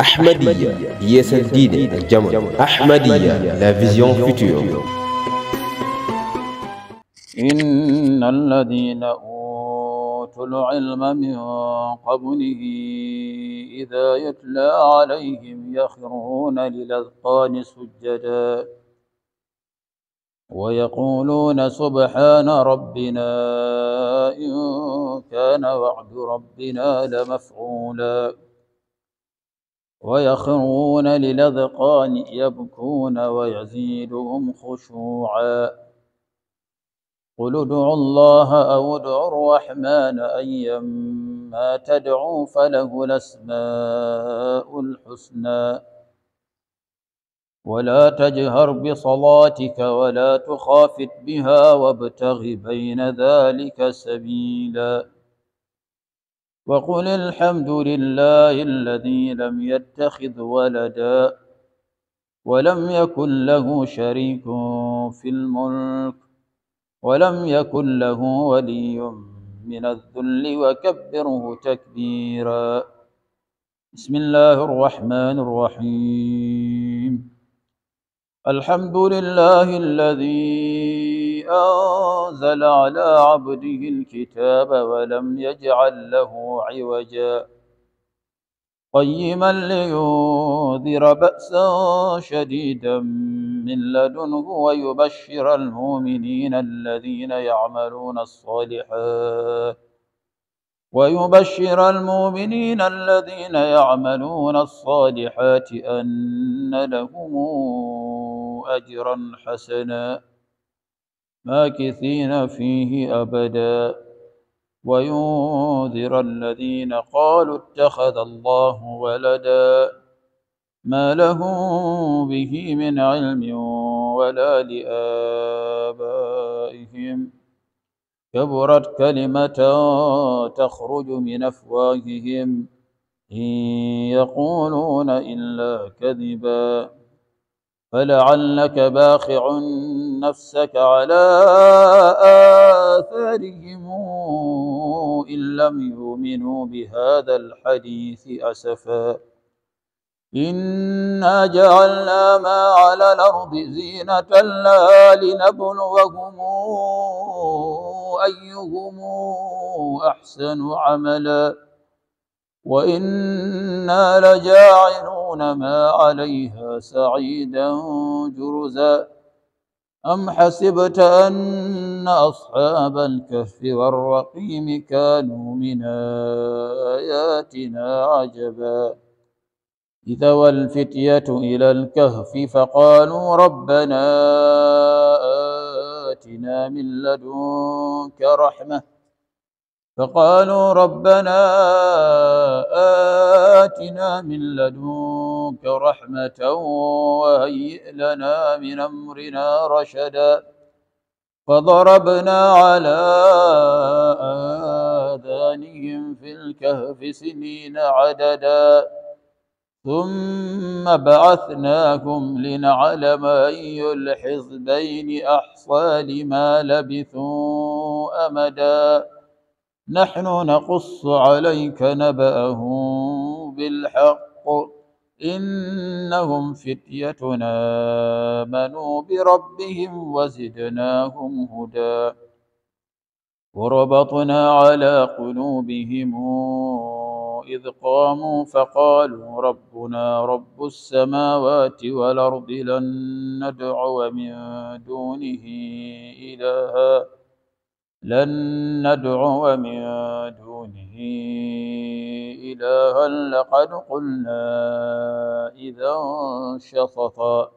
أحمدية ISL Dine الجمل أحمدية لا فيزيون فيتور إن الذين أوتوا العلم من قبله إذا يتلى عليهم يخرون للأذقان سجدا ويقولون سبحان ربنا إن كان وعد ربنا لمفعولا ويخرون للأذقان يبكون ويزيدهم خشوعا قل ادعوا الله أو ادعوا الرحمن أيما تدعوا فله الأسماء الحسنى ولا تجهر بصلاتك ولا تخافت بها وابتغ بين ذلك سبيلاً وقل الحمد لله الذي لم يتخذ ولدا ولم يكن له شريك في الملك ولم يكن له ولي من الذل وكبره تكبيرا بسم الله الرحمن الرحيم الحمد لله الذي أنزل على عبده الكتاب ولم يجعل له عوجا قيما لينذر بأسا شديدا من لدنه ويبشر المؤمنين الذين يعملون الصالحات ويبشر المؤمنين الذين يعملون الصالحات أن لهم أجرا حسنا ماكثين فيه أبدا وينذر الذين قالوا اتخذ الله ولدا ما له به من علم ولا لآبائهم كبرت كلمة تخرج من أفواههم إن يقولون إلا كذباً فلعلك باخع نفسك على آثارهم إن لم يؤمنوا بهذا الحديث أسفا إنا جعلنا ما على الأرض زينة لا لنبلوهم أيهم أحسن عملاً وإنا لجاعلون ما عليها سعيدا جرزا أم حسبت أن أصحاب الكهف والرقيم كانوا من آياتنا عجبا إذا والفتية إلى الكهف فقالوا ربنا آتنا من لدنك رحمة فقالوا ربنا آتنا من لدنك رحمة وهيئ لنا من أمرنا رشدا فضربنا على آذانهم في الكهف سنين عددا ثم بعثناكم لنعلم أي الحزبين أحصى لما لبثوا أمداً نحن نقص عليك نبأهم بالحق إنهم فتيتنا آمنوا بربهم وزدناهم هدى وربطنا على قلوبهم إذ قاموا فقالوا ربنا رب السماوات والأرض لن ندعو من دونه إلهًا لن ندعو من دونه إلها لقد قلنا إذا شططا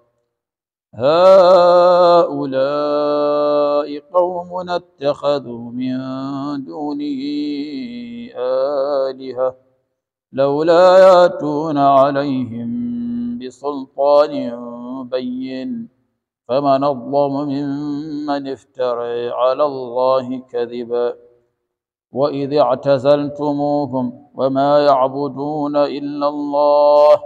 هؤلاء قومنا اتخذوا من دونه آلهة لولا ياتون عليهم بسلطان بين فمن الظلم ممن افترى على الله كذبا وإذ اعتزلتموهم وما يعبدون إلا الله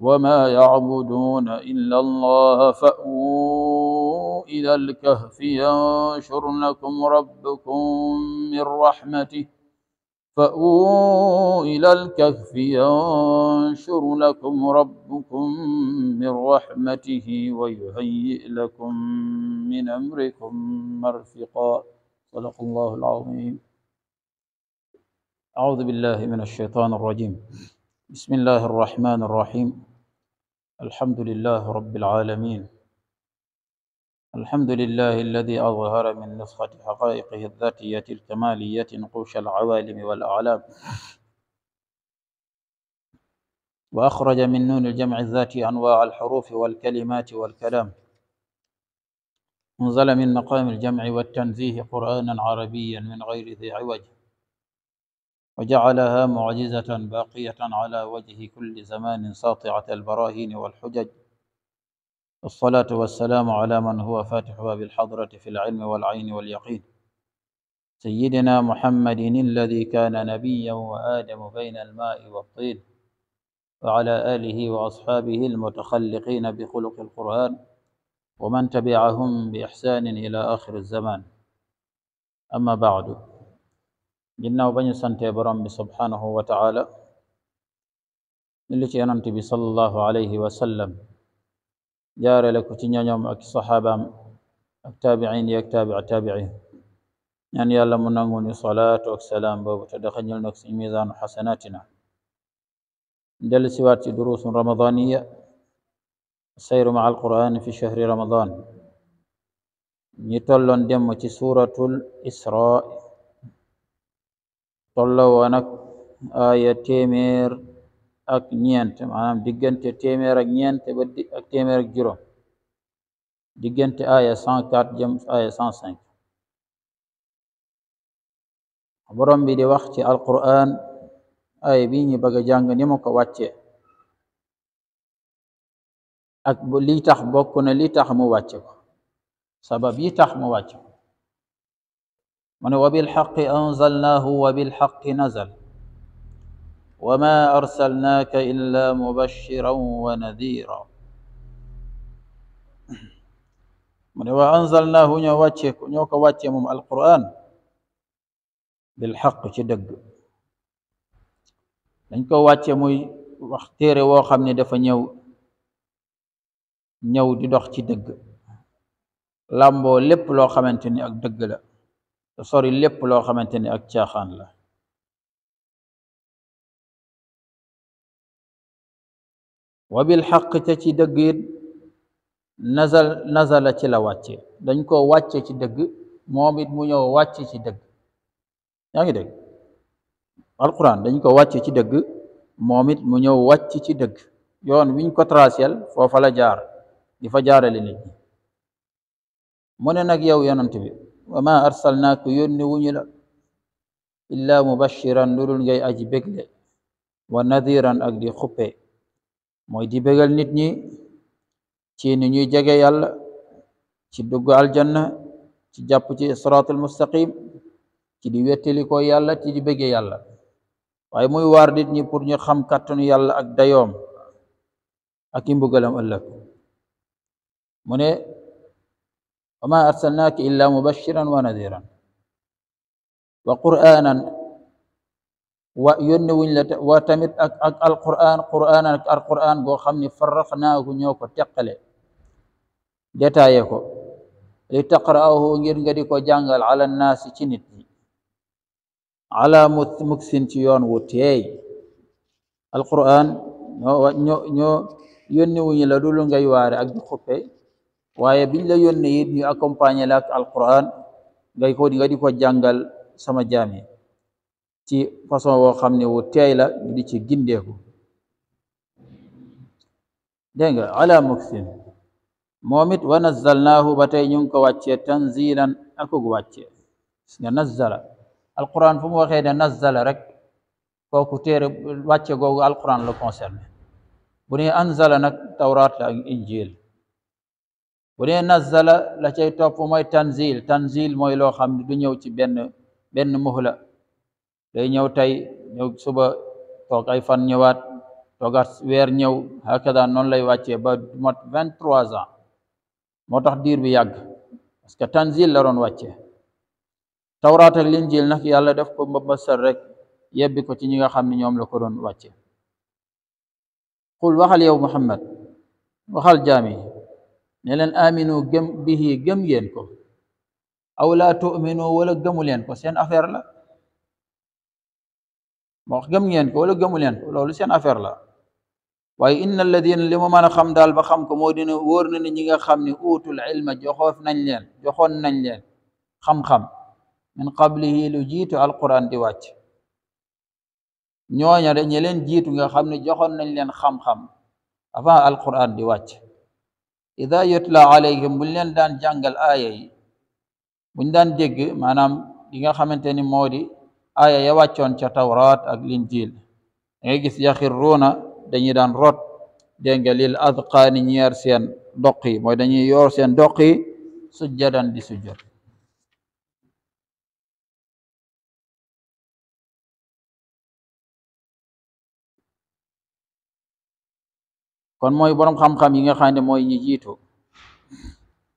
وما يعبدون إلا الله فأووا إلى الكهف ينشر لكم ربكم من رحمته فأووا إلى الكهف ينشر لكم ربكم من رحمته ويهيئ لكم من أمركم مرفقا صدق الله العظيم أعوذ بالله من الشيطان الرجيم بسم الله الرحمن الرحيم الحمد لله رب العالمين الحمد لله الذي أظهر من نسخة حقائقه الذاتية الكمالية نقوش العوالم والأعلام وأخرج من نون الجمع الذاتي أنواع الحروف والكلمات والكلام انزل من مقام الجمع والتنزيه قرآنا عربيا من غير ذي عوج وجعلها معجزة باقية على وجه كل زمان ساطعة البراهين والحجج والصلاة والسلام على من هو فاتح باب الحضرة في العلم والعين واليقين سيدنا محمد الذي كان نبيا وآدم بين الماء والطين وعلى آله وأصحابه المتخلقين بخلق القرآن ومن تبعهم بإحسان إلى آخر الزمان أما بعد جنة وبني سنتي برم سبحانه وتعالى التي أنمت صلى الله عليه وسلم jaarale ko ci ñooñoom ak saxaabaam ak taabiin yi ak taabic taabiin ñaan yàlla mu nangu ñu salaatu ak salaam boobu te daxañul nag si miisaanu xasanaatina dellu siwaat ci duruusun ramadaniya sayru maa alquraan fi shahri ramadan ñi tolloon dem ci suuratul isra tolloo woon ak aaya téeméer ak ñeent maanaam diggante téeméer ak ñeent ba ak téeméer ak juróom diggante aya cent quatre jëm aya cent cinq borom bi di wax ci alquran ay bi ñu bëgg a jàng ni mu ko wàccee ak li tax bokk na li tax mu wàcce ko sabab yi tax mu wàcce ko mu ne wa bilxaqi anzalnaahu wa bilxaqi nazal وما أرسلناك إلا مبشرا ونذيرا من وأنزلناه نيوكي نيوكي من القرآن بالحق شدق نيوكي واتي موي واختيري وخمني دفا نيو ñëw di dox ci dëgg làmboo lépp loo xamante ni ak dëgg la te sori lépp loo xamante ni wa bil xaq ca ci dëgg it nazal nazala ci la wàcce dañ koo wàcce ci dëgg moom mu ñëw wàcce ci dëgg yaa ngi dégg alquran dañ ko wàcce ci dëgg moom mu ñëw wàcc ci dëgg yoon wiñ ko tracel foofa la jaar di fa jaarale nit mu ne nag yow yonant bi wa ma arsalnaaka yónni wuñu la illaa mubashiran lu dul ngay aji bégle wa nadiran ak di xuppe mooy di bégal nit ñi ci ni ñuy jege yàlla ci dugg aljanna ci jàpp ci siraatul mustaqim ci di wettali ko yàlla ci di bége yàlla waaye muy waar nit ñi pour ñu xam kàttanu yàlla ak dayoom ak i mbugalam ëllëg mu ne wa ma arsalnaaka illa mubashiran wa nadiran wa qur'anan wa yónne wuñ tamit ak ak alquran quran ak alquran goo xam ne farraqnaahu ñoo ko teqale détaillé ko li taqra'ahu ngir nga di ko jàngal ala naasi ci nit ñi ala muksin ci yoon wu teey alquran ñoo ñoo ñoo yónne wuñ dul ngay waare ak di xuppe waaye biñ la yónne it ñu accompagner la ak ngay ko nga di ko jàngal sama jaam yi ci façon woo xam ne wu teey la ñu di ci gindeeku dégg nga ala muksin moom it wa nazzalnaahu ba tey ñu ngi ko wàccee tanzilan akug wàccee nga nazzala alquran fu mu waxee ne nazzala rek kooku téere wàcce googu alquran la concerné bu ne anzala nag tawraat la ak injil bu ne nazzala la cay topp mooy tanzil tanzil mooy loo xam ne du ñëw ci benn benn muhla day ñëw tey ñëw suba toog ay fan ñëwaat toogaat weer ñëw hakada noonu lay wàccee ba mat vingt trois ans moo tax diir bi yàgg parce que tanzil la wàcce wàccee tawraat ak linjil nag yàlla def ko mbambasal rek yebbi ko ci ñi nga xam ne ñoom la ko doon wàccee qul waxal yow muhammad waxal jaami ne leen aminu gëm bihi gëm yéen ko aw laa tu'minu wala gëmu leen ko seen affaire la موخ گم گین کو ولو گمولین لولو سین افیر لا واي ان الذين لما ما خم دال با خم کو مودين وورن ني نيغا خامني اوتو العلم جوخوف نان لين جوخون نان لين خم خم من قبله لجيت القران دي واتي ñoña de ñeleen jitu nga xamni joxon nañ leen xam xam avant alquran di wacc idha yutla alayhim bu leen daan jangal aya yi buñ daan deg manam li nga xamanteni modi aaya ya wàccoon ca tawraat ak linjil nga gis yaxiruuna dañuy daan rot dégg nga lil azqaani ñeer seen doq yi mooy dañuy yoor seen doq yi sujjadan di sujjat kon mooy boroom xam-xam yi nga xam ne mooy ñi jiitu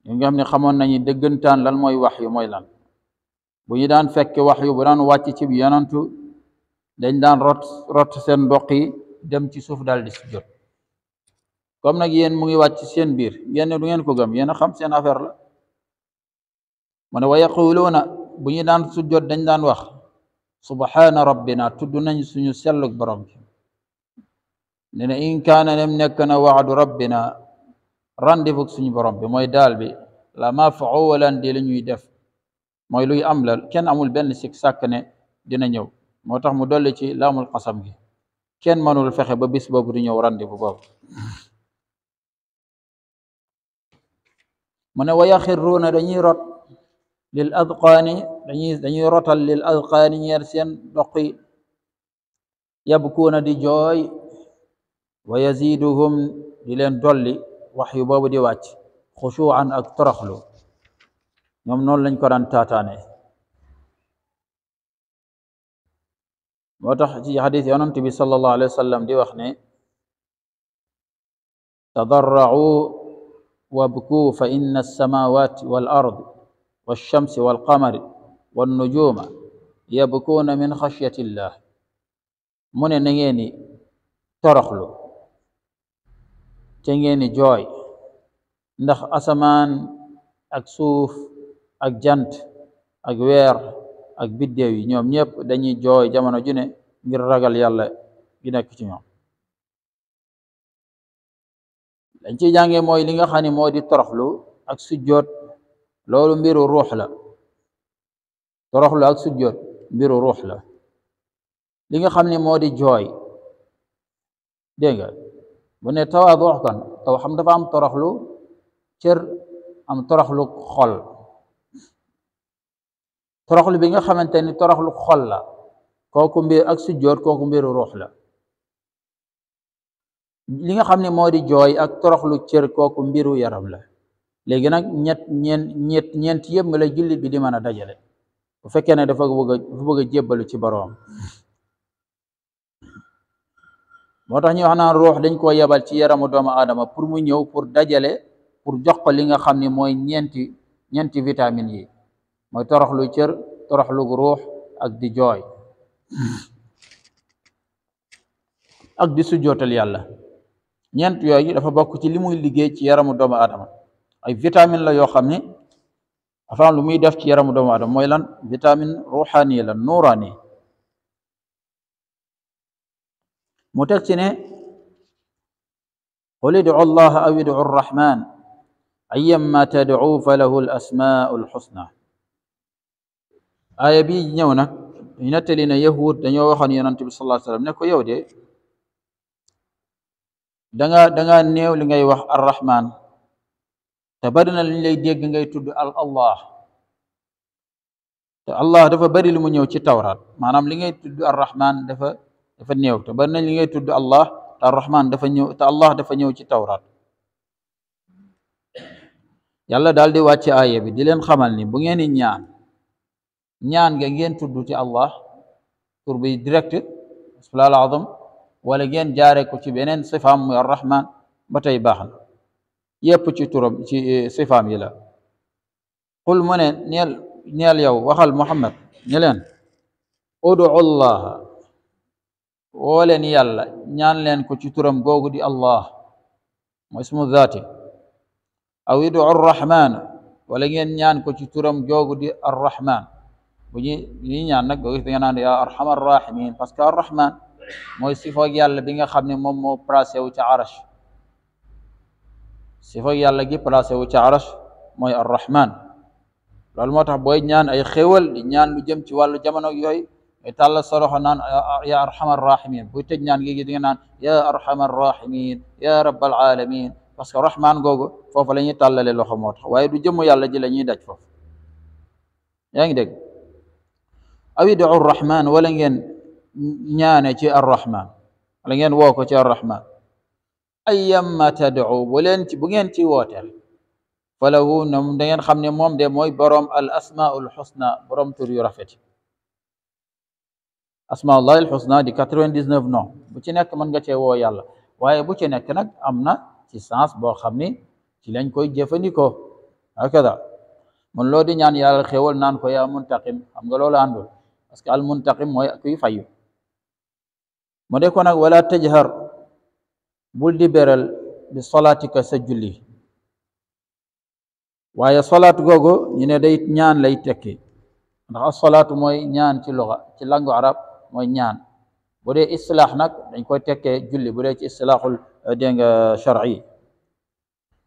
ñi nga xam ne xamoon nañu dëggantaan lan mooy wax yu mooy lan بني دان فك وحي بران واتي تي بيانانتو دنج دان رات رات سن بوخي دم تي سوف دال دي سجود كوم نك يين موغي واتي سن بير يين دو نين كو گام يين خام سن افير لا من ويقولون بني دان سجود دنج دان واخ سبحان ربنا تدو نني سونو سلوك بروم نينا ان كان لم نكن وعد ربنا رانديفوك سونو بروم بي بي لا فعولا دي لي نوي moy luy am la kenn amul ben sik sakane dina ñëw motax mu dolli ci lamul qasam gi kenn manul fexe ba bis bobu di new randi bu bobu mané ne khiruna yaxiruuna dañuy rot lil adqaani dañuy dañuy rotal lil adqaani ñeer sen doq yabkuna di joy wa yaziduhum di leen dolli wax yu boobu di wàcc xushuan ak toroxlu ñoom noonu lañ ko daan taataane moo tax ci xadis yonent bi sallallahu alayhi wa sallam di wax ne tadarra'u wabkuu fa inna alsamawati wal ard walchamsi walqamari wannujuma yabkuuna min xashyati illah mu ne na ngeen i toroxlu te ngeen i jooy ndax asamaan ak suuf ak jant ak weer ak biddéew yi ñoom ñëpp dañuy jooy jamono ju ne ngir ragal yàlla gi nekk ci ñoom dañ ciy jànge mooy li nga xam ne moo di toroxlu ak sujjoot loolu mbiru ruux la toroxlu ak sujjoot mbiru ruux la li nga xam ne moo di jooy dégg nga bu ne tawaadu kan taw xam dafa am toroxlu cër am toroxlu xol toroxlu bi nga xamanteni toroxlu xol la koku mbir ak sujjoot koku mbir ruh la li nga xamne modi joy ak toroxlu cieur koku mbiru yaram la legi nak ñet ñen ñet ñent yeb nga la jullit bi di mëna dajale bu fekke ne dafa bëgg bëgg jébalu ci borom motax ñu wax naan dañ ko yebal ci yaramu doomu aadama pour mu ñew pour dajale pour jox ko li nga xamne moy ñenti ñenti vitamine yi moy torox lu cieur torox lu ruh ak di joy ak di sujotal yàlla yoy yi dafa bokk ci limuy liggé ci yaramu doomu aadama ay vitamine la yo xamni dafa lu muy def ci yaramu doomu aadama moy lan vitamine ruhani la nurani mo tek ci ne qul allah aw idu rahman ayyamma tad'u falahu asmaul husna aya bi ñëw nag nettali na yahud dañu waxoon yonent bi sallallahu alayhi wasallam ne ko yow de danga danga neew li ngay wax ar-rahman bari na lay deg ngay tudd al allah te allah dafa bari lu mu ñew ci tawrat manam li ngay tudd Rahman dafa dafa neew te bari li ngay tudd allah ar Rahman dafa ñew te allah dafa ñew ci tawrat yalla daldi wacce wàcce bi di len xamal ni bu ngeen ñaan ñaan nga ngeen tudd ci Allah tur bi direct bismillahi alazim wala ngeen jaare ko ci beneen sifaam muy arrahman ba tey baax na ci turam ci sifaam yi la qul mu neel neel yow waxal muhammad ne leen udu llaha woo leen yàlla ñaan leen ko ci turam googu di allah mooy ismu zaati aw udu arrahman wala ngeen ñaan ko ci turam googu di arrahman ñi ñaan nag gis da nga naan yaa arhamar rahimin parce que arrahman mooy sifoog yàlla bi nga xam ne moom moo placé wu ca arash sifoog yàlla gi placé wu ca arash mooy arrahman loolu moo tax booy ñaan ay xéwal di ñaan lu jëm ci wàllu jamono yooyu ngay tàllal sa loxo naan ya arhamar rahimin buy tëj ñaan gi di nga naan ya arhamar rahimin ya rabbal alamin parce que rahman googu foofu la ñuy tàllale loxo moo tax waaye du jëmm yàlla ji la ñuy daj foofu yaa ngi dégg aw yad'u arrahman wala ngeen ñaane ci arrahman wala ngeen woo ko ci arrahman ayyamma tad'u bu leen ci bu ngeen ci wooteel falahu nam da ngeen xam ne moom de mooy boroom al asmaul husna boroom tur yu rafet asmaullahi al husna di 99 non bu ci nekk mën nga cee woo yàlla waaye bu ci nekk nag am na ci sens boo xam ni ci lañ koy jëfandikoo hakada mun loo di ñaan yàlla xéwal naan ko yaa muntaqim xam nga loolu àndul parce que muntaqim moy kuy fayu mo de ko nak wala tajhar bul di beral bi salatika sa julli waaye solaat googu ñu ne day ñaan lay tekke ndax a solaatu mooy ñaan ci luxa ci langue arab moy ñaan bu de islah nak dañ koy tekke julli bu de ci islahul dégg shar'i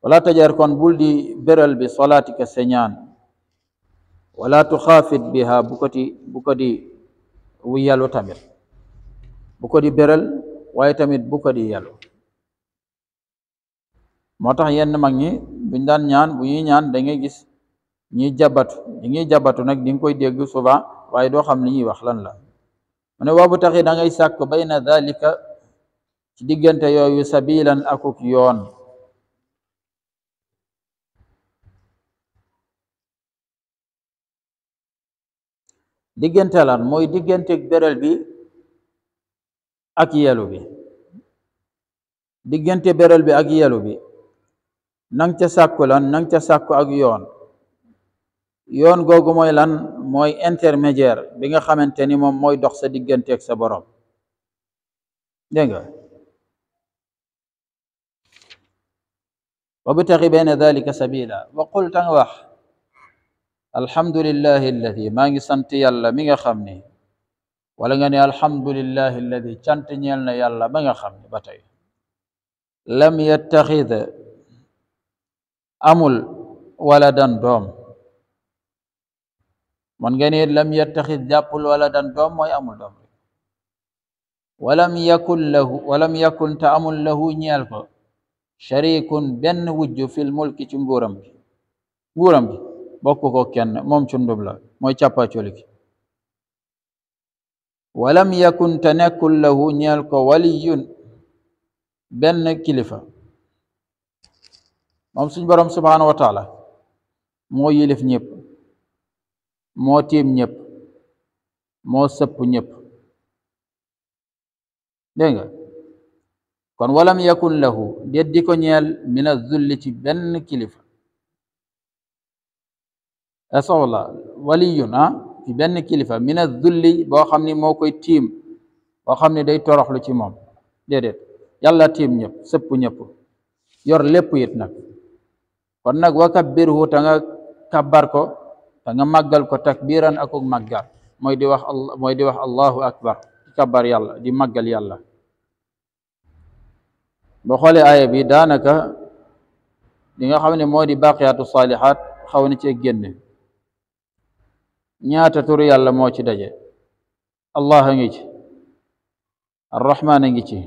wala tajhar kon bul di beral bi salatika sa ñaan wala tuxaafit biha bu ko di bu ko di tamit bu ko di beral waaye tamit bu ko di moo tax yenn mag ñi buñ daan ñaan bu ñuy ñaan da ngay gis ñi jabatu ñi ngi jabatu nag di koy dégg suba waaye doo xam li ñuy wax lan la mu ne wabu taxi da ngay sàkk bayna dalika ci diggante yooyu sabilan akuk yoon diggante lan mooy diggante beral bi ak yelu bi diggante beral bi ak yelu bi nang ca sàkku lan nang ca sàkku ak yoon yoon googu mooy lan mooy intermédiaire bi nga xamante ni moom dox sa diggante ak sa borom dégg nga wa bitaxi bayna dalika sabila wa qul الحمد لله الذي ما يسنت يلا ميغا خمني ولا غني الحمد لله الذي شانت نيالنا يلا ميغا خمني باتاي لم يتخذ امول ولدا دوم من غني لم يتخذ جابول ولدا دوم موي امول دوم ولم يكن له ولم يكن تامل له نيالكو شريك بن وجو في الملك تشنغورم غورم bokku ko kenn moom cundub la mooy càppaacolik walam yakun te nekkul lahu ñeel ko waliyun benn kilifa moom suñ borom subhanahu wa moo yilif ñëpp moo tiim ñëpp moo sëpp ñëpp dégg nga kon walam yakun lahu déet ko ñeel min azulli ci benn kilifa اسولا ولينا في بن كلفه من الذل بو خامني موكاي تيم بو خامني داي توروخ لو سي موم ديديت يالا تيم نيب سيب نيب يور ليب ييت نا كون نا وكبر هو تاغا كبار كو تاغا ماغال كو تكبيرا اكو ماغال موي دي واخ الله موي دي واخ الله اكبر كبار يالا دي ماغال يالا بو خولي ايه بي دانكا ليغا خامني مودي باقيات الصالحات خاوني تي генي ñaata turu yàlla moo ci daje allah a ngi ci arrahman a ngi ci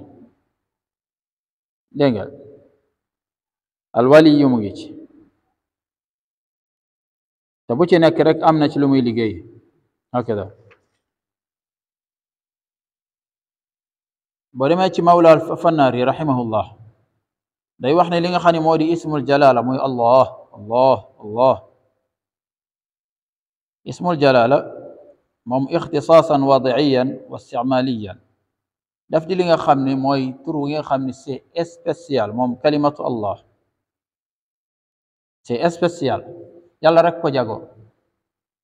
dégg nga alwaliyu mu ngi ci te bu ci nekk rek am na ci lu muy liggéey hakada boo demee ci mawla alfannaari rahimahullah day wax ne li nga xam ne moo di ismul jalaala muy allah allah allah Ismul jalala moom ixtisaasan wadiyan wa isticmaliyan daf di li nga xam ne mooy tur wi nga xam ne c'est kalimatu Allah c'est spécial yàlla rek ko jago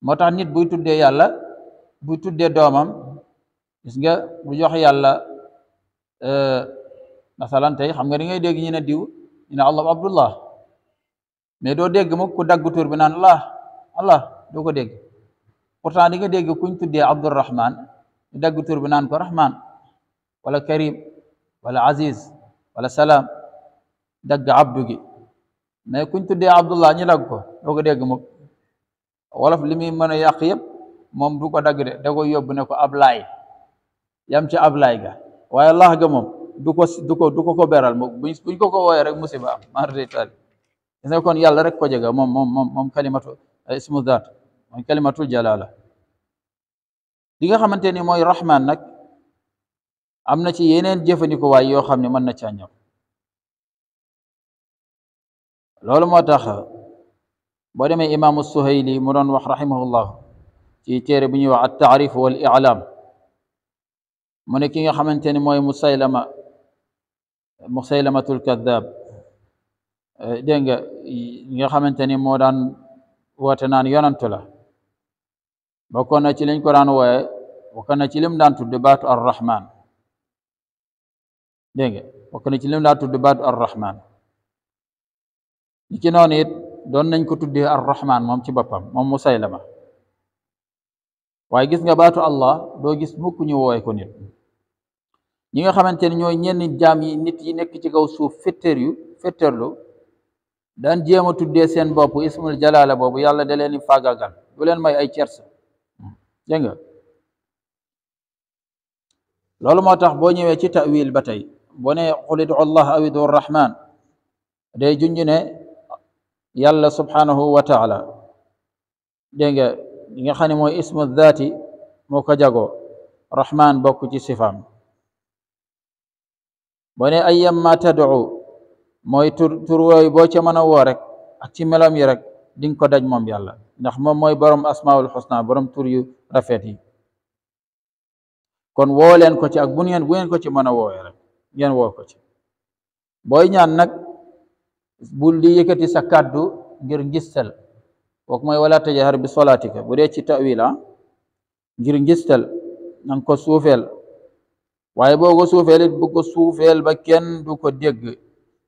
moo tax nit buy tuddee yàlla buy tuddee doomam gis nga bu Ina yàlla euh, masalan Allah Abdullah mais doo dégg ma ku Allah Allah doo dek. pourtant di nga dégg kuñ tuddee Abdurrahman ñu dagg tur bi naan ko Rahman wala Karim wala Aziz wala Salaam dagg abdu gi mais kuñ tuddee Abdullah ñu ko doo ko dégg mukk wolof li muy mën a yàq yëpp moom du ko dagg de da ko yóbbu ne ko Ablaay yam ci Ablaay ga waaye lax ga moom du ko du ko du ko ko beral mukk buñ ko ko wooyee rek musiba am tali gis kon yàlla rek ko jega moom moom moom moom kalimatu ismu daat moy kalimatul jalala li nga xamanteni moy rahman nak amna ci yeneen jëfandikoo way yo xamni man na ci ñëw lolu motax bo demé imam suhayli mu don wax rahimahullah ci téré bu ñu wax at tarif wal i'lam mo ne ki nga xamanteni moy musaylama musaylamatul kadhab denga nga xamanteni mo dan moo daan woote bokkoon na ci liñ ko daan wooye na ci lim daan tudde baatu arrahman dégg nga bokkoon na ci lim daan tudde baatu arrahman li ci it doon nañ ko tuddee arrahman moom ci boppam moom musaylama waaye gis nga baatu allah doo gis mukk ñu wooye ko nit ñi nga xamante ne ñooy ñenn jaam yi nit yi nekk ci kaw suuf fetteer yu fetteerlu daan jéem a tuddee seen bopp ismul jalaala boobu yàlla da leen di fàggagal du leen may ay cersa dégg nga loolu moo tax boo ñëwee ci tawil ba tey boo ne qul idu allah aw idu rahman day junj ne yàlla subhanahu wa taala dégg nga li nga xam ne mooy ismu zaati moo ko jago rahman bokk ci sifam boo ne ayyam ma tad'u mooy tur tur wooyu boo ca mën a woo rek ak ci melam yi rek di ko daj moom yàlla ndax moom mooy borom asmaul xusna borom tur yu rafet yi kon woo leen ko ci ak bu ngeen bu ngeen ko ci mën a woowee rek ngeen woo ko ci booy ñaan nag bul di yëkkati sa kàddu ngir ngistal kooku mooy wala tajahar bi solaatika bu dee ci tawila ah, ngir ngistal na ko suufeel waaye boo ko suufeel ko suufeel ba kenn du ko dégg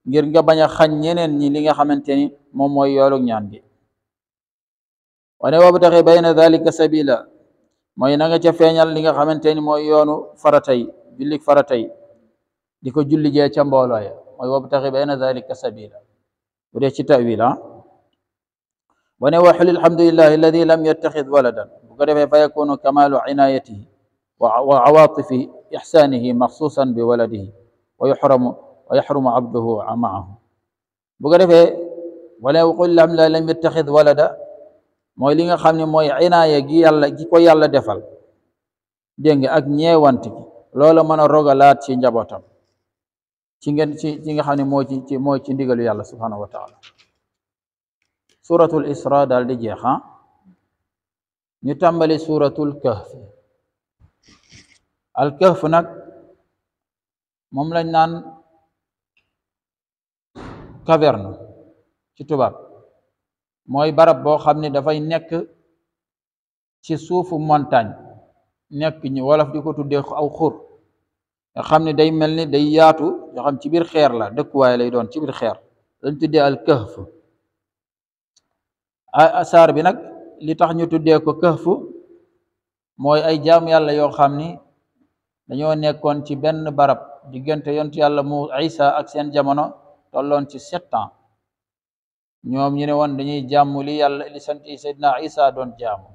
ngir nga bañ a xañ ñeneen ñi li nga xamante ni moom mooy yoolu ñaan gi وانا وابتغي بين ذلك سبيلا ما نغا تي فينال ليغا خامتيني موي يونو فراتاي جوليك فراتاي ديكو جولي جي تي مبولاي موي وابتغي بين ذلك سبيلا ودي تي تاويل وانا وحل الحمد لله الذي لم يتخذ ولدا بوكو فيكون كمال عنايته وعواطف احسانه مخصوصا بولده ويحرم ويحرم عبده معه بوكو ديفاي ولا يقول لم لا لم يتخذ ولدا mooy li nga xam ne mooy inaaya gi yàlla gi ko yàlla defal dégg nga ak ñeewante loola mën a rogalaat ci njabootam ci ngeen ci ci nga xam ne moo ci ci mooy ci ndigalu yàlla subhanahu wa taala suratul isra daal di jeexa ah. ñu tàmbali suratul kahf al kahf nag moom lañ naan caverne ci tubaab mooy barab boo xam ne dafay nekk ci suufu montagne nekk ñu wolof di ko tuddee aw xur nga xam ne day mel ni day yaatu nga xam ci biir xeer la dëkkuwaay lay doon ci biir xeer lañ tuddee al kahf saar bi nag li tax ñu tuddee ko kahf mooy ay jaam yàlla yoo xam ni dañoo nekkoon ci benn barab diggante yont yàlla mu isa ak seen jamono tolloon ci sept ans ñoom ñu ne woon dañuy jàmm li yàlla sant Seydina Isa doon jaamu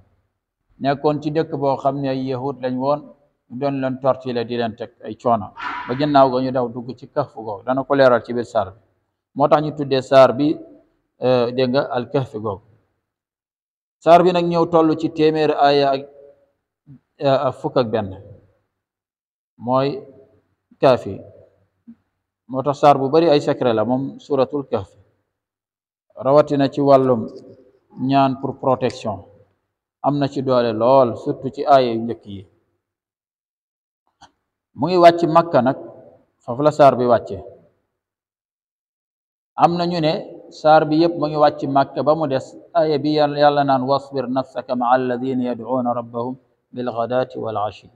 nekkoon ci dëkk boo xam ne ay yahud lañ woon ñu doon leen tortile di leen teg ay coono ba ginnaaw ga ñu daw dugg ci kahf googu dana ko leeral ci biir saar bi moo tax ñu tuddee saar bi euh, dégg nga al kahf googu saar bi nag ñëw toll ci téeméer aaya euh, ak fukk ak benn mooy kafi moo tax saar bu bari ay secret la moom suuratul kahf rawatina ci wàllum ñaan pour protection am na ci doole lool surtout ci aaya yu njëkk yi mu ngi wàcc makka nag foofu la saar bi wàcce am na ñu ne saar bi yëpp mu ngi wàcc makka ba mu des aaya bi yàlla naan wasbir nafsaka maa alladina yadcuuna rabbahum bilgadaati wal ashi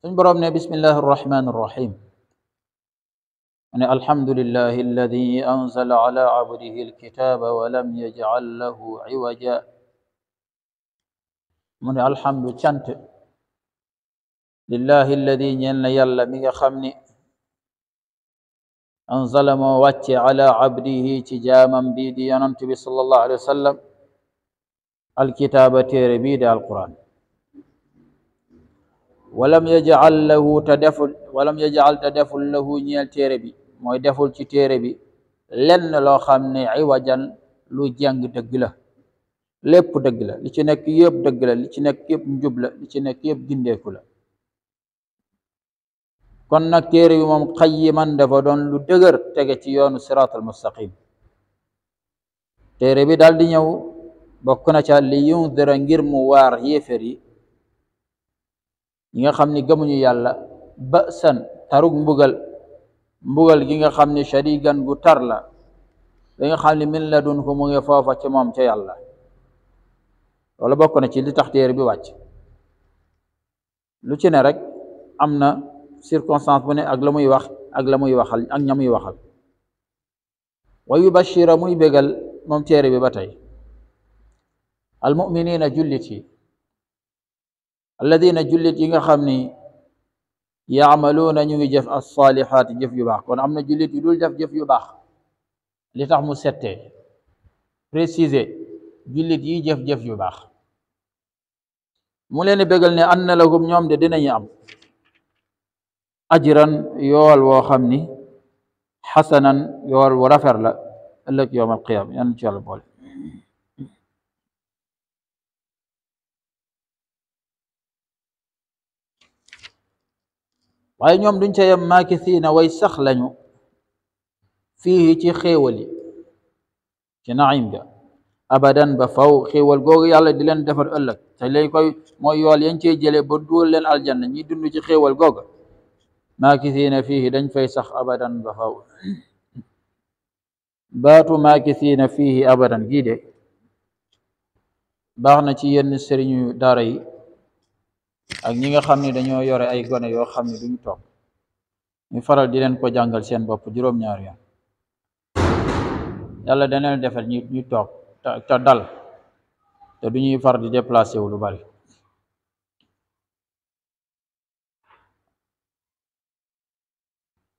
suñ boroom ne bismillahi arrahmani arrahim يعني الحمد لله الذي أنزل على عبده الكتاب ولم يجعل له عوجا من الحمد چنت لله الذي ين يلا ميغا خمني أنزل ما واتي على عبده تجاما بيدي أنتبي صلى الله عليه وسلم الكتاب تيربيد القرآن ولم يجعل له تدفل ولم يجعل تدفل له نيل تيربيد mooy deful ci téere bi lenn loo xam ne iwajan lu jàng dëgg la lépp dëgg la li ci nekk yëpp dëgg la li ci nekk yëpp njub la li ci nekk yëpp gindeeku la kon nag téere bi moom xayiman dafa doon lu dëgër tege ci yoonu siraatal mustaqim téere bi daal di ñëw bokk na ca li yundira ngir mu waar yéefér yi ñi nga xam ni gëmuñu yàlla ba tarug mbugal mbugal gi nga xam sharigan gu tar la da nga xam min ladun dun ko mu ngi foofa ci moom ca yàlla wala bokk na ci li tax téere bi wàcc lu ci ne rek amna circonstance bu ne ak lamuy wax ak lamuy waxal ak ñamuy waxal wa yubashira muy bégal moom téere bi ba tey almuminina jullit yi alladina nga xam يعملون ني جيف الصالحات جيف يو باخ كون امنا جوليت دول داف جيف يو باخ لي تخ مو سيتي بريسيزي جوليت يي جيف جيف يو باخ مولين بيغال ني ان لهم نيوم دي دينا ام اجرا يول و خامني حسنا يول و رافر لا لك يوم القيامه يعني ان شاء الله بولي. waye ñom duñ ca yem maakisiina way sax lañu fii ci xéewal yi ci naim ga abadan ba faw xewal googu yàlla di len defal ëlëk te lay koy moy yool yañ ci jëlé ba dugal len aljanna ñi dund ci xéewal googa maakisiina fii dañ fay sax abadan ba faw baatu maakisiina fii abadan gi de baxna ci yenn sëriñu dara yi ak ñi nga xamni dañoo yore ay gone yoo xamni duñu tok ñu faral di len ko jangal seen bop juroom ñaar yoon yalla dana leen defal ñi ñu tok ta dal te duñuy far di déplacer wu lu bari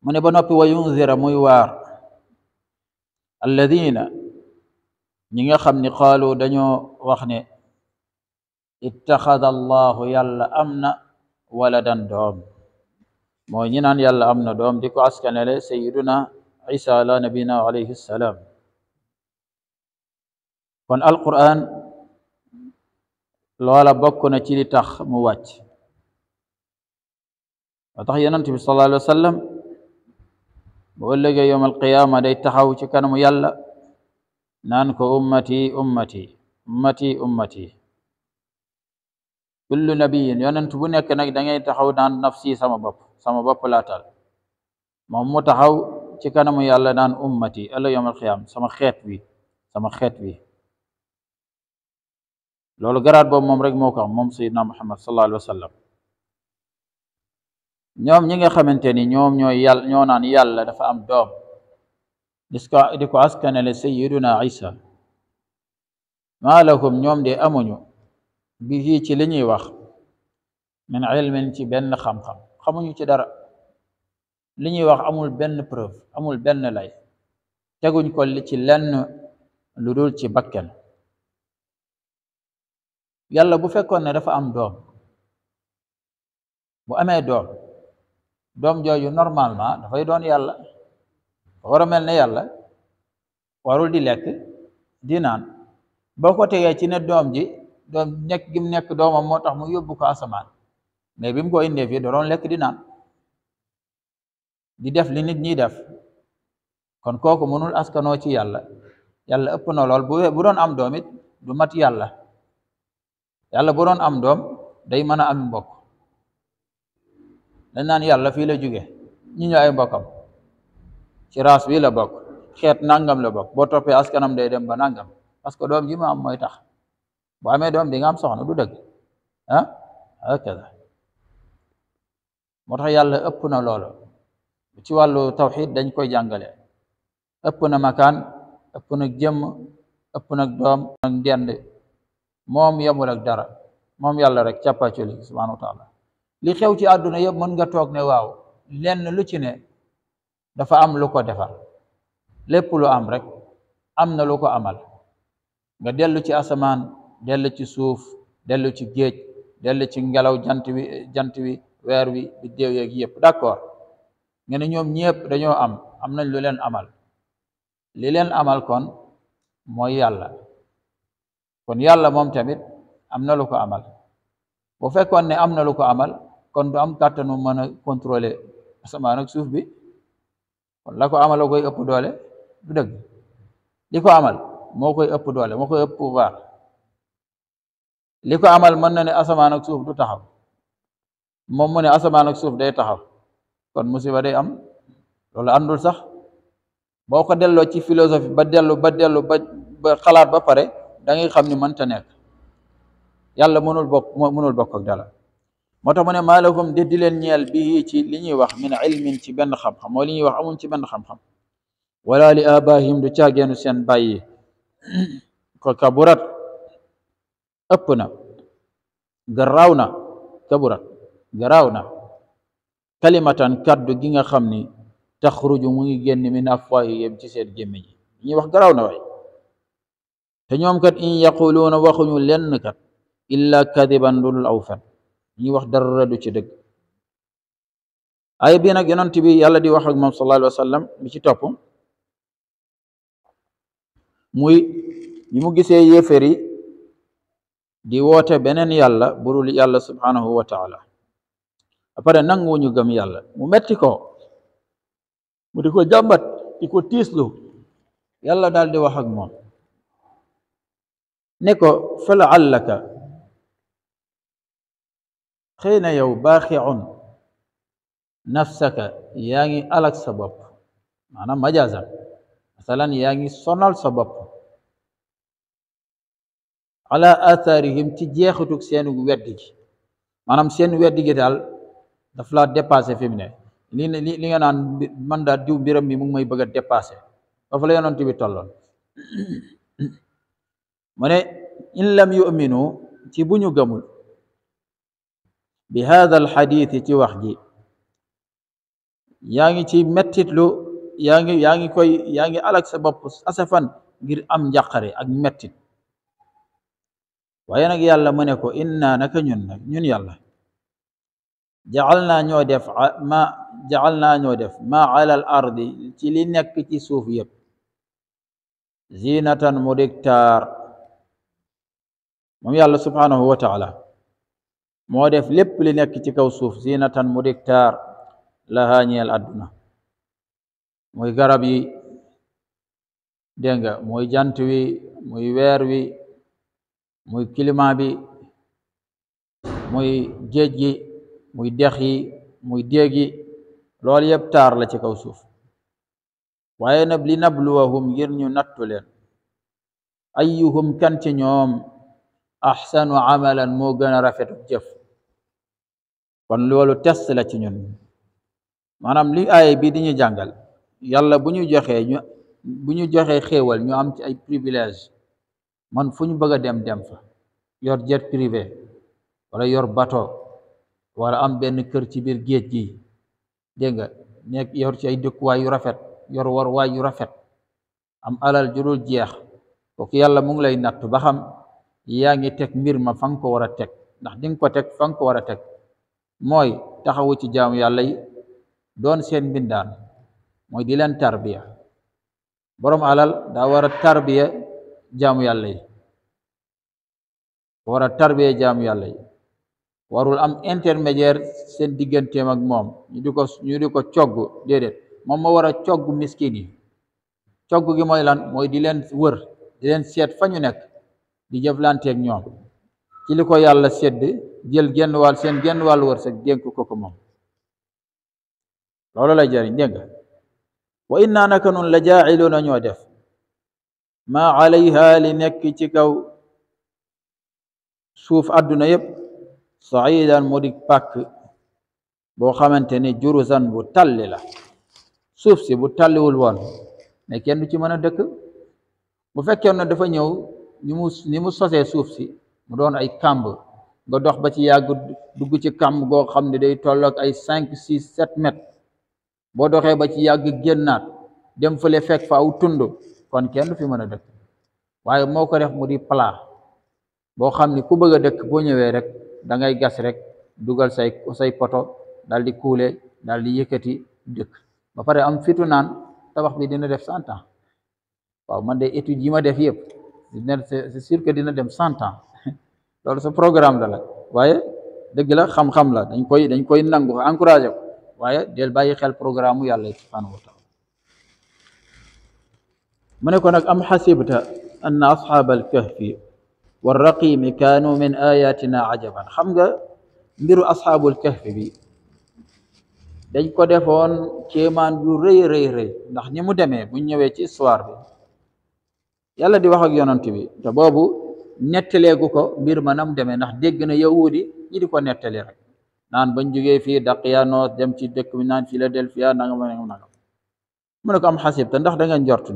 mu ba nopi wayu zira muy war alladheena ñi nga xamni xalu dañoo wax ne اتخذ الله يلا امنا ولدا دوم موي نان يلا امنا دوم ديكو اسكنل سيدنا عيسى على نبينا عليه السلام كون القران لولا بوكنا تي لي تخ مو واتي وتخ ينتبي صلى الله عليه وسلم بقول لك يوم القيامه داي تخاو تي كانو يلا نانكو امتي امتي امتي امتي kullu nabiyin yonent bu nekk nag da ngay taxaw naan nafsi sama bopp sama bopp laa taal moom mu taxaw ci kanamu yàlla naan ummati ala yawm alqiyam sama xeet wi sama xeet wi loolu garaat boobu moom rek moo ko am moom sayidna muhammad sallallahu alayhi wa sallam ñoom ñi nga xamante ni ñoom ñooy yàlla ñoo naan yàlla dafa am doom dis ko di ko askanale sayiduna isa maa lahum ñoom de amuñu به تي لي ني واخ من علم تي بن خام خام خامو تي دار لي ني واخ امول بن بروف امول بن لاي تيغون كو لي تي لن لودول تي بكال يالا بو فيكون نه دافا ام دوم بو امي دوم دوم جوجو نورمالمون دافاي دون يالا وارو ملني يالا وارو دي لك دي نان boko tege دوم ne dom ji don nekk gim nek doom mo moo tax mu yobbu ko asaman mais bim ko indee fi doon lek di nan di def li nit ñi def kon koku mënul askano ci yalla yalla ëpp na lol bu bu doon am doomit du mat yalla yalla bu doon am doom day mëna am mbokk dañ nan yalla fi la jóge ñi ñoy ay mbokkam ci ras wi la bok xet nangam la bok bo topé askanam day dem ba nangam parce que doom ji ma am moy tax boo amee doom di nga am soxna du dëgg ah hakada moo tax yàlla ëpp na loolu ci wàllu tawxid dañ koy jàngale ëpp na makaan ëpp na jëmm ëpp na doom nag ndend moom yemul dara moom yàlla rek càppaculi subhanahu wa taala li xew ci àdduna yëpp mën nga toog ne waaw lenn lu ci ne dafa am lu ko defar lépp lu am rek am na lu ko amal nga dellu ci asamaan dellu ci suuf dellu ci géej dellu ci ngelaw jant wi jant wi weer wi bi déew yeeg yëpp d'accord nga ne ñoom ñëpp dañoo am am nañ lu leen amal li leen amal kon mooy yàlla kon yàlla moom tamit am na lu ko amal bu fekkoon ne am na lu ko amal kon du am kàttanu mën a contrôler asamaan suuf bi kon la ko amal a koy ëpp doole du dëgg li amal moo koy ëpp doole moo koy ëpp pouvoir li ko amal mën na ne asamaan ak suuf du taxaw moom mu ne asamaan ak suuf day taxaw kon musiba day am loolu àndul sax boo ko delloo ci philosophie ba dellu ba dellu ba xalaat ba pare da xam ni mënta nekk yàlla mënul bokk mënul bokk ak dara moo tax mu ne maa lakum de di leen ñeel bi ci li ñuy wax min ilmin ci benn xam-xam moo li ñuy wax amuñ ci benn xam-xam wala li abahim du caageenu seen bàyyi ko kaburat Akkuna garaawuna gaburra garaawuna kalimatan kaddu gi nga xamni taxiruju mu ngi gennimi naafu waayee fi ga'eef ci seen gammachi garaawuna wayi. Te ñoom kat inni yaqquli woon a waxuu ni lennu kat illaa kadibanii dhufan yi wax darurra dhucu dheeg. Ay biin ak yinoon tibbii yaala di waxaa musaala wasalaam bi ci tokkum muy mu gisee yeefferii. di woote beneen yàlla burul yàlla subhanahu wa apare après nanguwuñu gëm yàlla mu metti ko mu di ko jàmbat di ko tiislu yàlla daal di wax ak moom ne ko fa allaka xëy na yow baaxiun nafsaka yaa ngi alak sa bopp maanaam majaasan masalan yaa ngi sonal sa bopp ala atharihim ci jeexitug seen weddi gi manam seen weddi gi daal daf laa dépassé fi mu ne li li nga naan man daa diw mbiram bi mu ngi may bëgg a dépassé dafa la yonent bi tolloon mu ne in lam yuminu ci bu ñu gëmul bi hada al xadit ci wax ji yaa ci mettitlu yaa ngi koy yaa ngi sa bopp asafan ngir am njàqare ak metit. waaye nag yàlla mu ne ko inna naka ñun nag ñun yàlla jacal naa ñoo def ma jacal naa ñoo def ma ala ardi ci li nekk ci suuf yëpp zinatan mu diktaar moom yàlla subhanahu wa taala moo def lépp li nekk ci kaw suuf zinatan mu diktaar lahaa ñeel àdduna muy garab yi dégg nga muy jant wi muy weer wi muy climat bi muy géej gi muy dex yi muy déeg yi loolu yëpp taar la ci kaw suuf waaye nag li nab nabluwahum ngir ñu nattu leen ay ayyuhum kan ci ñoom axsanu amalan moo gën a rafet jëf kon loolu test la ci ñun maanaam li aaye bi di jàngal yàlla bu ñu joxee ñu bu ñu joxee xéewal ñu am ci ay privilège man fu ñu bëgg a dem dem fa yor jet privé wala yor bato wara am benn kër ci biir géej gi dégg nga nekk yor ci ay dëkkuwaay yu rafet yor warwaay yu rafet am alal jurul jeex kooku yàlla mu ngi lay natt ba xam yaa ngi teg mbir ma fa ko war a teg ndax dinga ko teg fang ko war a teg mooy taxawu ci jaamu yàlla yi doon seen mbindaan mooy di leen tarbiya borom alal daa war tarbiya jaamu yàlla yi war a tarbee jaamu yàlla yi warul am intermédiaire seen digganteem ak moom ñu di ko ñu di cogg déedéet moom ma war a cogg miskin yi cogg gi mooy lan mooy di leen wër di leen seet fa ñu nekk di jëflanteeg ñoom ci li ko yàlla sedd jël genn wàll seen genn wàll wërsëg dénk ko ko moom loolu lay jariñ dégg nga wa inna naka nun la jaaciluuna ñoo def maa alayha li nekk ci kaw suuf àdduna yépp saidan moo di pàkk boo xamante ne juruzan bu talli la suuf si bu talliwul woon mais kenn du ci mën a dëkk bu fekkee na dafa ñëw ni mu ni mu suuf si mu doon ay kamb nga dox ba ci yàgg dugg ci kamb goo xam ne day tollook ay cinq six sept mètres boo doxee ba ci yàgg génnaat dem fële fekk fa aw tund kon kenn du fi mën a dëkk waaye moo ko def mu di plat boo xam ni ku bëgg a dëkk boo ñëwee rek da ngay gas rek dugal say say poto dal di kuule daal di yëkkati dëkk ba pare am fitu naan tabax bi dina def cent ans waaw man de études yi ma def yëpp dina c'est sûr que dina dem cent ans loolu sa programme la la waaye dëgg la xam-xam la dañ koy dañ koy nangu encouragé ko waaye del bàyyi xel programme mu yàlla subhanahu wa taala mu ne ko nag am xasibta anna asxaaba alkahfi warraqimi kaanu min ayatina ajaban xam nga mbiru asxaabul kahfi bi dañ ko defoon kéemaan gu rëy rëy ndax ñi mu demee bu ñëwee ci histoire bi yàlla di wax ak yonant bi te boobu nettaleegu ko mbir ma nam demee ndax dégg na yahudi ñi di ko nettali rek naan bañ jógee fii Daqiyaanoos dem ci dëkk bi naan Philadelphia nangam nangam nangam mu ne ko am xasib ndax da nga njort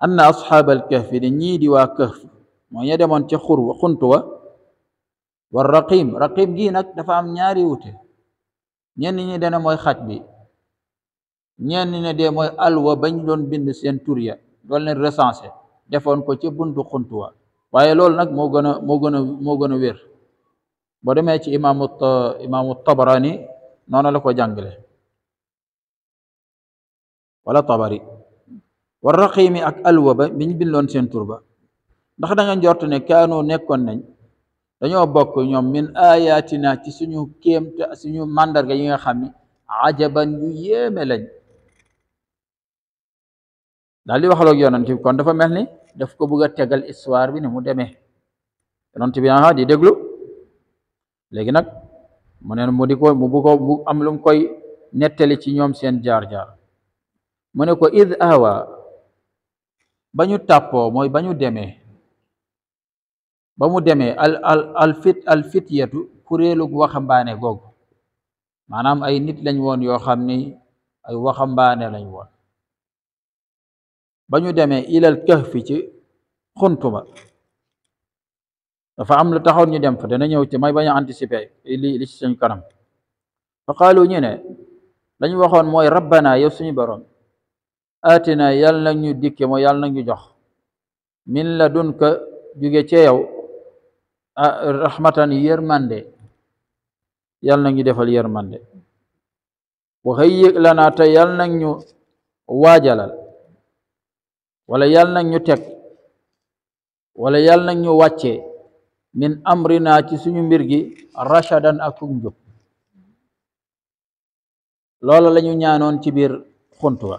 anna asxaabal kahfi de ñii di waa kahf mooy ña demoon ca xur wa xunt war raqim raqim gii nag dafa ñaari wute ñenn ñi dana mooy xaj bi ñenn na de mooy alwa bañ doon bind seen tur ya doon defoon ko ca buntu xunt wa waaye loolu nag moo gën a moo gën a moo gën a wér boo demee ci imaamu imaamu tabarani noonu la ko jàngale wala tabari war raqiimi ak alwa ba biñ bindoon seen tur ba ndax da nga ne kaanoo nekkoon nañ dañoo bokk ñoom min ayatina ci suñu kéem te suñu màndarga yi nga xam ne ajaban yu yéeme lañ daal di waxaloog yonent bi kon dafa mel ni daf ko bëgg a tegal histoire bi ni mu demee yonent bi aha di déglu léegi nag mu neen mu di ko mu bu ko koy nettali ci ñoom seen jaar-jaar mu ne ko id awa ba ñu tàppoo mooy ba ñu demee ba mu demee al al al fit al fityatu kuréelug waxambaane googu maanaam ay nit lañ woon yoo xam ni ay waxambaane lañ woon ba ñu demee ilal kahfi ci xuntuma dafa am lu taxoon ñu dem fa dana ñëw ci may bañ a anticiper li li ci suñ kanam fa qaalu ñu ne lañ waxoon mooy rabbana yow suñu borom atina yal na ñu dikke mooy yal na ñu jox min la dun ka jóge ci yow ah, rahmatan yërmande yal na ñu defal yërmande wa hayyi lana te yal na ñu waajalal wala yal na ñu teg wala yal na ñu wàcce min amrina ci suñu mbir gi rashadan ak njub loola lañu ñaanoon ci biir xunt wa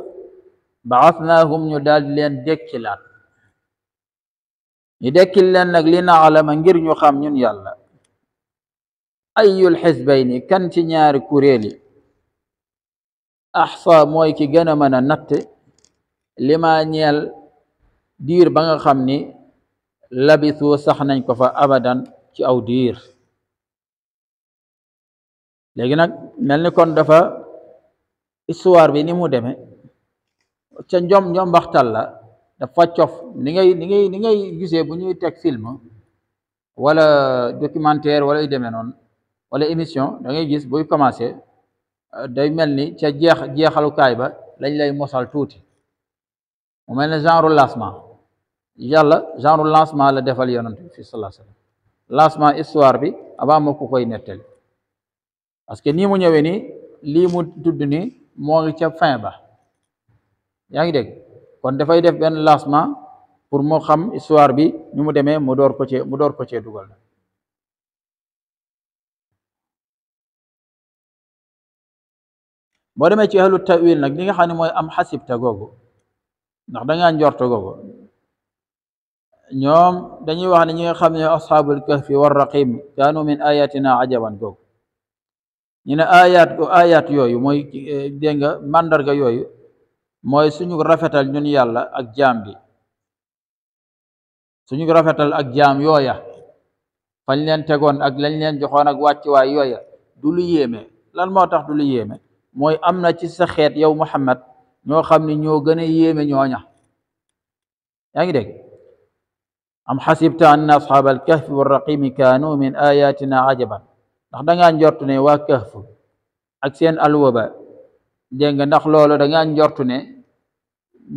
baasnaahum ñu daal leen dekkilaat ñu dekkil leen nag li naalama ngir ñu xam ñun yàlla ayul xisbayni kan ci ñaari kuréel yi axsa mooy ki gën a mën a natt li ma ñeel diir ba nga xam ni labisu sax nañ ko fa abadan ci aw diir léegi nag mel ni kon dafa histoire bi ni mu demee ca njom njom baxtal la ni ngay ni ngay ni ngay bu ñuy film wala documentaire wala yu wala émission da ngay gis buy commencé day ba lañ lay mosal tuuti genre lancement la defal fi sallallahu alayhi wasallam lancement histoire bi avant koy parce que ni ni mu fin yaa ngi dégg kon dafay def benn lancement pour moo xam histoire bi ñu mu demee mu door ko cee mu door ko cee dugal boo demee ci ahlu tawil nag li nga xam ne mooy am xasibta googu ndax dangaa njorto googu ñoom dañuy wax ne ñi nga xam ne asxaabul fi war raqim kaanu min ayatina ajaban googu ñu ne ayat ayat yooyu mooy eh, dégg nga màndarga yooyu mooy suñu rafetal ñun yàlla ak jaam bi suñu rafetal ak jaam yooya fañ leen tegoon ak lañ leen joxoon ak wàccuwaay yooya du lu yéeme lan moo tax du lu yéeme mooy am na ci sa xeet yow Muhammad ñoo xam ne ñoo gën a yéeme ñooña yaa ngi dégg am xasibta anna asxaaba alkahfi warraqimi kaanu min ayatina ajaban ndax dangaa njort ne waa kahfu ak seen alwaba dégg nga ndax loolu da ngaa njortu ne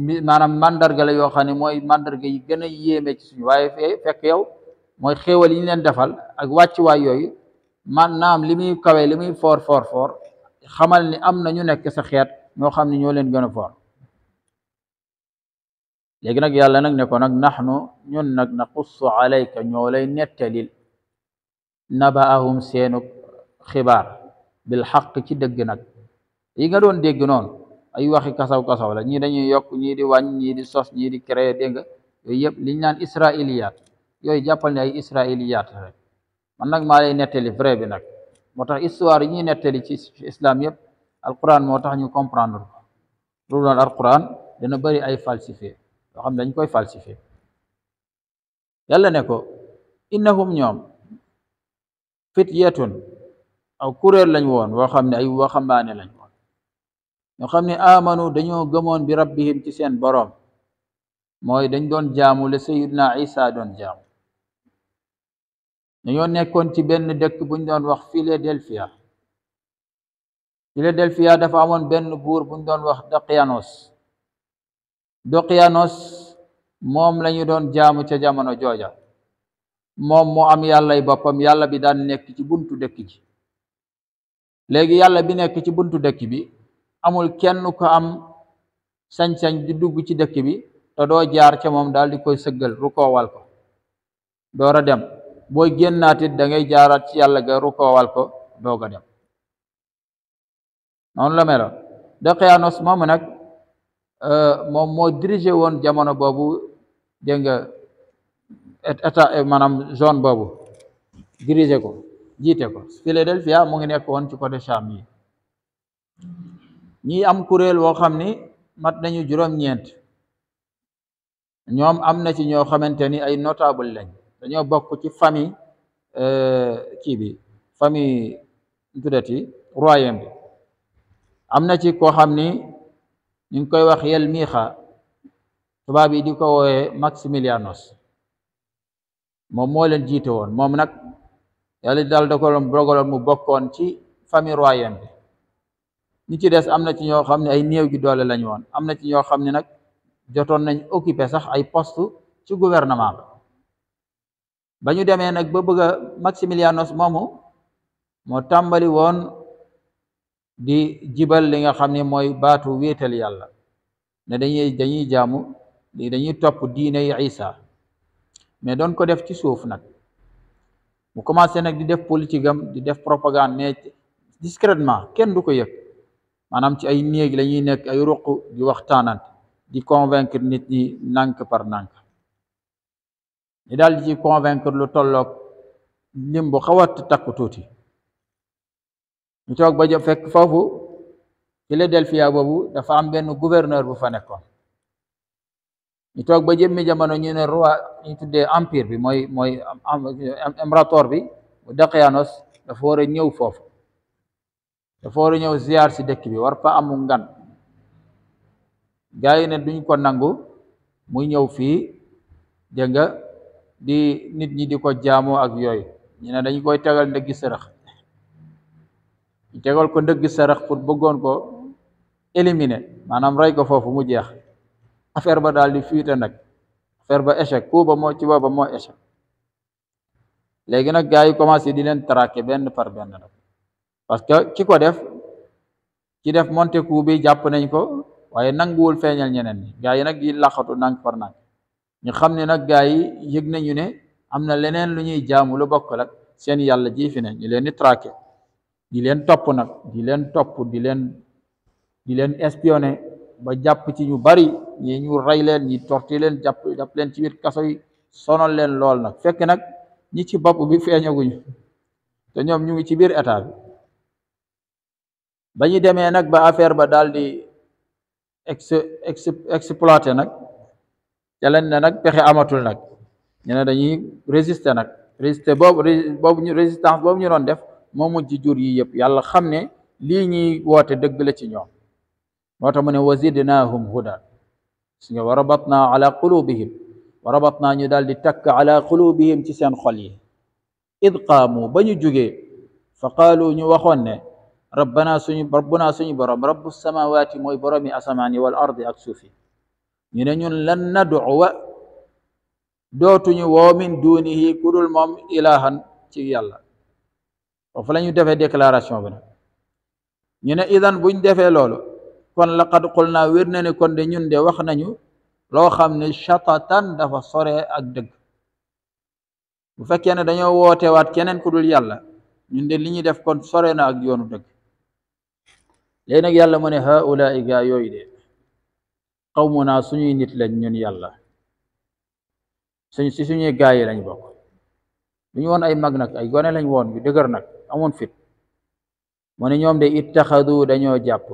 mi maanaam mandarga la yoo xam ne mooy màndarga yi gën a yéeme ci suñu waaye fekk yow mooy xéewal yi leen defal ak wàccuwaay yooyu man naam li muy kawe li muy foor foor xamal ni am na ñu nekk sa xeet ñoo xam ne ñoo leen gën a foor léegi nag yàlla nag ne ko nag naxnu ñun nag naqussu alayka ñoo lay nettalil nabaahum seenub xibaar bil xaq ci dëgg nag yi nga doon dégg noonu ay waxi kasaw-kasaw la ñii dañuy yokk ñii di wañ ñii di sos ñii di créer dégg yooyu yëpp liñ naan israiliyaat yooyu jàppal ne ay israiliyaat rek man nag maa lay nettali vrai bi nag moo tax histoire yi ñuy nettali ci islam yëpp alquran moo tax ñu comprendre ko loolu alquran dana bari ay falsifié yoo xam ne dañ koy falsifié yàlla ne ko innahum ñoom fit fityatun aw kuréel lañu woon woo xam ne ay waxambaane lañ ñoo xam ne amanu dañoo gëmoon bi rabbihim ci seen boroom mooy dañ doon jaamu le sayidna isa doon jaamu dañoo nekkoon ci benn dëkk buñ doon wax Philadelphia Philadelphia dafa amoon benn buur buñ doon wax Doqianos Doqianos moom lañu doon jaamu ca jamono jooja moom moo am yàllay boppam yàlla bi daan nekk ci buntu dëkk ji léegi yàlla bi nekk ci buntu dëkk bi amul kenn ko am sañ-sañ di dugg ci dëkk bi te doo jaar ca moom daal di koy sëggal rukoowal ko door a dem booy génnaatit da dangay jaaraat ci yàlla ga rukoowal ko doog a dem noonu la meloon Daqyaanus moomu nag euh, moom moo dirigé woon jamono boobu dégg nga état maanaam zone boobu dirigé ko jiite ko Philadelphia mu ngi nekk woon ci côté Cham yi ñi am kuréel woo xam ni mat nañu juróom-ñeent ñoom am na ci ñoo xamante ni ay notable lañ dañoo bokk ci famille euh, kii bi famille tuddati royaume am na ci koo xam ni ñu ngi koy wax yel miixa tubaab yi di ko woowe Maximilianos moom moo leen jiite woon moom nag yàlla dal da mu bokkoon ci famille royaume ñi ci dess amna ci ño xamni ay néew gi doole lañu won amna na ci ño xamni nak joton nañ occuper sax ay poste ci gouvernement ba démé nak ba bëgg Maximilianos momu mo tambali won di jibal li nga xamni moy batu wétal yalla né dañuy dañuy jaamu dañuy top diiné Isa mais don ko def ci souf nak mu commencé nak di def politique am di def propagande mais discrètement kenn du ko anam ci ay néeg la nekk ay ruq di waxtaanante di convaincre nit ñi nànk par nànk ñi daal di ci convaincre lu tolloog lim bu xaw a tuuti ñu toog ba fekk foofu Philadelphia boobu dafa am benn gouverneur bu fa nekkoon ñu toog ba jëmmi jamono ñu ne roi ñu tuddee empire bi mooy mooy impérator bi Daqiyanos dafa war a ñëw foofu te fooru ziar ci dekk bi war fa amu ngan gaay ne duñ ko nangu muy ñew fi dégg di nit ñi jamu ko ak yoy ñu ne dañ koy tegal ndëggi sarax ñu tegal ko ndëggi sarax pour bëggoon ko éliminer manam ray ko fofu mu jeex affaire ba dal di fuite nag affaire ba échec ko ba mo ci booba mo échec légui nak gaay yu commencé di len traquer ben par ben nag parce que ki ko def ci def monte coup bi jàpp nañ ko waaye nanguwul feeñal ñeneen ñi gaa nag di laxatu nank par ñu xam ne nag gaa yi yëg nañu ne am na leneen lu ñuy jaamu lu bokk ak seen yàlla ji fi ne ñu leen di traqué di leen topp nag di leen topp di leen di leen espionné ba jàpp ci ñu bari ñi ñu rey leen ñi torti leen jàpp jàpp leen ci biir kaso yi sonal leen lool nag fekk nag ñi ci bopp bi feeñaguñu te ñoom ñu ngi ci biir état bi bañu démé nak ba affaire ba daldi ex exploité nag nak lañ ne nag pexe amatul nak ñu ne dañuy résister nak résister bobu bobu ñu résistance bobu ñu doon def moo ci jur yi yëpp yàlla xamné li ñi woté woote dëgg la ci ñoom mota mu ne wazidnahum huda hudan warabatna ala qulubihim warabatna ñu daldi tak ala qulubihim ci seen xol yi id qaamu ba ñu fa ñu waxoon ne ربنا سني ربنا سني برم رب السماوات موي برمي أسماني والأرض أكسوفي ينن لن ندعو دوتني ومن دونه كل مم إلها تي الله وفلان يدفع ديكلاراسيون بنا ينن إذن بن دفع لولو كون لقد قلنا ورنني كون دي نيون دي وخنانيو loo xam ne shatatan dafa sore ak dëgg bu fekkee ne dañoo wootewaat keneen ku dul yàlla ñun de li ñuy def kon sore léegi nag yàlla mu ne haulaai gaa yooyu de qawmunaa suñuy nit lañ ñun yàlla suñ si suñuy gaa yi lañ bokk duñu woon ay mag nag ay gone lañ woon yu dëgër nag amoon fit mu ne ñoom de ittaxadu dañoo jàpp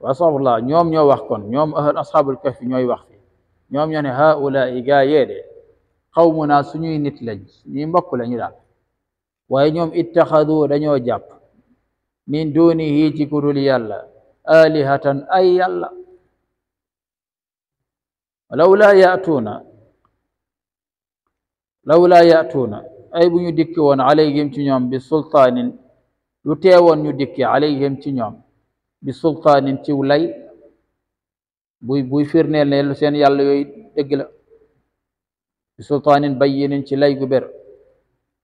wa ñoom ñoo wax kon ñoom ahal asxaabul kahfi ñooy wax fi ñoom ñoo ne haulaai gaa yee de qawmunaa suñuy nit lañ suñuy mbokk lañu daal waaye ñoom ittaxadu dañoo jàpp min dunihi ci kudul yàlla alihatan ay yàlla lawla yatuuna lawla yatuuna ay bu ñu dikki woon alayhim ci ñoom bi sultaanin lu teewoon ñu dikki alayhim ci ñoom bi sultaanin ciw lay bu buy firneel ne lu seen yàlla yooyu dëgg la bi sultaanin bayyinin ci lay gu bér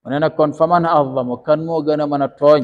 ne nag kon faman azlamu kan moo gën a mën a tooñ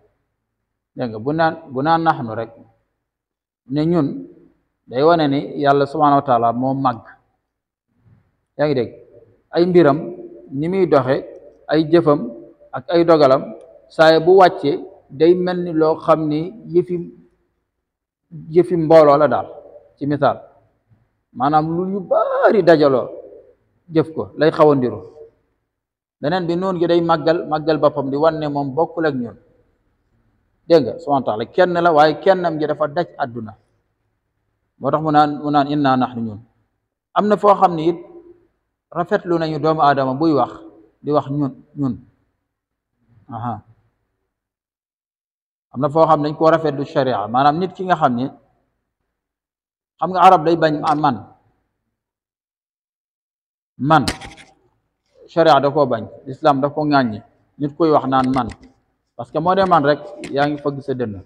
dégg nga bu naan bu naan naxnu rek ne ñun day wane ni yàlla subhanahu wa taala moo màgg yaa ngi dégg ay mbiram ni muy doxe ay jëfam ak ay dogalam saaye bu wàcce day mel ni loo xam ni yëfi yëfi mbooloo la daal ci misaal maanaam lu ñu baari dajaloo jëf ko lay xaw a ndiru beneen bi noonu gi day màggal màggal boppam di wan ne moom bokkul ak ñun dégg nga subhanahu kenn la waaye kennam gi dafa daj àdduna moo tax mu naan mu naan inna nahnu ñun am na foo xam ne it rafetlu nañu doomu aadama buy wax di wax ñun ñun aha am na foo xam ne dañ koo rafetlu sharia maanaam nit ki nga xam ne xam nga arab day bañ man man sharia da koo bañ lislaam da ko ŋàññi nit koy wax naan man parce que dem man rek yaa ngi fëgg sa deun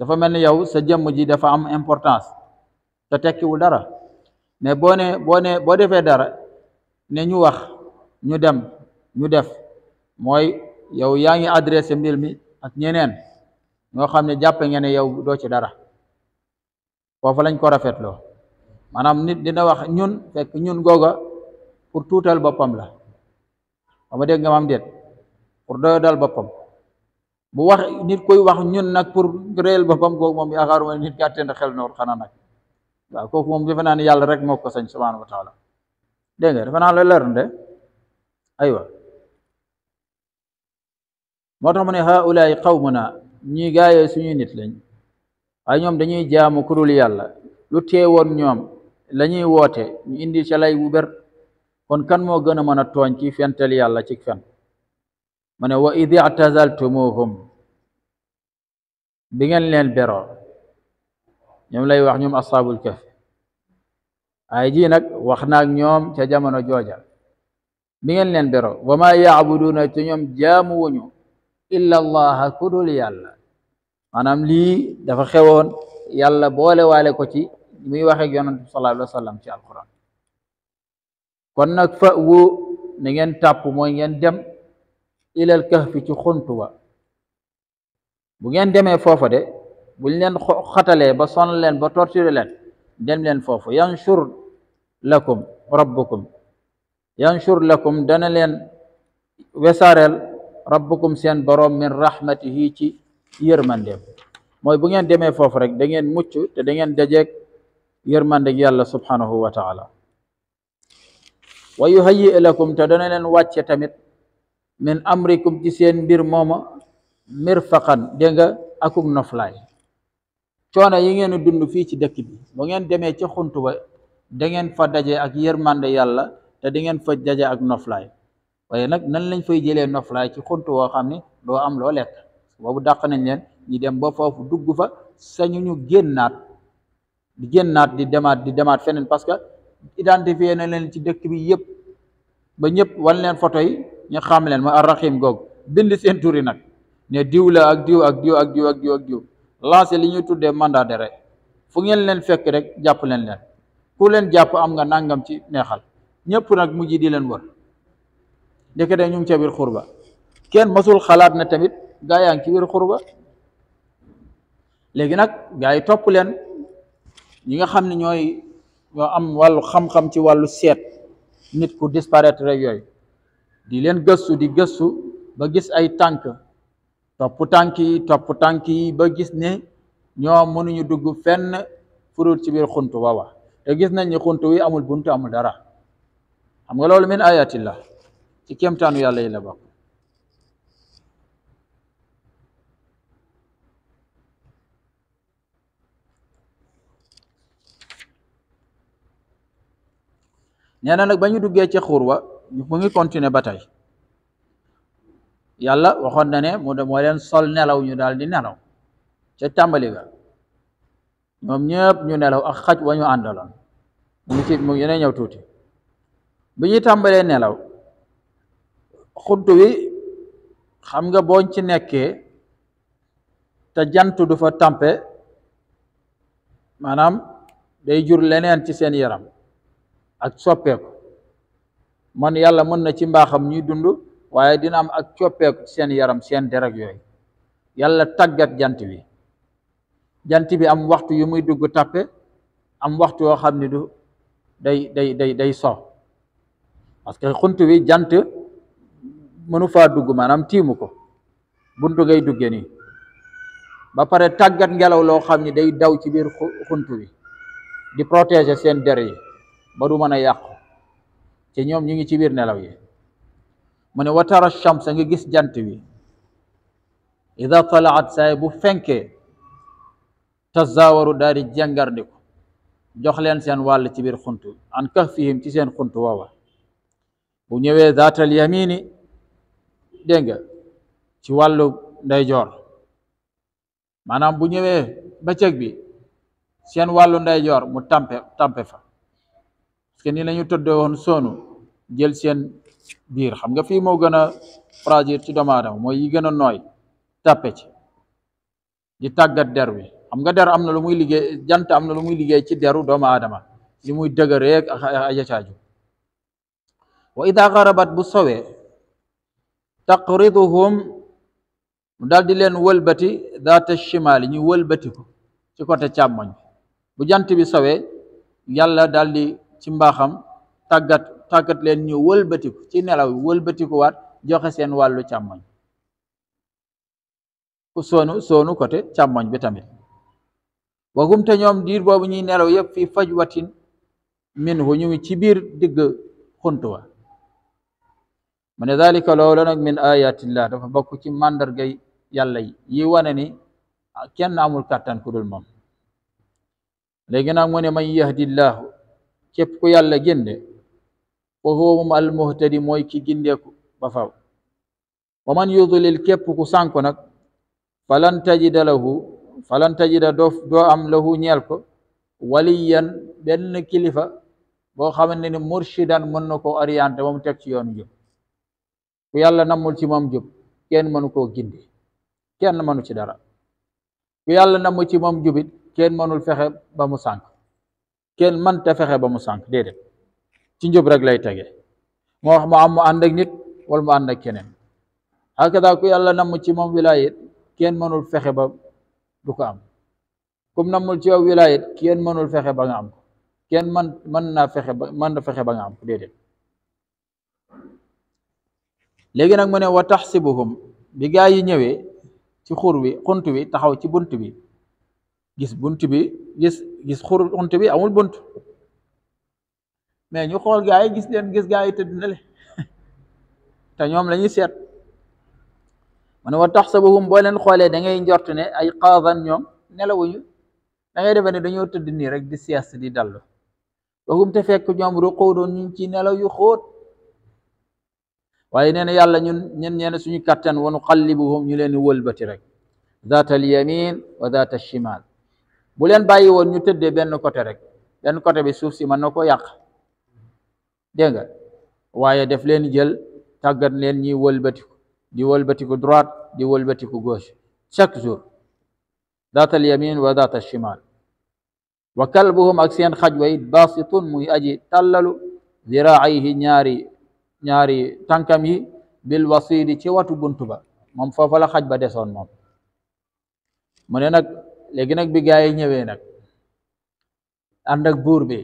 dafa melni yow sa jëm ji dafa am importance te wu dara ah. mais bo ne bone ne bo defé dara ne ñu wax ñu dem ñu def moy yow yaa ngi mbir mi ak ñeneen ño xamne ne jàppe ne yow do ci dara fofu lañ ko Mana manam nit dina wax ñun fekk ñun goga pour toutal bopam la ama deg nga am pour doyo dal boppam bu wax nit koy wax ñun nag pour réel boppam kooku moom yaakaaruma nit ki àtteend xel noor xanaa nag waaw kooku moom defe naa ne yàlla rek moo ko sañ subhaanahu wa taala dégg nga defe naa la leer nde aywa moo tax mu ne xaw haulaay qawmuna ñi gaayee suñuy nit lañ waaye ñoom dañuy jaamu kurul yàlla lu teewoon ñoom lañuy woote ñu indi ca lay wu ber kon kan moo gën a mën a tooñ ci fentel yàlla ci fen من هو وإذ اعتزلتموهم بين لين برا يوم لا يوح يوم أصحاب الكف أيجينك وخنا يوم تجمعنا جوجا بين لين برا وما يعبدون تنيوم جاموون إلا الله كدو لي الله أنا ملي دفع خيوان يلا بولي والي كوتي مي واخي يونان صلى الله عليه وسلم في القرآن كون نك نين تاب موين دم ilal kahfi ci xuntu wa bu ngeen demee foofa de buñ leen xatalee ba sonal leen ba torturer leen dem leen foofu yanshur lakum rabbukum yanshur lakum dana leen wesaareel rabbukum seen boroom min rahmatihi ci yërmandeem mooy bu ngeen demee foofu rek da ngeen mucc te da ngeen dajeeg yërmandeg yàlla subhanahu wa taala wa yuhayyi lakum te dana leen wàcce tamit min amrikum ci seen mbir mooma mirfaqan dégg nga akuk noflaay coono yi ngeen dund fii ci dëkk bi bu ngeen demee ci xunt ba da ngeen fa daje ak yërmande yàlla te di ngeen fa daje ak noflaay waaye nag nan lañ fay jëlee noflaay ci xunt woo xam ne doo am loo lekk boobu dàq nañ leen ñu dem ba foofu dugg fa sañu ñu génnaat di génnaat di demaat di demaat feneen parce que identifié na leen ci dëkk bi yépp ba ñëpp wan leen photo yi ñu xam leen mooy arrahim googu bind seen turi nag ne diw la ak diw ak diw ak diw ak diw ak diw li ñuy tuddee mandat dere fu ngeen leen fekk rek jàpp leen leen ku leen jàpp am nga nangam ci neexal ñëpp nag mujj di leen wër ndekete ñu ngi ca biir xurba kenn masul xalaat na tamit gaa yaa ngi ci biir xurba léegi nag gaa yi topp leen ñi nga xam ni ñooy ñoo am wàllu xam-xam ci wàllu seet nit ku disparaître rek yooyu di leen gëstu di gëstu ba gis ay tànk topp tànk yi topp tànk yi ba gis ne ñoom mënuñu dugg fenn furut ci biir xunt wawa te gis nañ ni xunt wi amul bunt amul dara xam nga loolu min ayatillah ci kéemtaanu yàlla yi la bokk nee na nag ba ñu duggee ci xur wa mu ngi continuer ba tey yàlla waxoon na ne mu moo leen sol nelaw ñu daal di nelaw ca tàmbali ga moom ñëpp ñu nelaw ak xaj wañu ñu àndaloon mu ngi ci mu ngi ñëw tuuti bi ñu tàmbalee nelaw xuntu wi xam nga boo ci nekkee te jant du fa tampe maanaam day jur leneen ci seen yaram ak soppeeku man yalla mën na ci mbaxam ñuy dund waye dina am ak coppeeku seen yaram seen dereg yoy yalla tàggat jant bi jant bi am waxtu yu muy dugg tapé am waxtu yo xamni du day day day day so parce que xunt wi jant mënu fa dugg manam tiimu ko buntu gay duggé ni ba paré tàggat ngelaw lo xamni day daw ci bir wi di protéger seen der yi ba du mëna yaqku ci ñoom ñu ngi ci biir nelaw yi mu ne watara shamsa nga gis jant wi ida talaat saay bu fenkee tazaawaru daal di jàngardiku jox leen seen wàll ci biir xunt an kahfihim ci seen xunt woowa bu ñëwee zaatal yamini dégg nga ci wàllu ndeyjoor maanaam bu ñëwee ba cëg bi seen wàllu ndeyjoor mu tampe tampe fa parce que nii la ñu tëddee woon soonu jël seen biir xam nga fii moo gën a fragile ci doomu aadama mooy yi gën a nooy tàppe ci di tàggat der wi xam nga der am na lu muy liggéey jant am na lu muy liggéey ci deru doomu aadama li muy dëgëreeg ak ajacaaju wa ida xarabat bu sowee taqriduhum daal di leen wëlbati daata chimaali ñu wëlbati ko ci côté càmmoñ bu jant bi sowee yàlla daal di ci mbaaxam tàggat tàggat leen ñu wëlbatiku ci nelaw wëlbatiku waat joxe seen wàllu càmmoñ ku soonu soonu côté càmmoñ bi tamit wagum ñoom diir boobu ñuy nelaw yëpp fii fajwatin min hu ñu ngi ci biir digg xuntuwa mu ne dalika loolu nag min ayatillah dafa bokk ci màndargay yàlla yi yi wane ni kenn amul kàttan ku dul moom léegi nag man yahdillahu képp ku yàlla génne fa huwa moom almuhtadi mooy ki gindeeku ba faw wa man yudlil képp ku sànko nag falan tajida lahu falan tajida doo am lahu ñeel ko waliyan benn kilifa boo xamante ni murshidan mën na koo orienté moom teg ci yoon jub ku yàlla namul ci moom jub kenn mënu koo gindi kenn mënu ci dara ku yàlla namu ci moom jubit kenn mënul fexe ba mu sànk kenn mënta fexe ba mu sànq déedéet ci njub rek lay tege moo wax mu am mu ànd ak nit wala mu ànd ak keneen hakadaa ku yàlla namm ci moom wilaayit kenn mënul fexe ba du ko am kum namul ci yow wilaayit kenn mënul fexe ba nga am kenn man mën naa fexe ba man na fexe ba nga am ko déedéet léegi nag mu ne wa taxsibuhum bi gaa yi ñëwee ci xur wi xunt wi taxaw ci bunt bi gis bunt bi gis gis xur bunt bi amul bunt mais ñu xol gaay gis leen gis gaay te dina le ta ñom lañuy set man wa tahsabuhum bo leen xolé da ngay ndort ne ay qaadan ñom nelawuñu da ngay defe dañu dañoo tëdd nii rek di sieste di dallu waxum te fekk ñom ru ruquudun ñu ci nelaw yu xóot waye neena yàlla ñun ñen nee suñu kattan wonu qallibuhum ñu leen wëlbati rek ذات اليمين وذات الشمال bu leen bàyyi woon ñu tëddee benn côté rek benn côté bi suuf si mën na ko yàq dégg nga waaye def leen jël tàggat leen ñi wëlbatiku di droit droite di wëlbatiku gauche chaque jour daat al yamin wa daat al shimal wa kalbuhum ak seen xaj way basitun muy aji tàllalu ziraayihi ñaari ñaari tànkam yi bil wasidi ci watu bunt ba moom foofa xaj ba desoon moom mu ne léegi nag bi gaa yi ñëwee nag ànd ak buur bi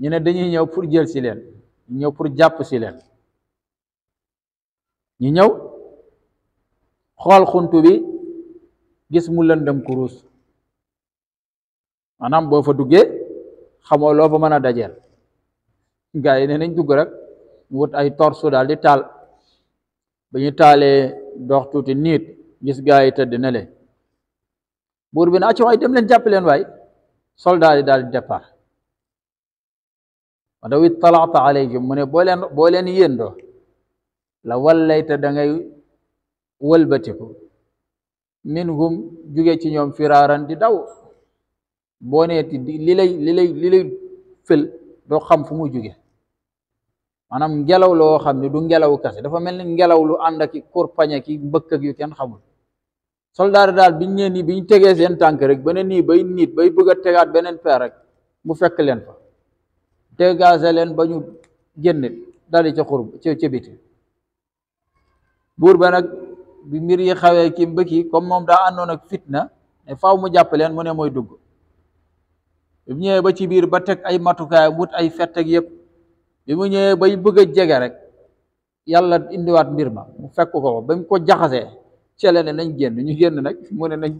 ñu ne dañuy ñëw pour jël si leen ñu ñëw pour jàpp si leen ñu ñëw xool xuntu bi gis mu lëndëm kurus maanaam boo fa duggee xamoo loo fa mën a dajeel gaa yi ne nañ dugg rek wut ay torsu daal di taal ba ñu taalee dox tuuti niit gis gaa yi tëdd na buur bi ne acca waay dem leen jàpp leen waay soldat daal di départ wa daw ittalaata alayhim mu ne boo leen boo leen yéendoo la wallayta da ngay wëlbatiku jóge ci ñoom firaaran di daw boo neeti li lay li doo xam fu mu jóge maanaam ngelaw woo xam ne du ngelaw kase dafa mel ni ngelaw lu ànd ak i ki mbëkk yu kenn xamul soldaar daal bi ñeen nii bi ñu tegee seen tànk rek beneen nii bay niit bay bëgg a tegaat beneen peer rek mu fekk leen fa dégagé leen ba ñu génn dali ca xurub ca ca biti buur ba nag bi mbir yi xawee kii ba yi comme moom daa àndoon ak fitna ne faaw mu jàpp leen mu ne mooy dugg bi mu ñëwee ba ci biir ba teg ay matukaay wut ay fett ak yëpp bi mu ñëwee bay bëgg a jege rek yàlla indiwaat mbir ma mu fekk ko ba mu ko jaxasee cele ne nañ génn ñu génn nag mu ne nañ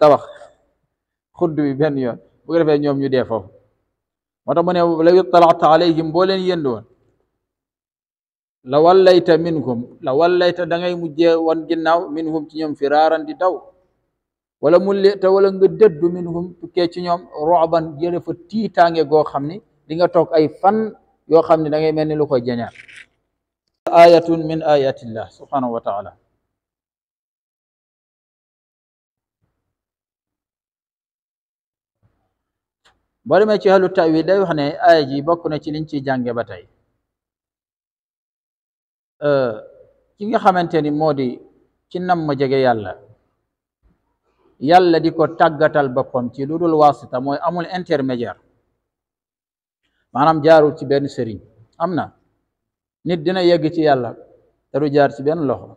tabax xudd bi benn yoon bu ko defee ñoom ñu dee foofu moo tax mu ne law ittalaxta alayhim boo leen yënd woon la wallayta minhum la wallayta da ngay mujjee woon ginnaaw minhum ci ñoom firaaran di daw wala mu lita wala nga dëddu minhum tukkee ci ñoom roban jële fa tiitaange goo xam ni di nga toog ay fan yoo xam ne da ngay mel ni lu ko jañaar ayatun min ayatillah subhanahu wa taala boo demee ci ahlu tawil day wax ne aaya ji bokk na ci liñ ciy jànge ba tey ki nga xamante ni moo di ci nam ma jege yàlla yàlla di ko tàggatal boppam ci lu dul wasita mooy amul intermédiaire maanaam jaarul ci benn sëriñ am na nit dina yegg ci yàlla te du jaar ci benn loxo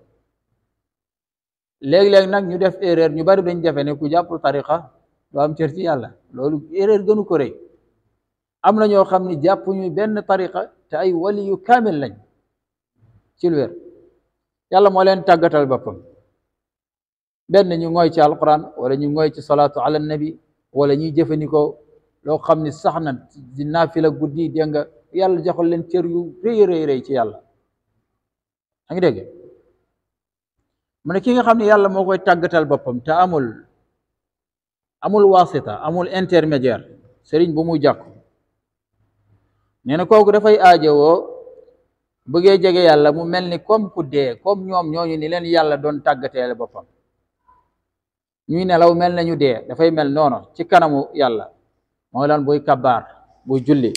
léeg-léeg nag ñu def erreur ñu bari dañ defe ne ku jàppul tariqa doo am cër yàlla loolu erreur gënu ko rëy am na ñoo xam ni jàpp ñu benn tariqa te ay wali yu kaamil lañ ci lu wér yàlla moo leen tàggatal boppam benn ñu ngoy ci alquran wala ñu ngoy ci salaatu ala nabi wala ñuy jëfandikoo loo xam ni sax na di naafila guddi yi nga yàlla joxal leen cër yu rëy rëy rëy ci yàlla a ngi dégg mu ne ki nga xam ne yàlla moo tàggatal boppam te amul wasita amul intermédiaire serigne bu muy jakk neena koku da fay ajeewo beugé jege yalla mu melni comme ku dé comme ñom ñoñu ni len yalla don tàggateele bopam ñuy nelaw mel na dé da fay mel nono ci kanamu yalla mooy lan boy kabar buy julli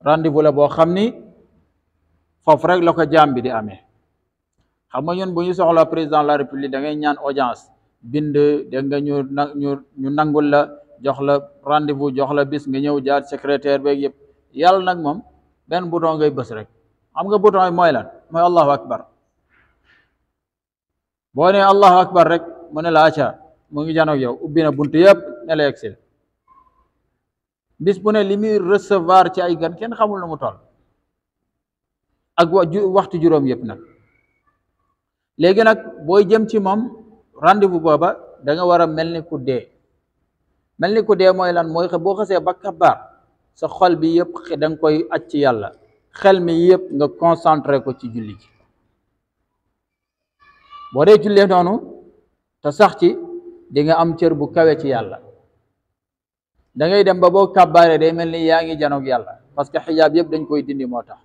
rendez-vous la bo xamni ni rek la ko di amé xam nga ñun bu ñu soxla président la république da ngay ñaan audience bind dégg nga ñu ñu nangul la jox la rendez-vous jox la bis nga ñëw jaar secrétaire beeg yëpp yàlla nag moom benn bouton ngay bës rek xam nga bouton yi mooy lan mooy allahu akbar boo ne allahu akbar rek mu ne la aca mu ngi janoog yow ubbi na bunt yëpp ne la yegsil bis bu ne limi muy recevoir ci ay gan kenn xamul na mu toll ak waxtu juróom yëpp nag léegi nag booy jëm ci moom rendez-vous boba da nga wara melni ku dee melni ku dee moy lan mooy boo xasee ba kabaar sa xol bi yëpp da dang koy acc yalla xel mi yëpp nga concentré ko ci julli ci bo dee jullee nonu ta sax ci di nga am cër bu kawé ci yalla da ngay dem ba bo kàbbaaree day melni yaangi janok yalla parce que hijab yëpp dañ koy dindi motax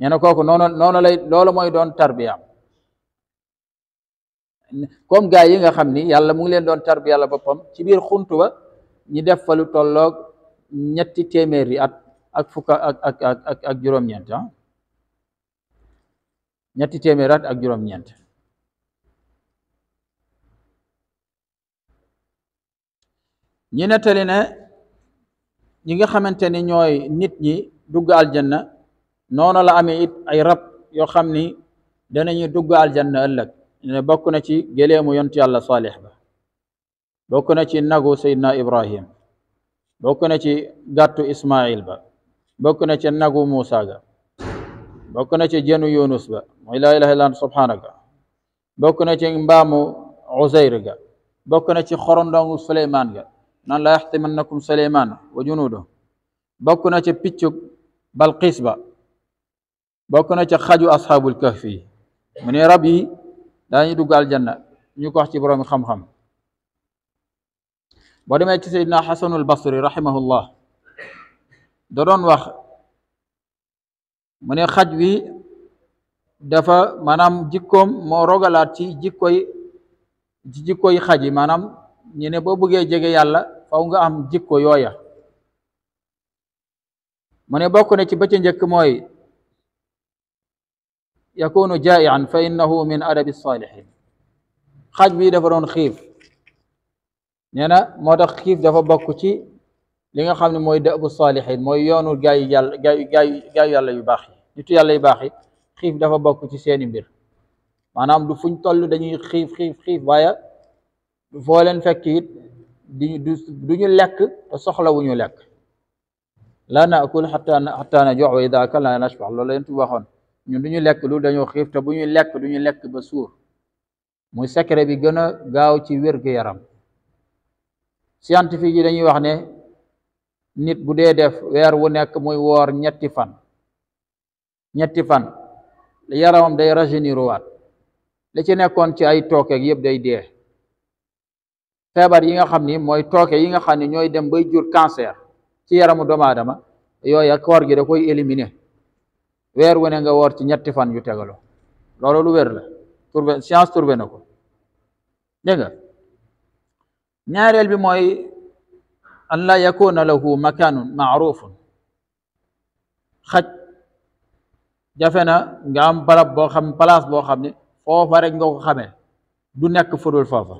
ñena koku nono nono lay lolo moy don tarbiya comme gars yi nga xam ni yàlla mu ngi leen doon tarbi yàlla boppam ci biir xunt ba ñi def fa lu tolloog ñetti téeméeri at ak ak ak ak ak juróom-ñeent ah ñetti téeméeri at ak juróom-ñeent ñi nettali ne ñi nga xamante ni ñooy nit ñi dugg aljanna noonu la amee it ay rab yoo xam ni danañu dugg aljanna ëllëg ne bokku na ci gelemu yontu yàlla salih ba bokku na ci nago sayyidina ibrahim bokku na ci gàttu ismail ba bokku na ci nago musa ga bokku na ci jënu yunus ba mooy laa ilaha illallah subhanaka bokku na ci mbamu uzair ga bokku na ci xorondongu suleymaan ga nan la yahtimannakum suleymaan wa junuduhu bokku na ci piccuk balqis ba bokku na ci khaju ashabul kahfi من ربي dañu dugg aljanna ñu ko wax ci borom xam-xam bo demé ci hasan al basri rahimahullah da doon wax mu xaj wi dafa manam jikkom mo rogalat ci jikkoy ci jikkoy xaj yi manam ñene bo boo bëggee jege yàlla faw nga am jikko yooya mu ne bokk na ci ba ca njëkk mooy يكون جائعا فإنه من أدب الصالحين خج بي دفرون خيف نينا مودا خيف دفا بوكو تي ليغا خامني موي دأب الصالحين موي يونو جاي جاي جاي جاي يالله يو باخي نيتو يالله يو باخي خيف دفا بوكو تي سيني مبير مانام دو فوج تولو دانيي خيف خيف خيف بايا فولن فكيت دي دو نيو ليك تا سوخلا ونيو ليك لا ناكل حتى حتى نجوع واذا كلنا نشبع لولا انت واخون ñun du ñu lekk lu dañoo xiif te bu ñu lekk du ñu lekk ba suur muy secret bi gën a gaaw ci wér yaram scientifique yi dañuy wax ne nit bu dee def weer wu nekk muy woor ñetti fan ñetti fan yaramam day rajeunir waat li ci nekkoon ci ay tookeeg yëpp day dee feebar yi nga xam ni mooy tooke yi nga xam ni ñooy dem bay jur cancer ci yaramu doomu aadama yooya koor gi da koy éliminer weer wu ne nga woor ci ñetti fan yu tegaloo loolu lu wér la trouvé science trouvé na ko dégg ñaareel bi mooy an laa yakuna lahu makaanun maarufun xaj jafe na nga am barab boo xam place boo xam ne foofa rek nga ko xamee du nekk fudul foofa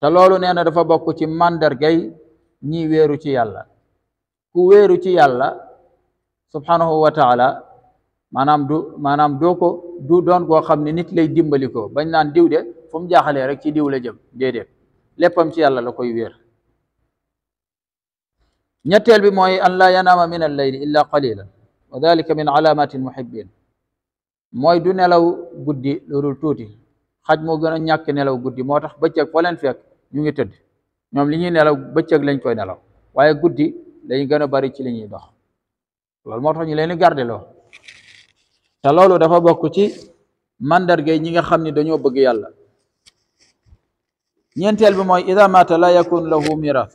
te loolu nee na dafa bokk ci màndargay ñi weeru ci yàlla ku wéeru ci yàlla subhanahu wa taala maanaam du maanaam doo ko du doon koo xam ne nit lay dimbali ko bañ naan diw de fu mu jaaxalee rek ci diw la jëm déedéet léppam ci yàlla la koy wéer ñetteel bi mooy an laa yanaama min al layli illa qalilan wa dalika min alaamati al muhibbin mooy du nelaw guddi loolul tuuti xaj moo gën a ñàkk nelaw guddi moo tax bëccëg foo leen fekk ñu ngi tëdd ñoom li ñuy nelaw bëccëg lañ koy nelaw waaye guddi lañ gën a bari ci li ñuy dox loolu moo tax ñu leen di gardeloo te loolu dafa bokk ci mandarga yi ñi nga xam ni dañoo bëgg yàlla ñeenteel bi mooy ida mata la yakun lahu mirath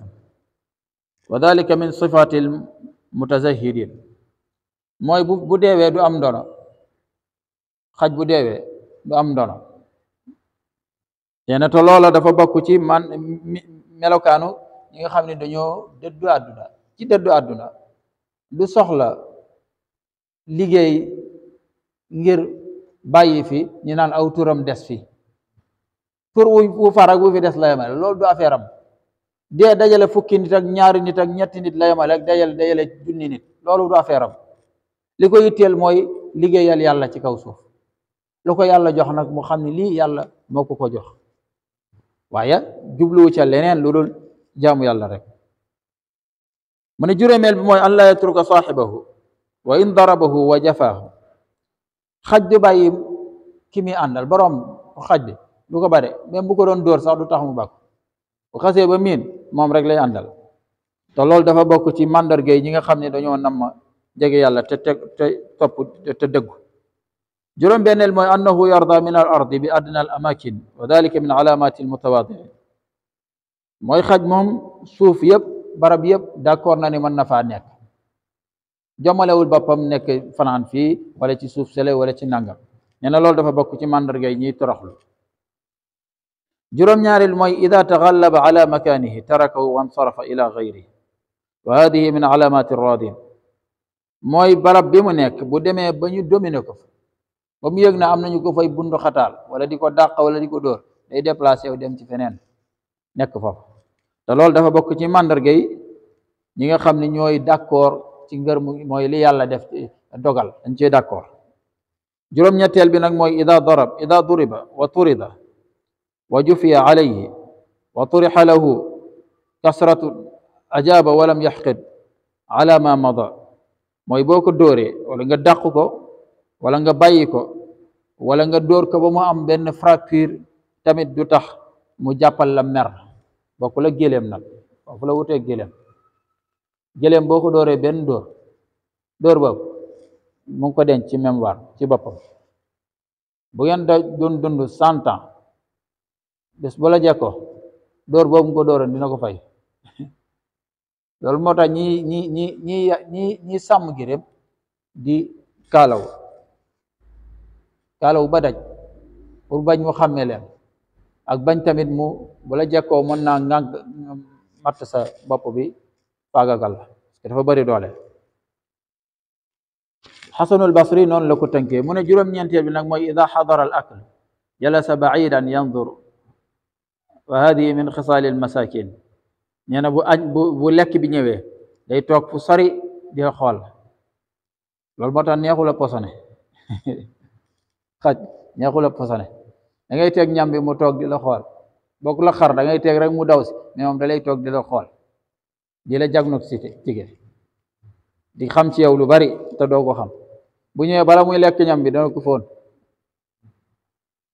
wa dalika min sifati al mutazahidin mooy bu bu deewee du am ndono xaj bu deewee du am ndono teena te loola dafa bokk ci man melokaanu ñi nga xam ne dañoo dëddu àdduna ci dëddu àdduna du soxla liggéey ngir bàyyi fi ñu naan aw turam des fi pour wu farag wu fi des la yemale loolu du affaire am dee dajale fukki nit ak ñaari ak ñetti nit la yemale ak dajale dajale junni nit loolu du affaire li ko yitteel mooy liggéeyal yàlla ci kaw suuf lu ko yàlla jox nag moo xam ni lii yàlla moo ko ko jox waaye jubluwu ca leneen lu dul jamu yàlla rek من جرم الموي ان لا يترك صاحبه وان ضربه وجفاه خج باي كيمي اندال بروم خج دوكو باري ميم بوكو دون دور صاح دو تاخ مو باك وخاسي با مين موم رك لاي اندال تا لول دا فا بوكو سي ماندار جي نيغا خامني دانيو نام جيغي يالا تا تك تا توپ جرم بنل موي انه يرضى من الارض بادنى الاماكن وذلك من علامات المتواضع موي خج سوف يب barab yëpp d'accord na ni mën na faa nekk jomalewul boppam nekk fanaan fii wala ci suuf sele wala ci nangam nee na loolu dafa bokk ci màndarga yi ñuy toroxlu juróom-ñaaril mooy ida taxallaba ala makaanihi tarakahu wa nsarafa ila gayrihi wa hadihi min alaamati radin mooy barab bi mu nekk bu demee ba dominer ko fa ba na am ko fay bundu xataal wala di ko dàq wala di ko day déplacé dem ci feneen nekk foofu te lol dafa bok ci màndarga yi ñi nga xamni ñoy d'accord ci ngër mu mooy li yàlla def dogal dañ ci d'accord juroom ñettel bi nak moy ida darab ida duriba wa turida wa jufiya alayhi wa turixa lahu kasratu ajaba wa lam yahqid ala ma mada moy boko dore wala nga dàq ko wala nga bayiko wala nga dor ko ba mu am ben fracture tamit du tax mu jàppal la mer bokkul ak géléem nag foofu la wute géléem géléem boo ko dooree benn dóor dóor boobu mu ngi ko denc ci mémoire ci boppam bu ngeen da doon dund cent ans bés bu la jekko dóor boobu nga ko dina ko fay loolu moo tax ñi ñi ñi ñi ñi ñi sàmm géléem di kaalaw kaalaw ba daj pour bañ mu xàmmee ak bañ tamit mu bala jekkoo mën naa ngànk matt sa bopp bi faagagal la dafa bari doole xasanul basri non la ko tënkee mu ne juroom bi nag mooy ida xadara al akl jalasa baidan yandur wa hadihi min xisaali al masakin nee na bu añ bu bu lekk bi ñëwee day toog fu sori di xool loolu moo tax neexul posone xaj neexul a posone da ngay tek ñam bi mu tok dila xol xool la xar da ngay tek rek mu daw ci mais dalay tok dila xol dila la xool di la di xam ci yow lu bari ta doo ko xam bu ñewé bala muy lek ñam bi da na ko fon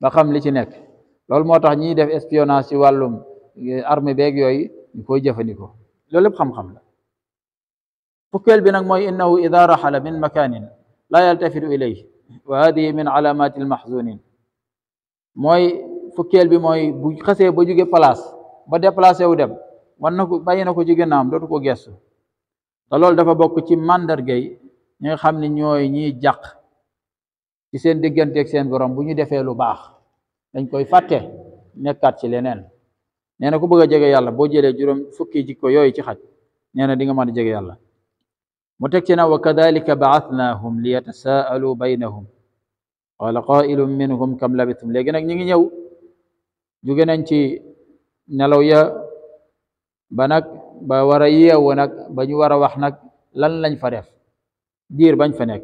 ba xam li ci nek lol motax ñi def espionnage ci walum armée beeg yoy ñu koy jëfandikoo lol lépp xam-xam la fukel bi nak moy innahu idha rahala min makanin la yaltafitu ilayhi wa hadhihi min alamatil mahzunin Moy fukkeel bi moy bu xasse ba joge place ba déplacer wu dem man nako ko ko ci gennam dotu ko gestu te lol dafa bok ci gay ñi xamni ñoy ne ñooy ci seen ak seen borom bu ñu défé lu baax dañ koy fàtte nekkaat ci lenen nee na ku bëgg a yalla bo boo juroom fukki ci ko yoy ci xaj nee na di nga mëna a yalla mu tek ci na wa kadhalika ba'athnahum liyatasaalu bainahum قال قائل منهم كم لبثتم لكن نك نيغي نييو جوغي نانتي نالو يا بنك با ورا ييو نك باني ورا واخ نك لان لاني فا ديف دير باني فا نيك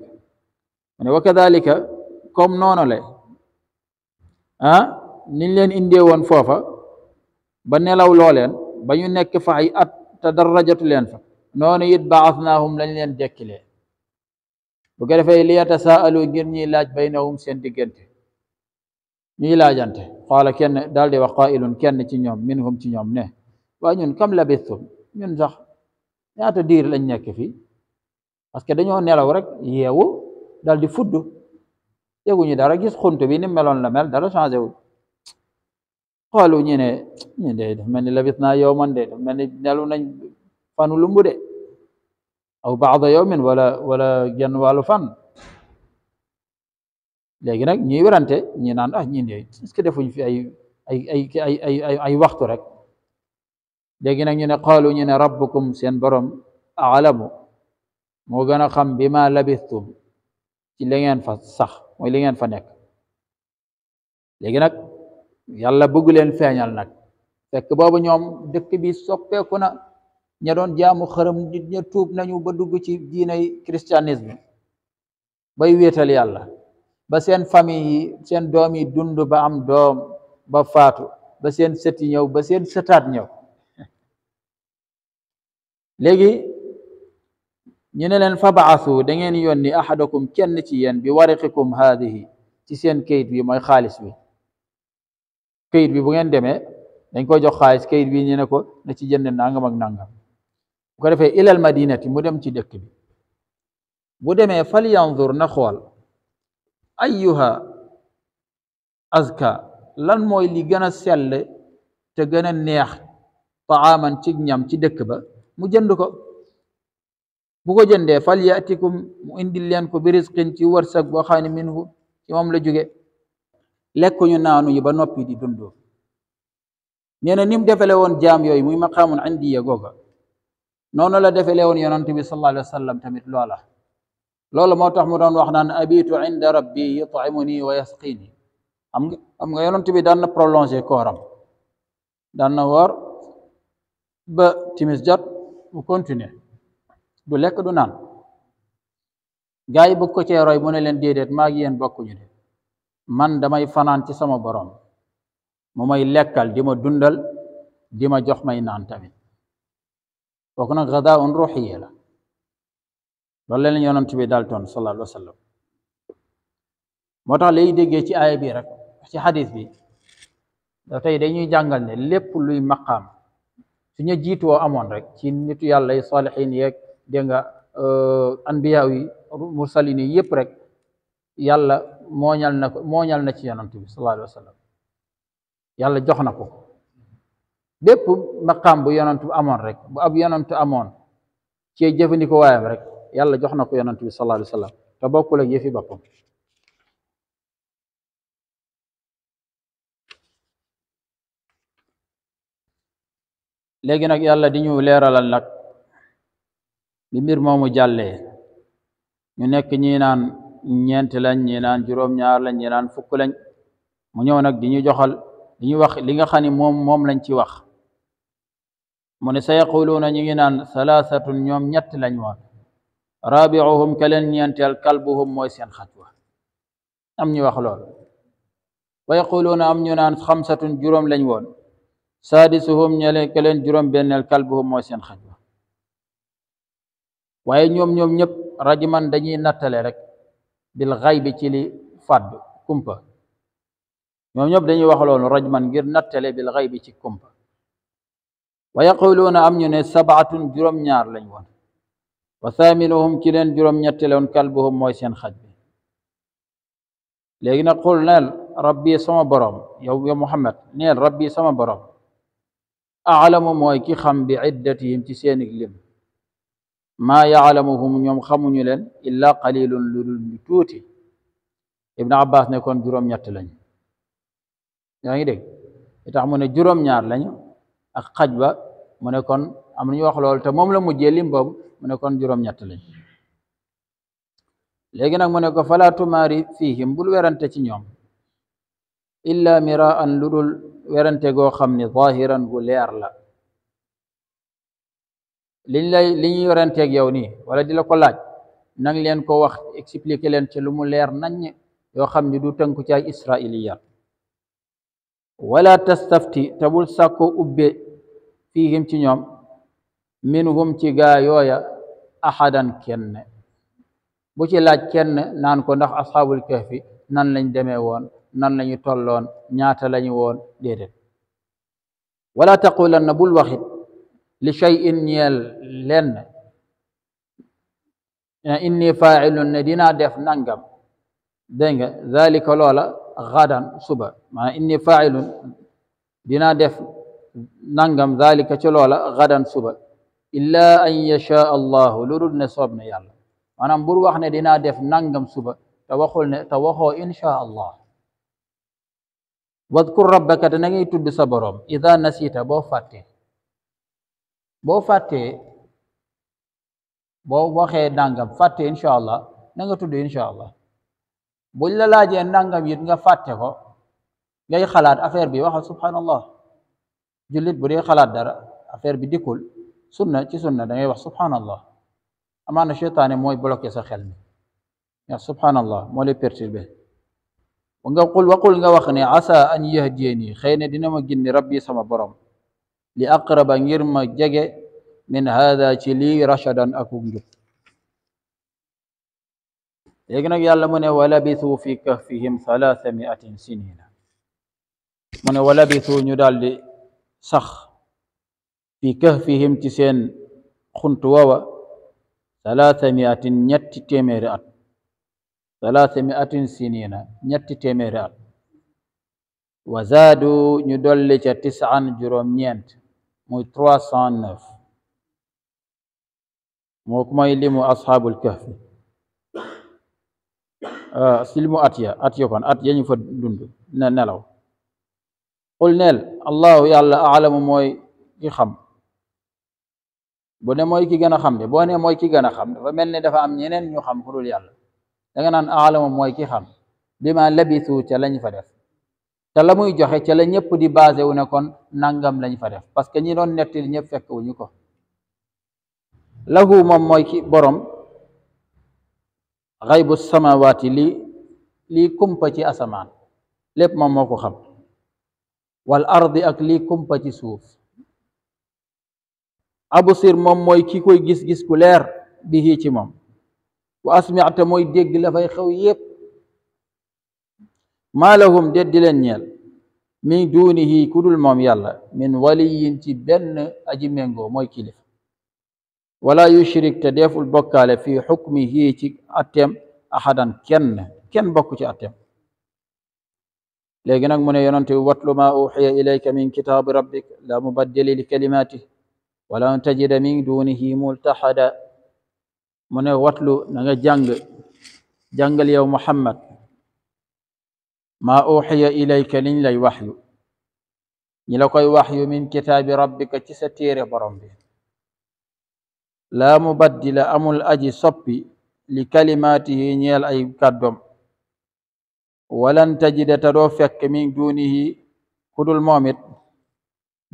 من يعني وكذلك كوم نونو لا ها نين لين اندي وون فوفا با نلاو لولين با ني نيك فا اي ات تدرجت لين فا نونو يتبعثناهم لان لين ديكلي bu ko defee li yatasaalu ngir ñiy laaj baynahum seen diggante ñiy laajante qaala kenn daal di wax qaa'ilun kenn ci ñoom minhum ci ñoom ne waa ñun kam labithum ñun sax ñaata diir lañ nekk fii parce que dañoo nelaw rek yeewu daal di fudd yëguñu dara gis xunt bi ni meloon la mel dara changé wu xaalu ñu ne ñu de daf mel ni labis naa yow man de daf mel nelu nañ fanu lumbu de aw baada yawmin wala wala genn wàllu fan léegi nag ñuy werante ñi naan ah ñi ndee est que defuñ fi ay ay ay ay ay ay waxtu rek léegi nag ñu ne qaalu ñu ne rabbukum seen borom aalamu moo gën a xam bi ma labistum ci li ngeen fa sax mooy li ngeen fa nekk léegi nag yàlla bëgg leen feeñal nag fekk boobu ñoom dëkk bi soppeeku na ña doon jaamu xërëm nit ña tuub nañu ba dugg ci diinay christianisme bay wéetal yàlla ba seen famille yi seen doom yi dund ba am doom ba faatu ba seen sëti ñëw ba seen sëtaat ñëw léegi ñu ne leen fa baasu da ngeen yoni ahadakum kenn ci yéen bi wariqikum haadihi ci seen kayit bi mooy xaalis bi kayit bi bu ngeen demee dañ ko jox xaalis kayit bi ñu ne ko na ci jënd nangam ak nangam bu ko defee ilal madinati mu dem ci dëkk bi mu demee fal yanzur na xool ayyuha azka lan mooy li gën a sell te gën a neex taaman ci ñam ci dëkk ba mu jënd ko bu ko jëndee fal yaatikum mu indi leen ko bi risqin ci wërsëg boo xam ne minhu ci moom la jóge lekk naanu ñu ba noppi di dund nee na ni mu defale woon jaam yooyu muy maqaamun indiya googa noonu la defele woon yonent bi sallallahu alayhi wa sallam tamit loola loolu moo tax mu doon wax naan abitu inda rabbi yut'imuni wa yasqini am nga am nga yonent bi daan na prolongé kooram daan na woor ba timis jot mu continuer du lekk du naan gaa yi ko cee roy mu ne leen déedéet maa yéen bokkuñu de man damay fanaan ci sama borom mu may lekkal di dundal dima ma jox may naan tamit kooku nag gadaa un ruuxiya la loolu leen yonent bi daal toon sallallahu alayhi moo tax lay déggee ci aaya bi rek ci xadis bi da tey ñuy jàngal ne lépp luy maqaam suñu jiitoo amoon rek ci nitu yàlla yi saalixiin yeeg dégg nga anbiyaaw yi mursalin yëpp rek yàlla mooñal na mooñal na ci yonent bi sallallahu alayhi wa yàlla jox na ko bépp maqaam bu yonent bu amoon rek bu ab yonent amoon ci jëfandikoo waayam rek yàlla jox na ko yonent bi sallallahu alayhi wa sallam te bokkul ak yëfi boppam nag yàlla di ñu leeralal nag bi mbir moomu jàllee ñu nekk ñi naan ñeenti lañ ñi naan juróom-ñaar lañ naan fukk lañ mu ñëw nag di ñu joxal di ñu wax li nga xam ni moom moom lañ ci wax من سيقولون نينا ثلاثة يوم نت رابعهم كلن ينتل كلبهم ويسين خطوة أم نيوخلول ويقولون أم نينا خمسة جرم لنوان سادسهم نيلين كلن جرم بين الكلبهم ويسين خطوة وين يوم يوم نيب رجما دني نتلرك بالغيب تلي فاد كمبا يوم يوم دني وخلول رجما غير نتلي بالغيب تلي كمبا ويقولون أم سبعة جرم نار لنوان وثامنهم كلين جرم نتلون كلبهم ويسين خجب لأننا قل نال ربي سما برام يا محمد نال ربي سما برام أعلم مويكي خم بعدتهم تسين قلم ما يعلمهم يوم خمون يلن إلا قليل للمتوت ابن عباس نكون جرم نتلون يعني دي يتعمون جرم نار لنوان أخجبه mune kon am ñu wax lool te mom la mujjé lim bob mune kon juroom ñatt lañ légui nak mune ko fala tumari fihim bul werante ci ñom illa miraan ludul werante go xamni zahiran gu leer la liñ lay liñ yorante ak yow ni wala dila ko laaj nang leen ko wax expliquer leen ci lu mu leer nañ yo xamni du tënku ci ay israiliyat wala tastafti tabul bul ubbe فيهم تنيوم منهم تيغا يويا احدا كن بوتي لاج كن نانكو نخ اصحاب الكهف نان لاني ديميوون نان لاني تولون نياتا لاني وون ديدت ولا تقول ان بول واحد لشيء يل لن اني فاعل ندينا ديف نانغام دنج ذلك لولا غدا صبح ما اني فاعل دينا ديف نانغام ذلك تشلولا غدا gadan suba ان يشاء الله لرد lu dul ne soob na yàlla maanaam bur wax ne dinaa def nangam suba te waxul ne te waxoo insha allah wadkur rabbaka te na ngay tudd sa boroom ida nasita boo fàttee boo ان شاء الله nangam fàtte insha allah na nga tudd insha allah buñ nangam nga fàtte ko ngay khalat affaire bi waxa subhanallah جلد بري خلات دار افير بي ديكول سنة تي سنة دا ngay سبحان الله امانه شيطان موي بلوكي سا خيل يا سبحان الله مولاي بيرتيربي ونغا قول وقول نغا وخني عسى ان يهديني خينا دينا ما جيني ربي سما بروم لاقرب غير ما جيجي من هذا تي لي رشدا اكو نجو يغنا يالا موني ولا بيثو في كهفهم 300 سنين موني ولا بيثو ني sax fi kahfihim ci seen xuntu wawa salaata ñetti téeméeri at sinina ñetti téeméeri at wa zaadu ñu dolli ca tisaan juróom ñeent muy trois cent neuf moo kumay limu asxaabul kahfi ah, silimu at ya at ya at ya ñu fa dund na nelaw قلنا الله يلا أعلم موي كي خم بني موي كي جانا خم بني موي كي جانا خم فمن دفع منين يو خم كل يلا لكن أنا أعلم موي كي خم بما لبثوا تلني فرف تلموي جه تلني بدي بعض ونكون نعم لني فرف بس كني رون نتيل نفك ونيكو له موي كي برم غيب السماوات لي لي كم بتي أسمان لب ما موكو خم والارض اكليكم باتيسوف ابو سير موم موي كيكوي غيس غيس كو لير بي هي تي موم واسمعت موي ديغ لا فاي خاو ييب ما لهم ديد لين نيل مي دونه كودول موم يالا من ولي تي بن ادي مينغو موي كليف ولا يشرك تديف البكال في حكمه تي اتم احدن كن كن بوكو تي اتم لكن من يننت واتل ما أوحي إليك من كتاب ربك لا مبدل لكلماته ولا تجد من دونه ملتحدا من واتل نغا جانغ جانغ يا محمد ما أوحي إليك لن لي وحي نلقي وحي من كتاب ربك تستير برمبي لا مبدل أم الأجي صبي لكلماته نيال أي قدم walan tajida ta doo fekk min dunihi kudul moomit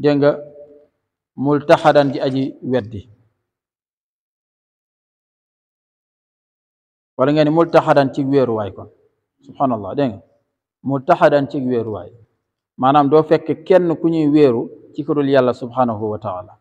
dégg nga multaxadan ji aji weddi wala ngeen multaxadan ci wéeruwaay kon subhanallah dégg nga multaxadan ci wéeruwaay maanaam doo fekk kenn ku ñuy wéeru ci kudul yàlla subhanahu wa taala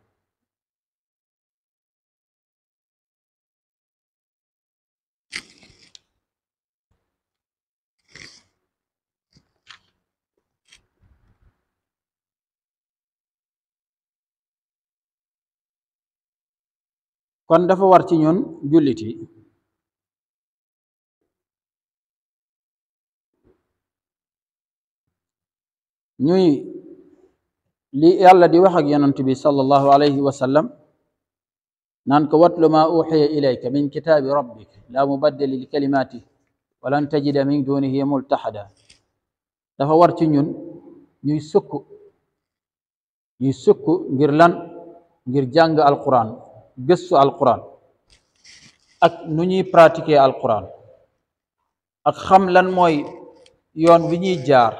kon dafa war ci ñun jullit yi ñuy li yàlla di wax ak yonent bi sallallahu alayhi wa sallam nan ko watlu ma uhiya ilayka min kitabi rabbik la mubaddil li kalimati kalimaati walan tajida min dunihi multaxada dafa war ci ñun ñuy sukk ñuy sukk ngir lan ngir jàng alquran gëstu alquran ak nu ñuy pratiquer alquran ak xam lan mooy yoon bi ñuy jaar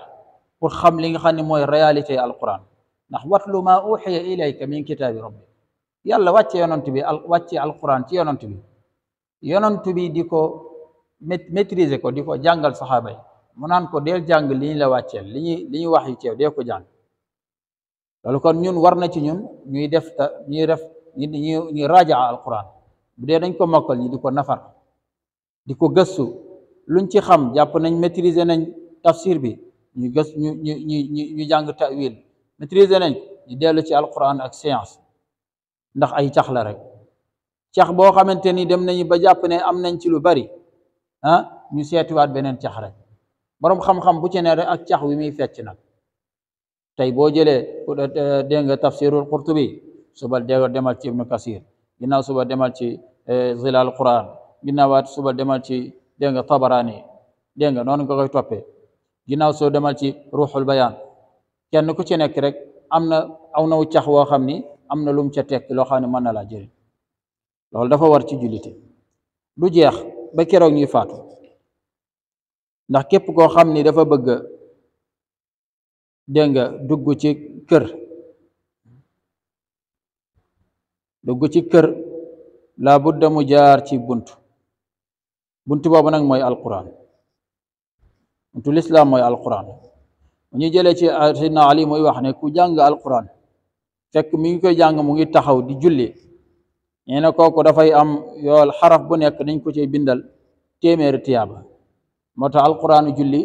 pour xam li nga xam ne mooy réalité alquran ndax watlu maa uxiya ilayka min kitaabi rabbi yàlla wàcce yonant bi al wàcce alquran ci yonant bi yonant bi di ko maîtriser ko di ko jàngal saxaaba yi mu naan ko del jàng li ñu la wàcceel li ñuy li ñuy wax yu ceew dee ko jàng loolu kon ñun war ci ñun ñuy def ta ñuy def ñi ñu ñu rajaa alquran bu dee dañ ko mokkal ñi di ko nafar di ko gëstu luñ ci xam jàpp nañ maîtriser nañ tafsir bi ñu gës ñu ñu ñu ñu jàng tawil maîtriser nañ ñu dellu ci alquran ak science ndax ay cax la rek cax boo xamante ni dem nañu ba jàpp ne am nañ ci lu bari ah ñu seetiwaat beneen cax rek boroom xam-xam bu ci ne rek ak cax wi muy fecc nag tey boo jëlee dégg nga tafsirul qurtubi suba dego demal ci ibnu kasir ginnaaw suba demal ci eh, zilal quran ginnaawaat suba demal ci dégg nga tabarani dégg nga noonu nga koy toppee ginnaaw soo demal ci ruuxul bayaan kenn ku ci nekk rek am na aw naw cax woo xam ni am na lum ca tekk loo xam ne mën na laa jëriñ loolu dafa war ci jullite du jeex ba keroog ñuy faatu ndax képp koo xam ni dafa bëgg dégg nga dugg ci kër dugg ci kër laa budda mu jaar ci bunt bunt boobu nag mooy alquran buntu lislaam mooy alquran mu jële ci ah, Seydina Ali muy wax ne ku jàng alquran fekk mi ngi koy jàng mu ngi taxaw di julli nee na kooku dafay am yool xaraf bu nekk dañ ko ci bindal téeméeri tiyaaba moo tax alquraanu julli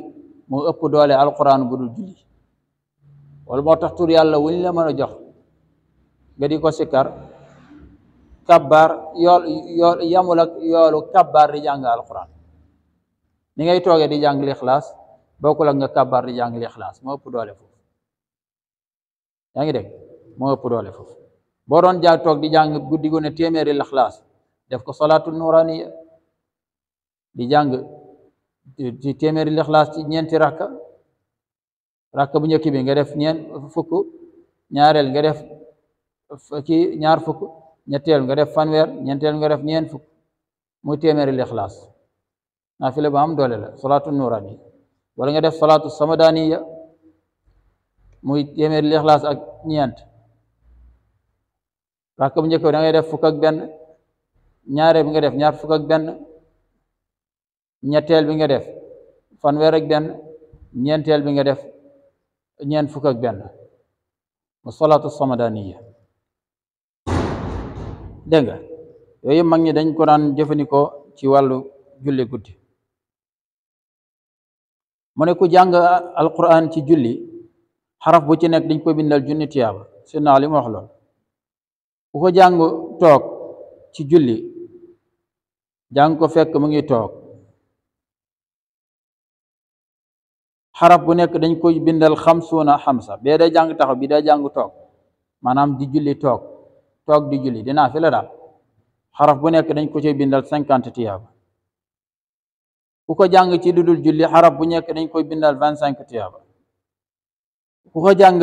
moo ëpp doole alquraan bu dul julli wala moo tax tur yàlla wuñ la mën a jox nga di ko sikkar Kabar, yol yol yamul ak yoolu kabar di jang alquran ni ngay toge di jang lixlaas bokul ak nga kabar di jang lixlaas mo pou dole foofu yaa ngi dégg moo ëpp doole foofu boo doon jàng di jang guddi def ko salaatu nuraniya di jang Di temere lixlaas ci ñenti rakka rakka bu njëkk bi nga def ñen fukk ñaarel nga def ci ñaar ñettel nga def fanwer ñettel nga def ñeent fukk muy na fi le ba am dole la salatu nurani wala nga def salaatu samadaaniya muy téeméeri lixlaas ak ñent rakam bu da ngay def fuk ak ben ñaare bi nga def ñaar fuk ak ben ñettel bi nga def fanwer ak ben ñentel bi nga def ñen fuk ak ben denga nga yooyu mag dañ ko daan jëfandikoo ci walu julli guddi mu ne jang al quran ci julli xaraf bu ci nek dañ ko bindal junni tiyaaba sunna li mu wax lool bu ko jang tok ci julli jang ko fekk mu ngi tok xaraf bu nek dañ ko bindal khamsuna khamsa be da jang taxaw bi da jang tok manam di julli tok toog di julli di naafila daal xaraf bu nekk dañ ko cay bindal cinquante tiyaaba ku ko jàng ci lu dul julli xaraf bu nekk dañ koy bindal vingt cinq tiyaaba ku ko jàng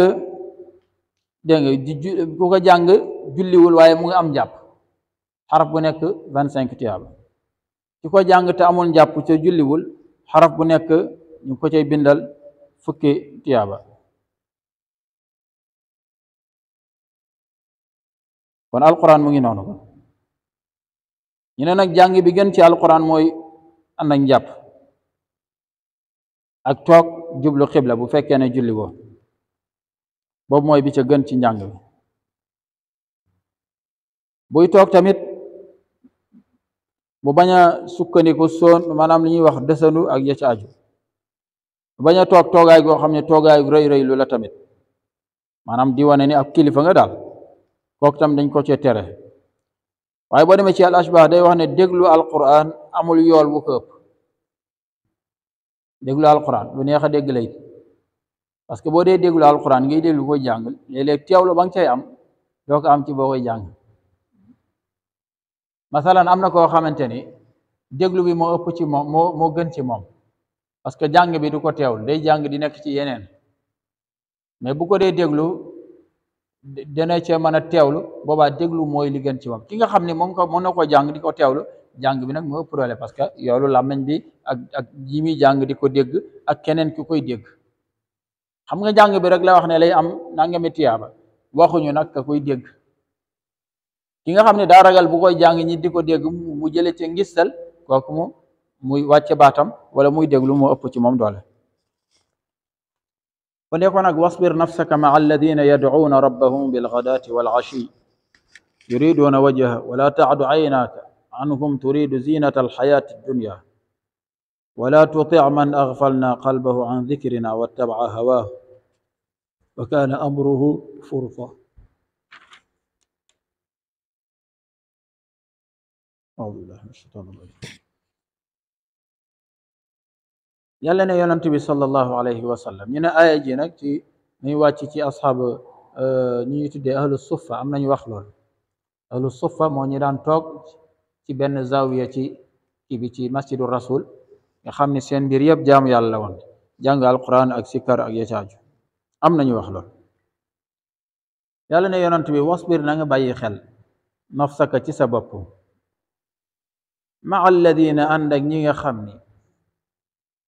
dégg nga ku ko jàng julliwul waaye mu ngi am njàpp xarab bu nekk vingt cinq tiyaaba ku ko jàng te amul njàpp ca julliwul xarab bu nekk ñu ko cay bindal fukki tiyaaba kon alquran mo ngi nonu kon ñu ne nag Al bi gën ci alquran moy ànd ak japp ak tok jublu qibla bu fekke ne julli wo boobu moy bi ci gën ci jang bi buy tamit bu baña a ko son manam li wax desanu ak ya ci aju bañ a toog go goo xam ne reuy rëy lu la tamit manam di wane ni kilifa nga dal kooku tam dañ ko cee tere waaye boo demee ci al ashbah day wax ne déglu alquran amul yool bu ko ëpp déglu alquran lu neex a dégg lay parce que boo dee déglu alquran ngay déglu koy jàng léeg-léeg teewlu ba nga cay am doo ko am ci boo koy jàng masalan am na koo xamante ni déglu bi moo ëpp ci moom moo moo gën ci moom parce que jàng bi du ko teewlu day jàng di nekk ci yeneen mais bu ko dee déglu dana cee mën a teewlu boobaa déglu mooy li ci moom ki nga xam ne moom ko mën na ko jàng di ko teewlu jàng bi nag moo problème parce que yoolu làmmiñ bi ak ak ji muy jàng di ko dégg ak keneen ki koy dégg xam nga jàng bi rek la wax ne lay am nangami tiyaaba waxuñu nag ka koy dégg ki nga xam ne daa ragal bu koy jàng ñi di ko dégg mu jële ci ngistal kooku mu muy wàcce baatam wala muy déglu mu ëpp ci moom doole وليقنك واصبر نفسك مع الذين يدعون ربهم بالغداة والعشي يريدون وجهه ولا تعد عيناك عنهم تريد زينة الحياة الدنيا ولا تطع من أغفلنا قلبه عن ذكرنا واتبع هواه وكان أمره فرطا أعوذ بالله من الشيطان الرجيم يلا نا يونت بي صلى الله عليه وسلم ني نا اي جي نك تي ني واتي تي اصحاب آه، ني تودي اهل الصفه ام ناني واخ لول اهل الصفه مو ني دان توك تي بن زاويه تي كي بي تي مسجد الرسول يا خامني سين بير ياب جام يالا وون جانغال القران اك سيكار اك يتاج ام ناني واخ لول يلا نا يونت بي واصبر نا باي خيل نفسك تي سا بوب مع الذين عندك نيغا خامني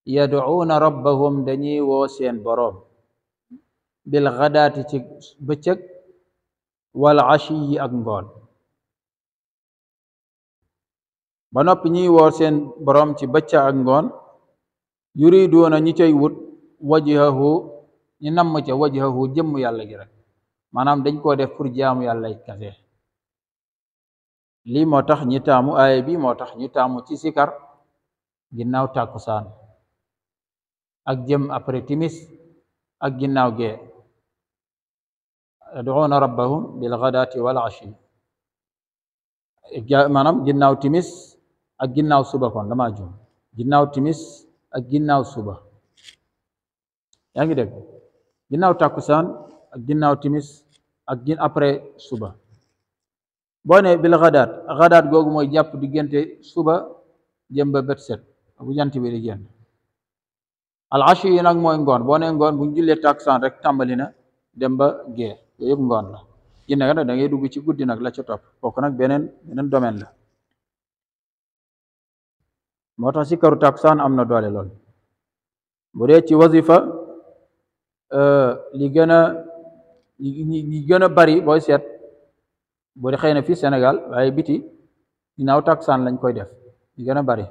yad'uuna rabbahum dañuy woo seen boroom bil xadaati ci bëccëg wal yi ak ngoon ba noppi ñuy woo seen boroom ci bëccëg ak ngoon yuriduuna ñi cay wut wajhahu ñu namm ca wajhahu jëmm yàlla gi rek maanaam dañ koo def pour jaamu yàlla kase lii moo tax ñi taamu aaya bi moo tax ñu taamu ci sikar ginnaaw tàkkusaan ak jëm après timis ak ginnaaw gee yad'uuna rabbahum bilghadaati wal ashi maanaam ginnaaw timis ak ginnaaw suba kon dama jum ginnaaw timis ak ginnaaw suba yaa ngi dégg ginnaaw takkusaan ak ginnaaw timis ak gin après suba boo ne bil ghadaat ghadaat googu mooy jàpp diggante suba jëm ba bët set bu jant bi di al ashi yi nag mooy ngoon boo nee bu ñu ya taksan rek tàmbali na dem ba gée yeb yëpp la ginnaaw nag da ngay dugg ci guddi nak la ci top kooku nak benen benen domaine la moo ci karu taksan amna doole bu dee ci wazifa euh li bari boy set bu xeyna fi senegal waye biti dinaaw taksan lañ koy def li bari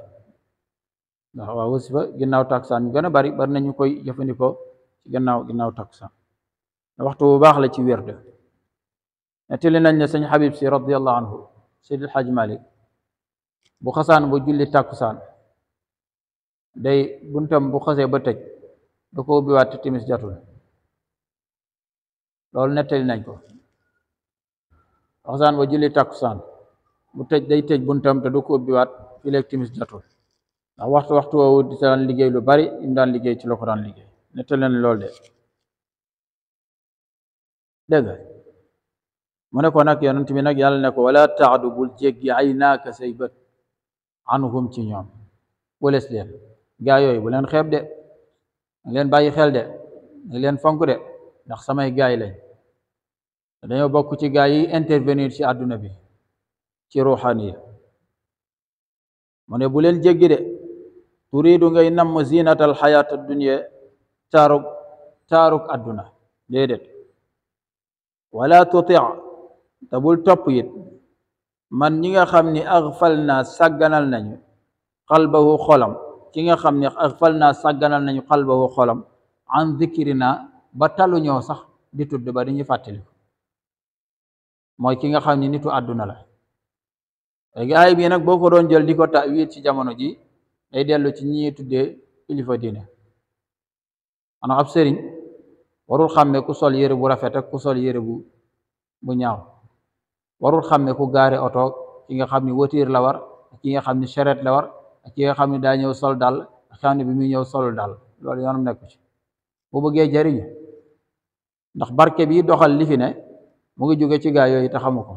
ndax waa wasifa ginnaaw takkusaan ñu gën a bari bari nañu koy jëfandikoo ci gannaaw ginnaaw takkusaan waxtu wu baax la ci wérde nettali nañ ne sëñ Habib si radiyallahu anhu Seydil Xaaj Malik bu xasaan bu julli takkusaan day buntam bu xasee ba tëj da ko ubbiwaat timis jatul loolu nettali nañ ko xasaan ba julli takkusaan bu tëj day tëj buntam te du biwaat ubbiwaat fileeg timis jatul a waxtu waxtu woowu di daan liggéey lu bari im daan liggéey ci la ko daan liggéey nettal leen loolu de dégg mu ne ko nag yonent bi nag yàlla ne ko wala taxdu bul jéggi ay naaka say bët anhum ci ñoom wëles leen gaa yooyu bu leen xeeb de leen bàyyi xel de leen fonk de ndax samay gaay lañ dañoo bokk ci gaay yi intervenir ci àdduna bi ci ruuxaniya mu ne bu leen jéggi de turiidu ngay namm zinatal xayaat dunya taarug taarug adduna déedéet wala tuti te topp it man ñi nga xam ni agfal na sàgganal nañu xalbahu xolam ki nga xam ni agfal naa sàgganal nañu xalbahu xolam an zikirina ba talu ñoo sax di tudd ba dañuy fàttali mooy ki nga xam ni nitu adduna la léegi bi nag boo doon jël di ko tawil ci jamono ji day dellu ci ñi tuddee kilifa diine maanaam ab sëriñ warul xàmme ku sol yére bu rafet ak ku sol yére bu bu ñaaw warul xàmme ku gaare oto ki nga xam ni voiture la war ak ki nga xam ni charrette la war ak ki nga xam ni daa ñëw sol daal ak xam ne bi muy ñëw solul daal loolu yoonam nekku bu bëggee jariñ ndax barke bii doxal li fi mu ngi jóge ci gaa yooyu te xamu ko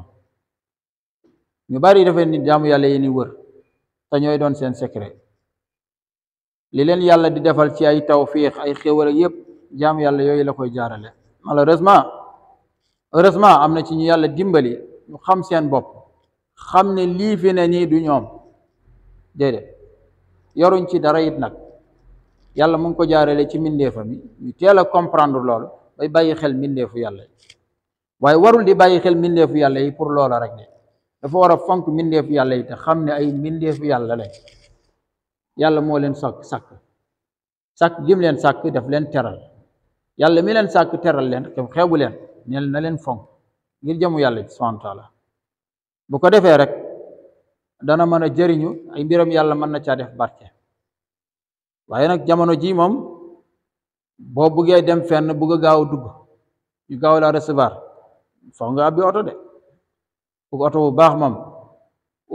ñu bari dafa ni jaamu yàlla yi ni wër te ñooy doon seen secret لين يلا دي دفال في أي توفيق أي خير يب جام يلا يو يلا كوي جارة مال رزما رزما أمنا تيني يلا ديمبلي خمسين بوب خمن لي في نني دنيوم جد يارون شيء دراي ابنك يلا ممكن جارة له شيء من ده فمي يلا كمبران دولار باي باي خل من ده في يلا باي ورول دي باي خل من ده في يلا يحور لولا ركني فورا فانك من ده في يلا يتخمن أي من ده في يلا له yalla mo len sak sak sak gim len sak def len teral yalla mi sak sak teral leen xewu len nel na len jamu ngir jamu yalla subhanahu wa taala bu ko defé rek dana mana a jëriñu ay mbiram yalla mën na def barké waye nak jamono ji mom bo buggee dem fenn bugg a gaaw dugg yu gaaw la recevoir foog nga abbi oto de bugg auto bu baax mom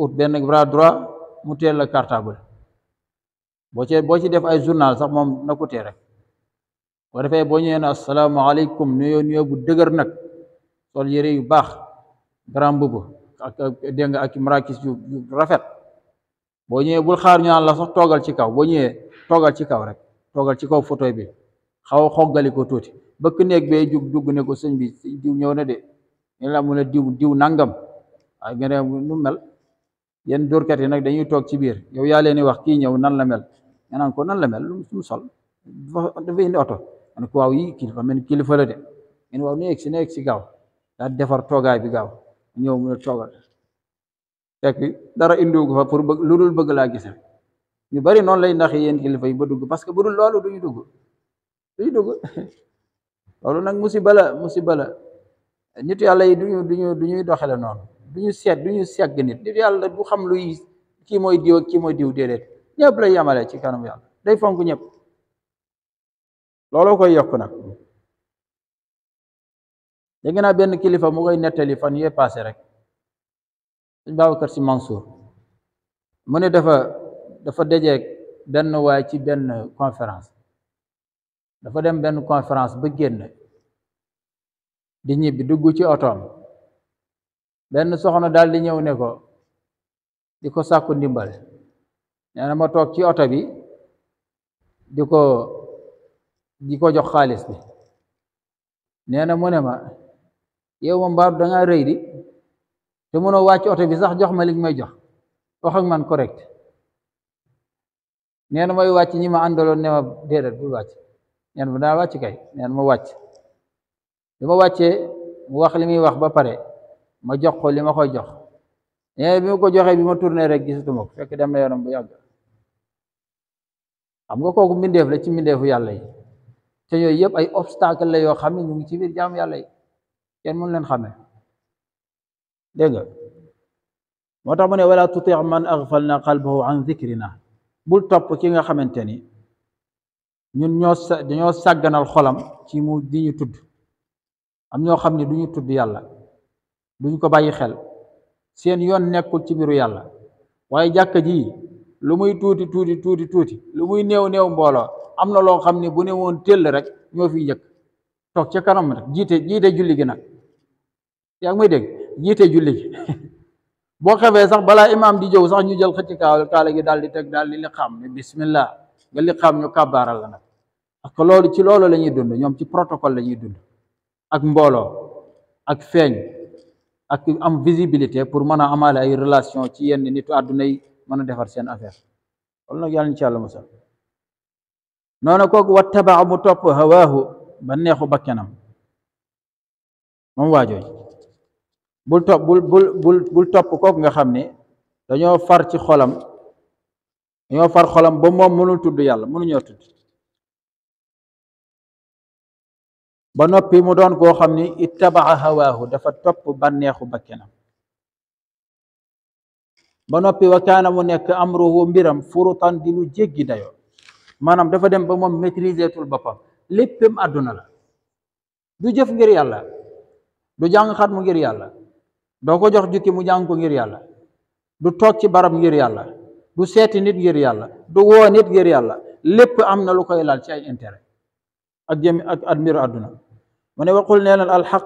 ut ben bras droit mu cartable boo ci boo ci def ay journal sax moom na ko rek boo defee boo ñëwee ne asalaamaaleykum nu nuyoo bu dëgër nag sol yére yu baax grand mbubb ak dégg nga yu rafet boo ñëwee bul xaar ñu naan la sax toogal ci kaw boo ñëwee toogal ci kaw rek toogal ci kaw photo bi xaw a xoggali ko tuuti bëkk néeg bee jug dugg ne ko sëñ bi diw ñëw na de ñu la mun a diw diw nangam waaye gën nu mel yéen dóorkat yi nag dañuy toog ci biir yow yaa leen wax kii ñëw nan la mel nga naan ko nan la mel lu mu sol dafa indi oto nga ne ko waaw kilifa la de nga ne waaw ne yegg si ne gaaw daa defar toogaay bi gaaw ñëw mu ne toogal dara indiwu fa pour bëgg lu dul bëgg laa gis ñu bari noonu lay nax yéen kilifa yi ba dugg parce que bu dul loolu duñu dugg duñu dugg loolu nag musiba la musiba la nit yàlla yi duñu duñu du ñuy doxale noonu duñu seet duñu segg nit nit yàlla du xam luy kii mooy diw kii mooy diw déedéet ñëpp lay yemale ci kanam yàlla day fonk ñëpp looloo koy yokk nag dégg naa benn kilifa mu koy nettali fan yee passé rek suñ Babacar Si Mansour mu ne dafa dafa dajeeg benn waay ci benn conférence dafa dem benn conférence ba génn di ñibbi dugg ci otoom benn soxna daal di ñëw ne ko di ko sàkku ndimbal nee na ma toog ci oto bi di ko di ko jox xaalis bi nee na mu ne ma yow ma mbaaru da ngaa rëy di te mënoo wàcc oto bi sax jox ma li may jox wax ak man correct nee na may wàcc ñi ma àndaloon ne ma déedéet bul wàcc neen bu daa wàcc kay neen ma wàcc bi ma wàccee mu wax li muy wax ba pare ma jox ko li ma koy jox nee bi ko joxee bi ma tourné rek gisatuma ko fekk dem na yoonam bu yàgg xam nga kooku mbindeef la ci mbindeefu yàlla yi te yooyu yëpp ay obstacle la yoo xam ne ñu ngi ci biir jaam yàlla yi kenn mënu leen xamee dégg nga moo tax mu ne wala tuti man aghfalna qalbahu an dhikrina bul topp ki nga xamante ni ñun ñoo dañoo sàgganal xolam ci mu di ñu tudd am ñoo xam ne du ñu tudd yàlla duñ ko bàyyi xel seen yoon nekkul ci biiru yàlla waaye jàkka ji lu muy tuuti tuuti tuuti tuuti lu muy néew néew mbooloo am na loo xam ne bu ne woon tëll rek ñoo fi njëkk toog ca kanam rek jiite jiite julli gi nag yaa ngi may dégg jiite julli gi boo xefee sax balaa imaam di jow sax ñu jël xëcc kaala gi daal di teg daal di liqaam ne bismillah nga liqaam ñu kàbbaaral la nag parce que loolu ci loolu la ñuy dund ñoom ci protocole la ñuy dund ak mbooloo ak feeñ ak am visibilité pour mën a amaale ay relation ci yenn nitu àdduna yi mën a defar seen affaire wala nag yàlla ñu ci yàlla musal noonu kooku wattabaa mu topp hawaahu ba neexu bakkanam moom waajooj bul topp bul bul bul bul topp kooku nga xam ne dañoo far ci xolam dañoo far xolam ba moom mënul tudd yàlla mënuñoo tudd ba noppi mu doon goo xam ni ittabaa hawaahu dafa topp bànneexu bakkanam banoppe wakana mo nekk amruhu mbiram furutan di lu jéggi dayoo maanaam dafa dem ba moom maîtriser tul boppam léppam àdduna la du jëf ngir yàlla du jàng xat mu ngir yàlla doo ko jox jukki mu jàng ko ngir yàlla du toog ci barab ngir yàlla du seeti nit ngir yàlla du woo nit ngir yàlla lépp am na lu koy laal ci ay intérêt ak jëmi ak ak mbiru àdduna mu ne waxul nee leen la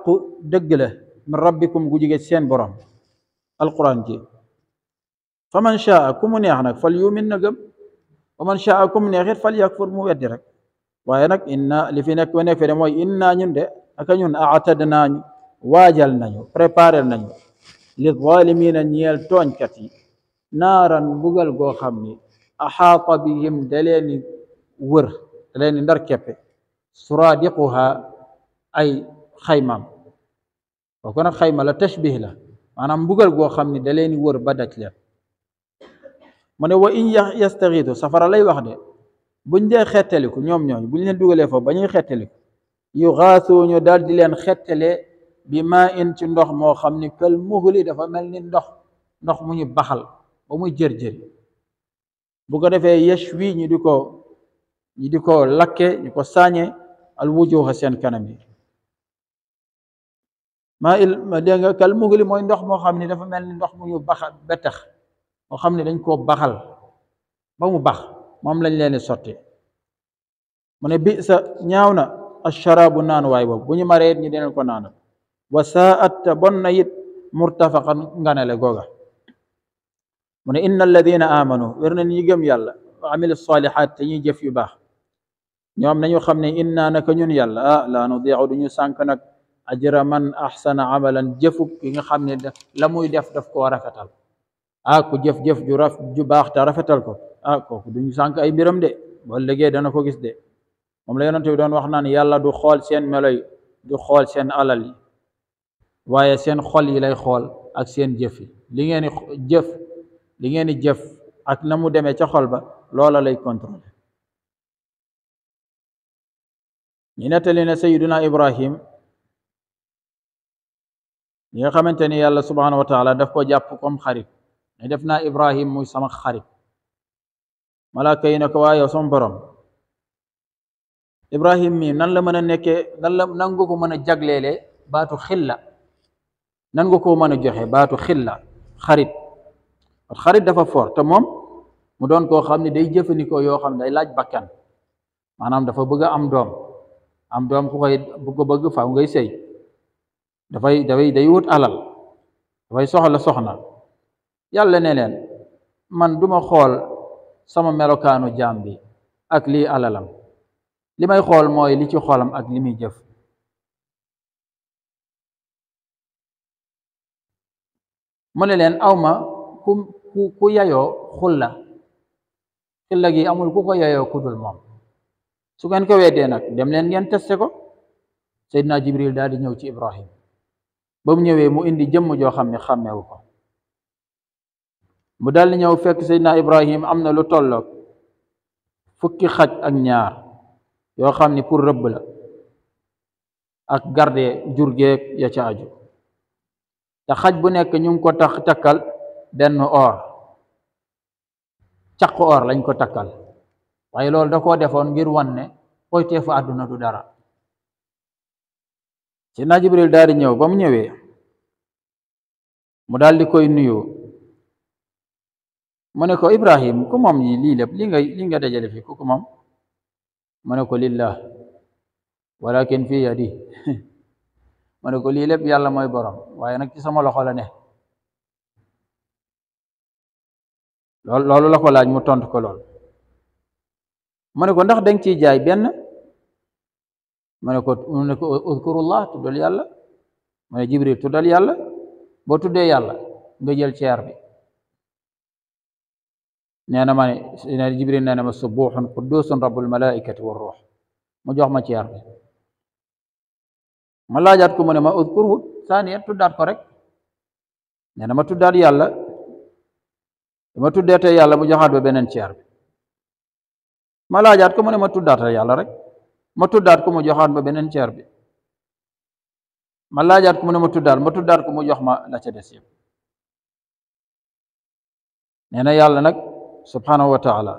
min rabbikum gu jige seen borom alquran ji فمن شاء كمن يهنك فليؤمن نقم ومن شاء كمن يغير فليكفر مو يدرك وينك ان اللي في نك وينك في موي ان نون دي اكا نون اعتدنا واجل نيو بريبارل نيو للظالمين نيل تون كاتي نارا بوغل غو خامني احاط بهم دليني ور دليني ندر كيبي سرادقها اي خيمام وكون خيمه لا تشبه لا مانام بوغل غو خامني دليني ور بدات mu ne wa in yastaxiitu safara lay wax de buñ dee xettaliku ñoom ñooñ buñ leen dugalee foofu ba ñuy xettaliku yu xaasoo ñu daal di leen xettale bi maa in ci ndox moo xam ni kal muhli dafa mel ni ndox ndox mu ñu baxal ba muy jër-jëri bu ko defee yashwi ñu di ko ñu di ko lakke ñu ko saañe al wujuha seen kanam yi maa il dégg nga kal muhli mooy ndox moo xam ni dafa mel ni ndox mu ñu baxa betax moo xam ne dañ koo baxal ba mu bax moom lañ leen di sotti mu ne bi sa ñaaw na asharaabu naanuwaay boobu bu ñu maree it ñu ko naanal wa saat te murtafaqan nganale googa mu ne inna alladina amanu wér na ñi gëm yàlla wa amilu salihat te ñuy jëf yu baax ñoom nañu xam inna naka ñun yàlla ah laa nudiicu du sànk nag ajra man axsana amalan jëfuk ki nga xam ne la muy def daf koo rafetal ah jëf-jëf ju raf ju baax te rafetal ko ah kooku duñu ay mbiram de boo légéey dana ko gis de moom la yonent bi doon wax naan yàlla du xool seen melo yi du xool seen alal yi waaye seen xol yi lay xool ak seen jëf yi li ngeen di jëf li ngeen di jëf ak na mu demee ca xol ba loola lay contrôler ñu nettali ne sayiduna ibrahim ñi nga xamante ni yàlla subhanahu wa taala daf ko jàpp comme xarit ne def naa ibrahim muy sama xarit malaaka yi ne ko waaye son borom ibrahim mi nan la mën a nekkee nan la nan nga ko mën a jagleele baatu xilla nan nga koo mën a joxe baatu xilla xarit xarit dafa fort te moom mu doon koo xam ne day jëfandikoo yoo xam ne day laaj bakkan maanaam dafa bëgg a am doom am doom ku koy bu ko bëgg faaw ngay sëy dafay dafay day wut alal dafay soxla soxna yàlla ne leen man duma xool sama melokaanu jaam bi ak lii alalam li may xool mooy li ci xoolam ak li muy jëf mu ne leen awma ku ku ku yayoo xulla xilla gi amul ku ko yayoo ku dul moom su ngeen ko weddee nag dem leen ngeen teste ko Seydina Jibril daal di ñëw ci Ibrahim ba mu ñëwee mu indi jëmm joo xam ne xàmmewu ko mu daldi ñëw fekk seydina ibrahim am na lu tolloog fukki xaj ak ñaar yoo xam ni pour rëbb la ak garde jur geeg ya ca aju te xaj bu nekk ñu ngi ko tax takkal benn or caq or lañ ko takkal waaye loolu da koo defoon ngir wan ne poyteefu àdduna du dara seydina jibril daal di ñëw ba mu ñëwee mu daldi koy nuyoo mu ne ko Ibrahim ku moom yi lii lépp li nga li nga dajale fi ku ko moom mu ko lillah wala kenn yadi mu ne ko lii lépp yàlla mooy borom waaye nag ci sama loxo la ne loolu la ko laaj mu tontu ko lool mu ne ko ndax danga ciy jaay benn mu ne ko mu ne ko uzkurullah tuddal ne Jibril tuddal yàlla boo tuddee yàlla nga jël ceer bi nee na ma ne ne jibril nee na ma subuuxun qudduusun rabbul malaikati wa ruux mu jox ma ci yar bi ma laajaat ko mu ne ma udkurhu saaniya tuddaat ko rek nee na ma tuddaat yàlla ma tuddeete yàlla mu joxaat ba beneen ci bi ma laajaat ko mu ne ma tuddaatal yàlla rek ma tuddaat ku mu joxaat ba beneen ceer bi ma laajaat ko mu ne ma tuddaat ma tuddaat ko mu jox ma la ca des yëpp nag سبحانه وتعالى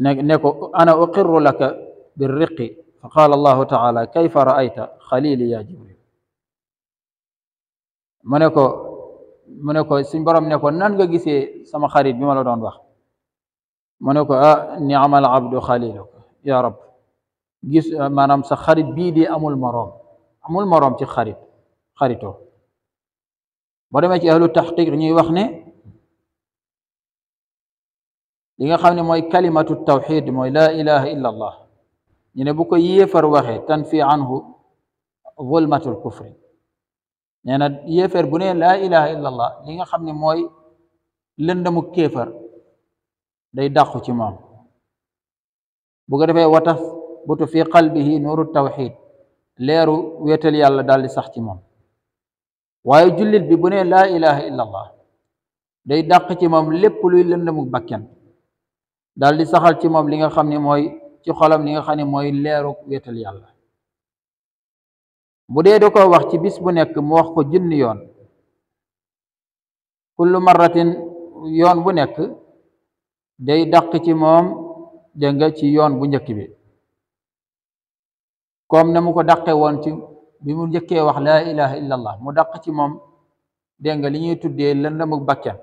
نكو أنا أقر لك بالرق فقال الله تعالى كيف رأيت خليلي يا جبريل منكو منكو سنبرا منكو ننجا جيسي سما خريب بما لدون بخ منكو آه نعم العبد خليلك يا رب جيس آه، ما نمس خريب بيدي أمو المرام أمو المرام تخريب خريتو بعد ما يجي أهل التحقيق ني وخني li nga xam ne mooy kalimatu tawxid mooy laa ilaha illa allah ñu ne bu ko yéefar waxee tanfi anhu zulmatul kufri nee na yéefar bu ne laa ilaha illa allah li nga xam ne mooy lëndamu kéefar day dàqu ci moom bu ko defee wataf butu fi qalbihi nuuru tawxid leeru wéetal yàlla daal di sax ci moom waaye jullit bi bu ne laa ilaha illa allah day dàq ci moom lépp luy lëndamu bakken daal di saxal ci moom li nga xam ne mooy ci xolam li nga xam ne mooy leeruk wéetal yàlla bu dee da ko wax ci bis bu nekk mu wax ko junni yoon kullu marratin yoon bu nekk day daq ci moom jënga ci yoon bu njëkk bi comme na mu ko dàqe woon ci bi mu njëkkee wax laa ilaha illallah mu daq ci moom dégg nga li ñuy tuddee lëndamuk bakkan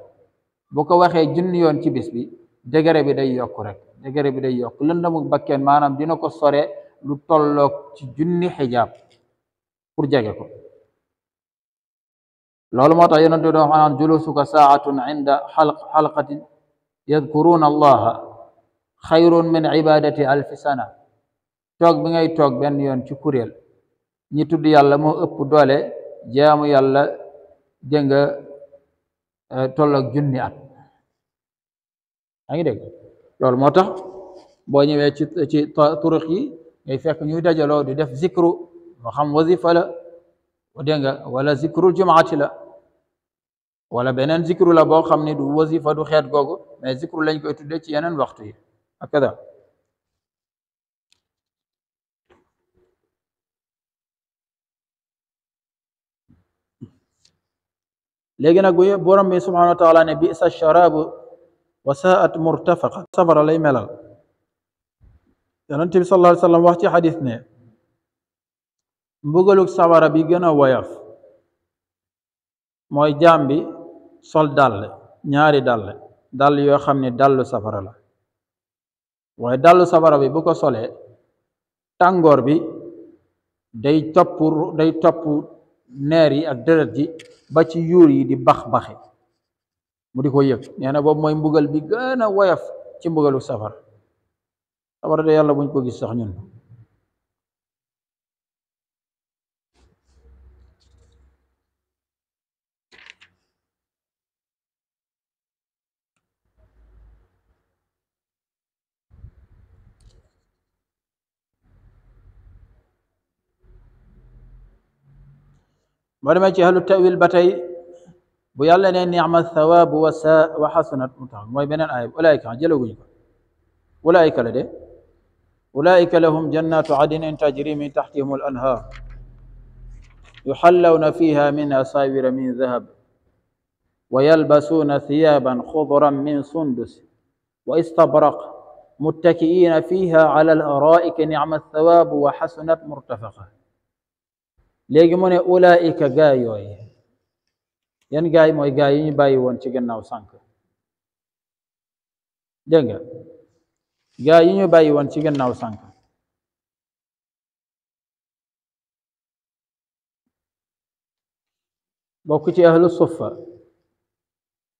bu ko waxee junni yoon ci bis bi dëgëre bi day yokk rek dëgëre bi day yokk lëndamuk bakken maanaam dina ko sore lu tolloog ci junni xijaab pour jege loolu moo tax yonent bi doon xanaan julusuka saatun inda xalq xalqatin yadkuruuna allaha xayrun min ibadati alfi toog bi ngay toog benn yoon ci kuréel ñi tudd yàlla moo ëpp doole jaamu yàlla jënga eh, tolloog junni at yaa ngi dégg loolu moo tax boo ñëwee ci ci turuq yi ngay fekk ñuy dajaloo di def zikru moo xam wazifa la dégg nga wala zikru jumaati la wala beneen zikru la boo xam ni du wazifa du xeet googu mais zikru lañ koy tuddee ci yeneen waxtu yi akada léegi nag bu borom bi subhanahu wa taala ne bi sa sharabu wasaat murtafaqa safara lay melal yonent bi sallallahu wax ci xadis ne mbugaluk safara bi gën a woyof mooy jaam bi sol dàll ñaari dàll dàll yoo xam ne dàllu safara la waaye dàllu safara bi bu ko solee tàngoor bi day topp day topp neer yi ak deret ji ba ci yuur yi di bax-baxi mu di ko yëg nee na boobu mbugal bi gëna a ci mbugalu safar safar de yalla buñ ko gis sax ñun ba ci tawil batai ويلا نعم الثواب وساء وحسن متعب ما بين الآية أولئك جلو أولئك لدي أولئك لهم جنات عدن تجري من تحتهم الأنهار يحلون فيها من أساور من ذهب ويلبسون ثيابا خضرا من سندس واستبرق متكئين فيها على الأرائك نعم الثواب وحسنت مرتفقة ليجمون أولئك جايوين yan gaay yi mooy gaay yi ñu bàyyi woon ci gannaaw sànq dégg nga gaay yi ñu bàyyi woon ci gannaaw sànq bokk ci ahlu suffa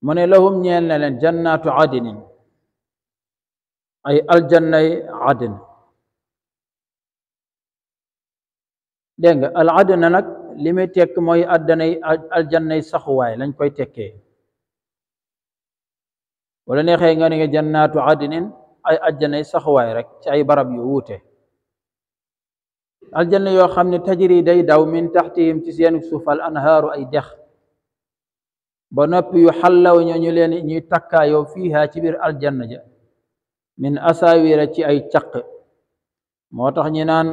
mu ne lahum ñeel na leen jannaatu adinin ay aljannay adin dégg nga al adina nag li muy tekk mooy addanay aljannay saxuwaay lañ koy tekkee wala neexee nga ne nga jannaatu adnin ay ajjanay saxuwaay rek ci ay barab yu wuute aljanna yoo xam ne tajri day daw min taxtihim ci seen suuf al anhaaru ay dex ba noppi yu xallaw ñoo ñu leen ñuy takkaayoo fiiha ci biir aljanna ja min asawira ci ay caq moo tax ñi naan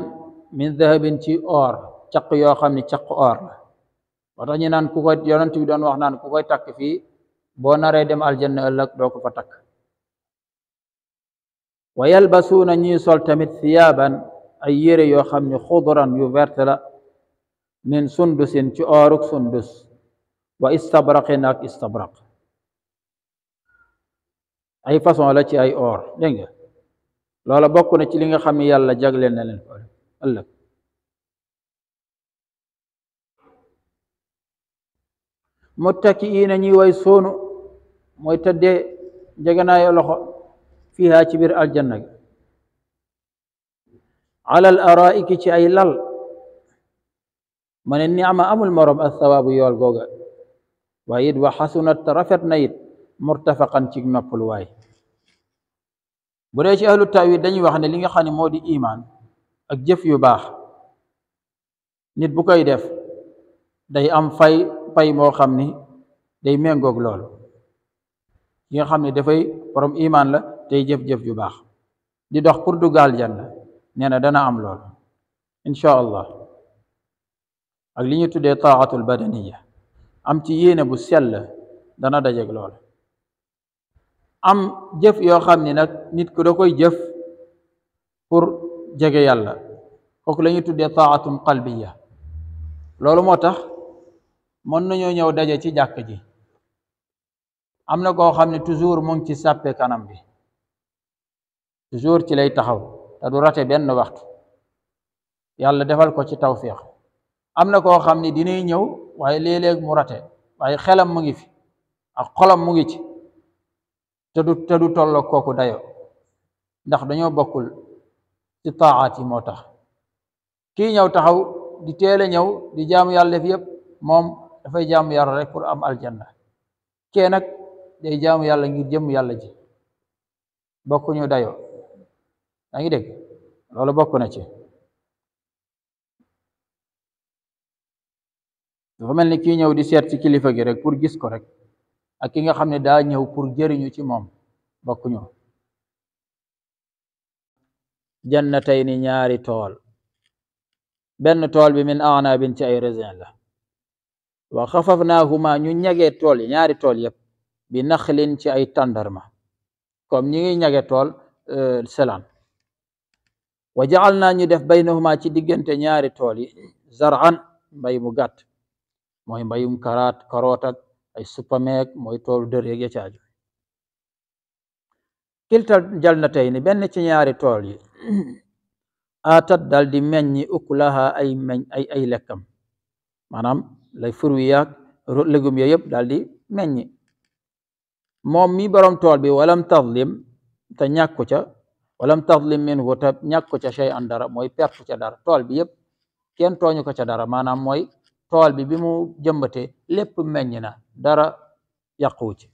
min dahabin ci or caq yo ya xamni ni or la ñi tax naan ku koy yonent ya bi doon wax naan ku koy tak fi bo naree dem aljanna ëllëg do ko fa tak wayalbasuna ñi sol tamit ay yere yo ya xamni ni yu verte la min sundusin ci oruk sundus wa istabraqin ak istabraq ay façon la ci ay or deng nga loola na ci li nga xamni yalla yàlla na len متكئين ني ويسون موي تدي جيغنا يلوخو فيها تبير الجنه على الارائك تي اي لال من النعم ام المرم الثواب يول غوغا وايد وحسن الترفت نيت مرتفقا تي نوبل واي بودي اهل التاويل داني واخني ليغا خاني مودي ايمان اك جيف يو باخ نيت بوكاي ديف داي ام فاي pay mo xamni ni day méngoog loolu ki nga xamni da fay borom iman la tay jef jef ju bax di dox pour gal janna neena dana am loolu incha allah ak liñu tuddé taatul badaniyya am ci yene bu sel dana ak loolu am jef yo xamni nak nit ku da koy jëf pour jégué yalla kok lañu tuddé taatun qalbiyya loolu motax mën nañoo ñëw daje ci jàkk ji am na koo xam ne toujours mu ngi ci sàppe kanam bi toujours ci lay taxaw te du rate benn waxtu yàlla defal ko ci taw tawféex am na koo xam ni dina ñëw waaye léeg-léeg mu rate waaye xelam mu ngi fi ak xolam mu ngi ci te du te du tolloo kooku dayo ndax dañoo bokkul ci taaxaat moo tax ki ñëw taxaw di teel a ñëw di jaamu yàlla fi yëpp moom dafay jaamu yàlla rek pour am aljanna kee nag day jaamu yàlla ngir jëm yàlla ji bokkuñu dayo yaa ngi dégg loolu bokk na ci dafa mel ni kii ñëw di seet ci kilifa gi rek pour gis ko rek ak ki nga xam ne daa ñëw pour jëriñu ci moom bokkuñu jannatay ni ñaari tool benn tool bi min anabin ci ay raisin la wa xafafnaahuma ñu ñagee tool yi ñaari tool yëpp bi naxlin ci ay tàndarma kom ñi ngi ñage tool euh, selaan wa jaxal naa ñu def bay na baynahuma ci diggante ñaari tool yi zaran mbay mu gàtt mooy mbayum karaat karoot ak ay supameek mooy toolu dëreeg ya caaju kilta jannatay ni benn ci ñaari tool yi atat dal di meññi ukulaha ay meñ ay lekkam maanaam lay fur wi yaag légumes yooyu yëpp daal di meññi moom mi borom tool bi walam tazlim te ñàkku ca walam tazlim min hu te ñàkku ca shay an dara mooy pertu ca dara tool bi yëpp kenn tooñu ko ca dara maanaam mooy tool bi bi mu jëmbatee lépp meññ na dara yàquwu ci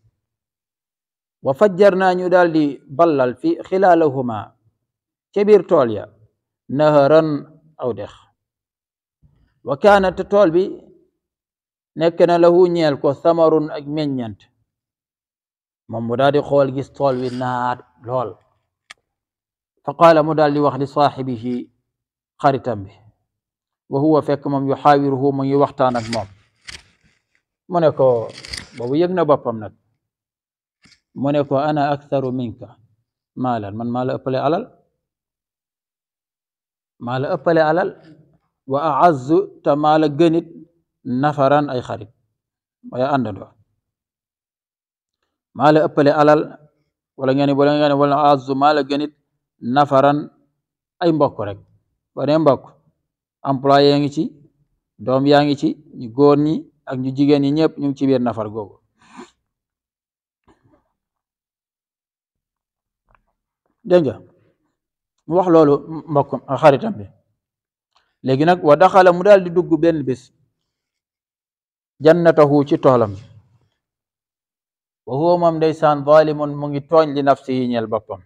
wa fajjar naa ñu daal di ballal fi xilaalahuma ca biir tool ya naharan aw dex wa kaanat tool bi نكنا له نيال كو ثمرون اك مينيانت مامودادي خول غيس تول وي نار لول فقال مودالي واخ لي صاحبه خريتم به وهو فك مام يحاوره مون يوختان اك موم مونيكو بابو يغنا بابام نك مونيكو انا اكثر منك مالا من مالا ابلي علل مالا ابلي علل واعز تمالا غنيت nafaraan ay xarit waaye àndandoo maa la ëppale alal wala ngeen wala ngeen wala azu maa la gënit ay mbokk rek ba nee mbokk employé ngi ci doom yaa ngi ci ñu góor ñi ak ñu jigéen ñi ñëpp ñu ngi ci biir nafar googu dégg nga mu wax loolu mbokk xaritam bi nag wa daxala mu daal di dugg benn bés jannatahu ci toolam wa huwa moom ndeysaan zalimun mu ngi tooñ li nafsihi ñeel boppam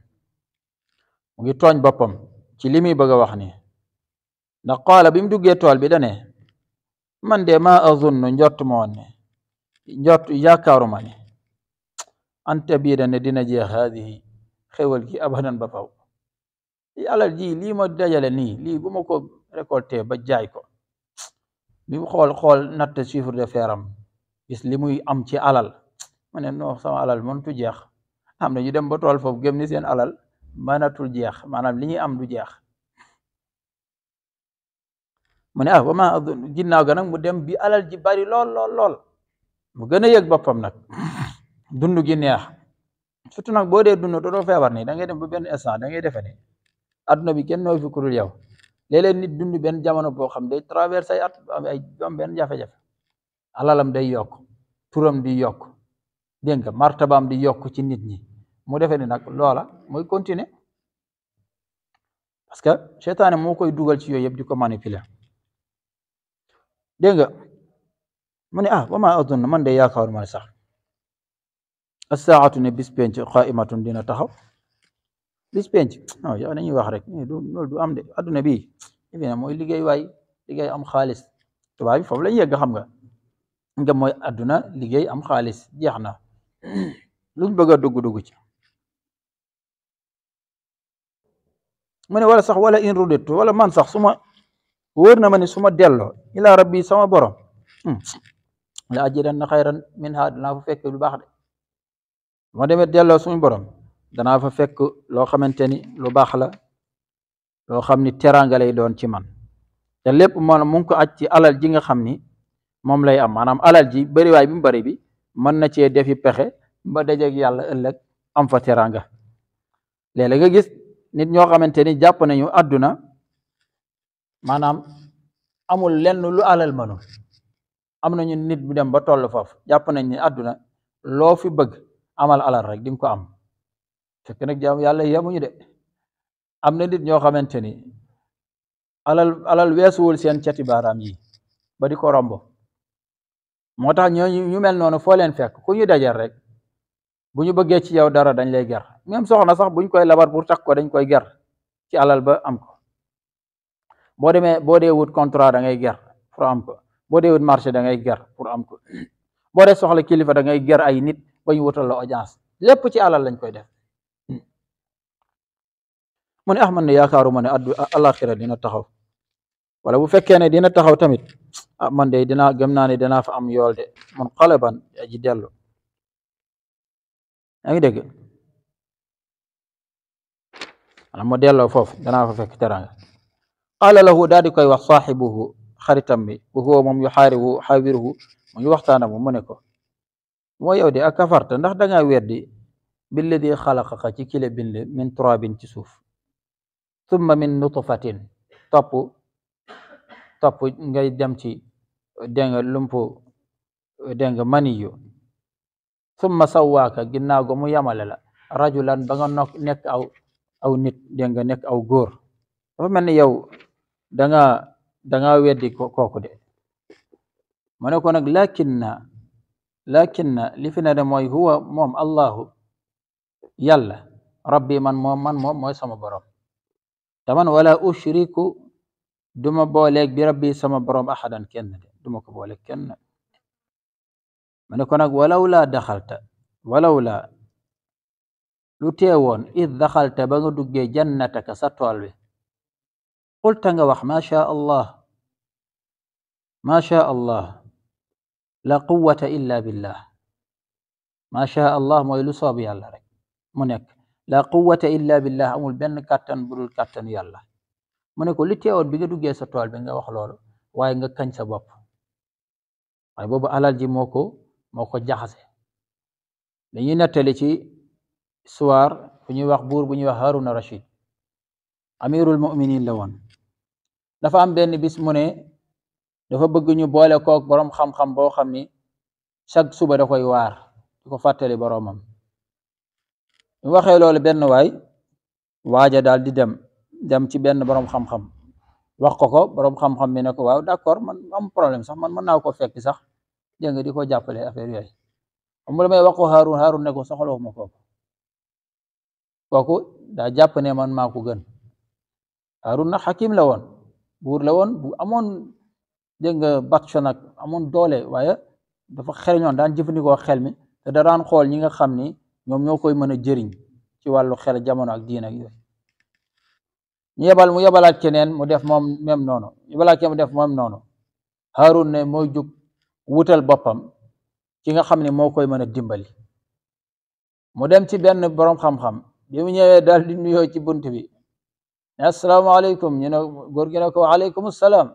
mu ngi tooñ boppam ci li muy bëgg a wax ni ndax qaala bi mu duggee tool bi dane man de ma azunnu njott ma woon ne njott yaakaaruma ne an tabiida ne dina jeex haadihi xewal gi abadan ba faw alal ji lii ma dajale nii lii bu ma ko récolté ba jaay ko bi mu xool xool natt chiffre d'affaires am gis li muy am ci alal ma ne non sama alal mëntu jeex am na ñu dem ba tool foofu gëm ni seen alal mënatul jeex maanaam li ñuy am du jeex mu ne ah wa ma ginnaaw ga nag mu dem bi alal ji bari lool lool mu gën a yëg boppam nag dund gi neex surtout nag boo dee dund doo feebar ni da ngay dem bu benn instant da ngay defe ni adduna bi kenn noo fi yow léeg-léeg nit dund benn jamono boo xam day traversé ay at am ay am benn jafe-jafe alalam day yokk turam di yokk dégg nga martabaam di yokk ci nit ñi mu defee ni nag loola mooy continuer parce que seytaane moo koy dugal ci yooyu yëpp di ko manipuler dégg nga mu ne ah wa ma adunna man de yaakaaruma sax as-saa'atu ne bis penc qaa'imatun dina taxaw bis penc non yow wax rek eh, du du am de adduna bi évidemment mooy liggéey waay liggéey am xaalis tubaab bi foofu lañ yegg xam nga nga mooy adduna liggéey am xaalis jeex na luñ bëgg a dugg-dugg ci mu ne wala sax wala in ruditu wala man sax su ma wóor na ma ne su ma delloo ila rabbi sama borom hmm. la ajidan na xayran min ha dinaa fa fekk lu baax de ma demee delloo suñu borom danaa fa fekk loo xamante ni lu baax la loo xam ni teraanga lay doon ci man te lépp man mu ngi ko aj ci alal ji nga xam ni moom lay am maanaam alal ji bariwaay bi mu bari bi mën na cee defi pexe ba dajeeg yàlla ëllëg am fa teraanga léeg-léeg nga gis nit ñoo xamante ni jàpp nañu àdduna maanaam amul lenn lu alal mënul am nañu nit bu dem ba toll foofu jàpp nañ ni àdduna loo fi bëgg amal alal rek di nga ko am fekk nag jaam yàlla yemuñu de am na nit ñoo xamante ni alal alal weesuwul seen cati baaraam yi ba di ko romb moo tax ñooñu ñu mel noonu foo leen fekk ku ñu dajal rek bu ñu bëggee ci yow dara dañ lay ger même soxna sax buñ koy labar pour takk ko dañ koy ger ci alal ba am ko boo demee boo dee wut contrat da ngay ger pour am ko boo dee marché da ngay ger pour am ko boo dee soxla kilifa da ngay ger ay nit ba ñu wutal la audience lépp ci alal lañ koy def. mu ne ah man ne yaakaaruma ne addu alaxira dina taxaw wala bu fekkee ne dina taxaw tamit ah man de dina gëm naa ne dinaa fa am yool de mun xalaban aji dellu yaa ngi dégg wala mu delloo foofu danaa fa fekk teranga qaala lahu daal di koy wax saaxibuhu xaritam bi bu huwa moom yu xaaribu xaawiruhu mu ngi waxtaana mu mu ne ko moo yow de ak kafarta ndax dangaa weddi billadi xalaqaqa ci kile bind min turabin ci suuf thumma min nutfatin topp topp ngay dem ci dégg nga lumpu dégg nga maniyu thumma sawaaka ginnaaw ga mu yamale la rajulan ba nga nok nekk aw nit dégg nga nekk aw góor dafa mel ni yow danga danga weddi kooku de mu ne ko nag lakinna lakinna li fi de mooy huwa moom allahu yàlla rabbi man moom man moom mooy sama borom طبعا ولا أشرك دم بوليك بربي سما برام أحدا كن دم بوليك كن من يكون ولولا دخلت ولولا لتيون إذ دخلت بغدك جنتك ستوالبي قلت وح ما شاء الله ما شاء الله لا قوة إلا بالله ما شاء الله ما يلو صابي الله من لا قوة إلا بالله أمول بن كاتن برول كاتن يلا من يقول لتي أود بيجدو جيسا طوال بيجا وخلور واي نغا كنسا باب واي بابا موكو موكو جاحس لن ينتالي چي سوار بني وقبور بني وحارون رشيد أمير المؤمنين لون دفا أم بيني بسمونه دفا بغنو بوالا كوك برام خم خم بو خامي شاك سوبا دفا يوار دفا فاتلي برامم mu waxee loolu benn waay waaja daal di dem dem ci benn borom xam-xam wax ko ko borom xam-xam bi ne ko waaw d'accord man am problème sax man mën naa ko fekk sax dégg nga di ko jàppale affaire yooyu xam nga may wax ko Haarun Haarun ne ko soxla wu ma kooku kooku daa jàpp ne man maa ko gën Haarun nag xakim la woon buur la woon bu amoon dégg nga batcho nag amoon doole waaye dafa xereñoon daan jëfandikoo xel mi te da daan xool ñi nga xam ni. ñom ñokoy mëna jëriñ ci walu xel jamono ak diin ak yooyu ñu yebal mu yebalaat keneen mu def mom même nono yebalaat keneen mu def mom nono harun ne moy juk wutal bopam ki nga xam mo koy mëna dimbali mu dem ci ben borom xam-xam bi mu ñewé dal di nuyo ci buntu bi assalamu alaykum ñu ne gor gi ne ko waaleykum salaam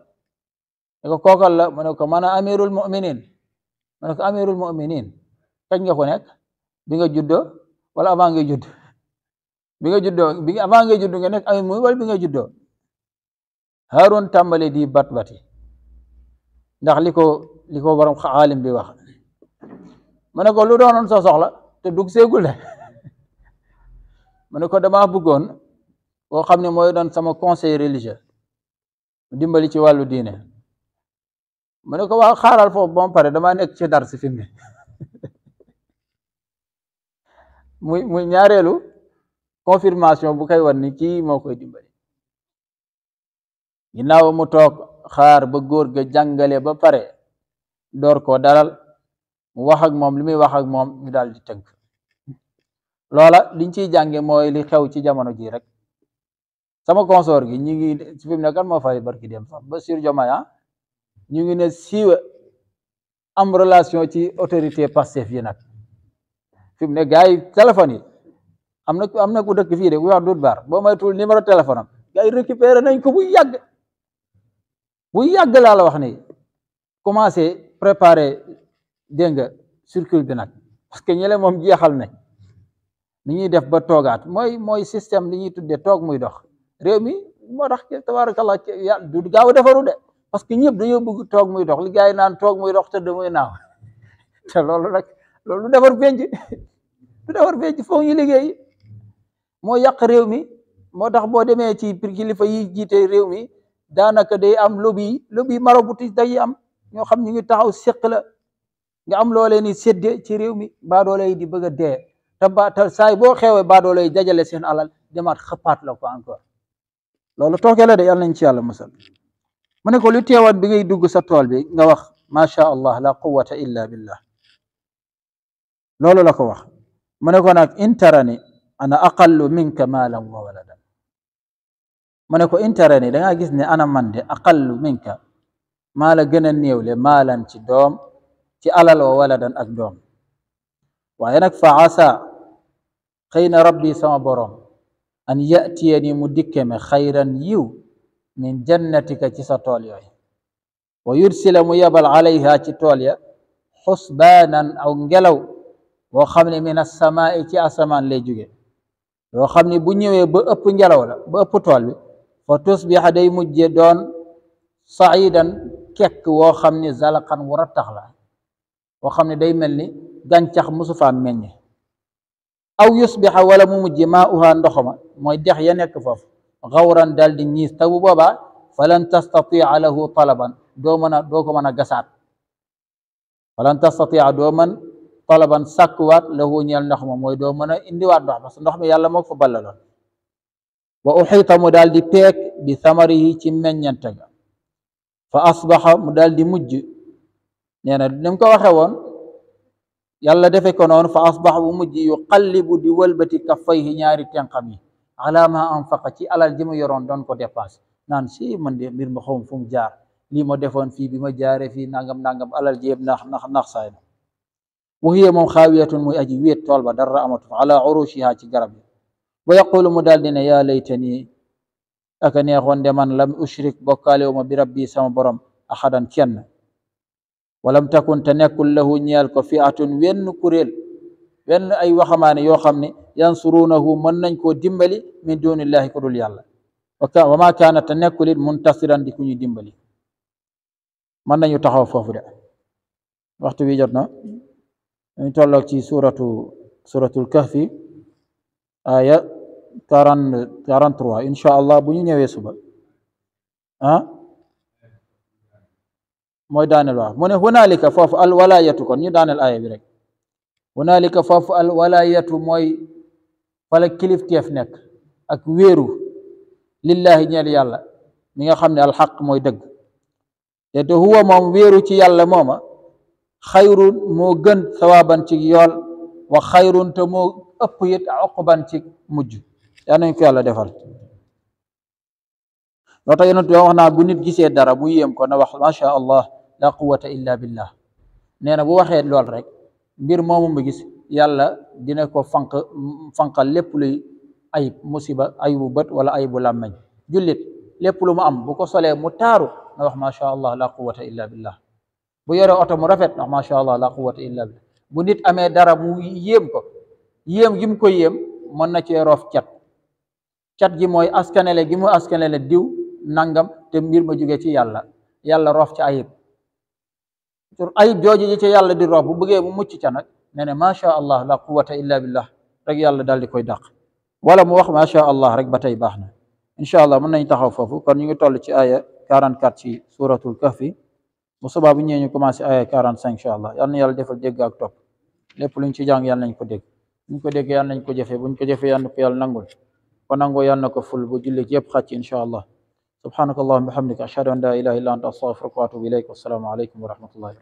ne ko kokal la mu ne ko mana amirul muminin mu ne ko amirul muminin kañ nga ko nek bi nga juddo wala avant nga judd bi nga juddo bi nga avant nga judd nga nek ay muy wala bi nga juddo harun tambale di bat bati ndax liko liko borom xalim bi wax ma ko lu doonon sa soxla te dug segul de ma ko bëggoon koo xam moy doon sama conseil religieux dimbali ci walu diine ma ne ko xaaral fo ba pare damaa nek ci dar si fimne muy muy ñaareelu confirmation bu kay war ni ki moo koy dimbali ginnaaw mu toog xaar ba góor ga jàngale ba pare door ko dalal mu wax ak moom li muy wax ak moom ñu daal di tënk loola liñ ciy jànge mooy li xew ci jamono ji rek sama consor gi ñu ngi ci fi mu nekkan moo fay barki dem sax ba sur jomaya ah, ñu ngi ne siiwa am relation ci autorité Pastef yi nag fi mu ne gars yi téléphone yi am na am na ku dëkk fii de ku wax dut baar boo maytul numéro téléphone am gars yi nañ ko bu yàgg bu yàgg laa wax ne commencé préparer dégg nga circuit bi nag parce que ñele moom jeexal nañ ni ñuy def ba toogaat mooy mooy système li ñuy tuddee toog muy dox réew mi moo tax tabaarakallah du gaaw a defaru de parce que ñëpp dañoo bëgg toog muy dox li gars yi naan toog muy dox te da muy naaw te loolu nag lool defar penc du defar penc foog liggéey moo yàq réew mi moo tax boo demee ci kilifa yi jiite réew mi daanaka day am lobby yi lobby marabouti day am ñoo xam ñu ngi taxaw séq la nga am loo leen di sédde ci réew mi baadoole yi di bëgg dee te ba te saay boo xeewee baadoole yi dajale seen alal demaat xëppaat la ko encore loolu tooke la de yàlla nañ ci yàlla musal mu ne ko lu teewaat bi ngay dugg sa tool bi nga wax macha allah la quwwata illa billah loolu la ko wax mu ne ko nag in tarani ana aqallu minka maalan wa waladan mu ne ko in tarani da gis ni ana man de aqallu minka maa la gën a néewle maalan ci doom ci alal wa waladan ak doom waaye nag fa asa xëy na rabbi sama boroom an yatiyani mu dikkeme xayran yiw min jannatika ci sa tool yooyu wa yursila mu yebal alayha ci tool ya xusbaanan aw ngelaw boo xam ne mina samaa ci asamaan lay jóge yoo xam ne bu ñëwee ba ëpp ngelaw la ba ëpp tool bi fa tusbiha day mujje doon saidan kekk woo xam ne zalaqan wu rattax la woo xam ne day mel ni gàncax musu faa meññ aw yusbiha wala mu mujje maa uhaa ndoxama mooy dex ya nekk foofu xawran dal di ñiis te bu boobaa falan tastatia lahu talaban doo mën a doo ko mën a gasaat falan tastatia doo mën talaban sakwat lahu nyal ndox ma mana doo mën a indiwaat ndox parce que ndox mi yàlla moo ko wa uhita mu di pek bi samarihi ci meññante ga fa asbaha mu di mujj neena na ko waxe won yalla defe ko non fa asbaha bu mujj yuqallibu di walbati kaffayhi ñaari tenqam ala ma anfaqa ci alal jimu yoron don ko dépassé nan si man de mbir ma fu jaar li mo defon fi bima jaare fi nangam nangam alal jeb nax nax nax sayna وهي من خاوية مؤجوية طالبة در على عروشها تجربية ويقول مدالدين يا ليتني أكني أخوان من لم أشرك بكالي وما بربي سما برم أحدا كيان ولم تكن تنكل له نيالك فئة وين كريل وين أي وخماني يوخمني ينصرونه من ننكو دمبلي من دون الله كرولي الله وما كان تنكل منتصرا لكني دمبلي من ننكو تخوف وفرع وقت ويجرنا ñu tolloog ci suuratu suratul kahfi aya quarante allah bu ñu ñëwee suba ah mooy daaneel wax mu ne hunaalika foofu al walayatu kon ñu daaneel aaya bi rek hunaalika foofu al walayatu mooy fala kilifteef nekk ak wéeru lillahi ñeel yàlla mi nga xam ne alxaq mooy dëgg te te huwa moom wéeru ci yàlla mooma xayrun moo gën sawaaban ci yool wa xayrun te moo ëpp it uqban ci mujj yaa nañ ko yàlla defal loo tax yonent wax naa bu nit gisee dara mu yéem ko na wax macha allah la quwata illa billah nee na bu waxee lool rek mbir moomu mu gis yàlla dina ko fanq fanqal lépp luy ayib musiba ayibu bët wala ayibu làmmeñ jullit lépp lu mu am bu ko solee mu taaru na wax macha allah la quwata illa billah bu yore oto mu rafet ndax macha allah la quwwata illa billah bu nit amee dara mu yéem ko yéem gim mu ko yéem mën na cee roof cat cat gi mooy askanele gi mu askanele diw nangam te mbir ma jóge ci yàlla yàlla roof ci ayib ayib jooju ji ci yàlla di roof bu bëggee mu mucc ca nag ne ne macha allah la quwwata illa billah rek yàlla daal di koy dàq wala mu wax macha allah rek ba tey baax na incha allah mën nañ taxaw foofu kon ñu ngi toll ci aya 44 ci suratul kafi bu subaa bu ñëwee ñu commencé aya quarante cinq incha allah yal na yàlla defal dégg ak topp lépp luñ ci jàng yal nañ ko dégg buñ ko dégg yal nañ ko jëfe buñ ko jëfe yal na ko yàlla nangul ko nangoo yal na ko ful bu jullit yëpp xàcc incha allah subhanaka allahumma bihamdika ashhadu an la ilaha illa anta astaghfiruka wa atubu ilayk wasalaamu aleykum wa rahmatullahi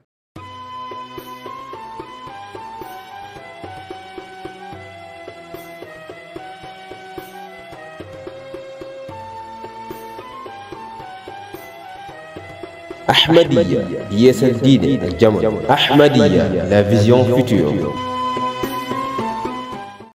احمديه هي سنديده الجمل احمديه لا فيزيون فيتور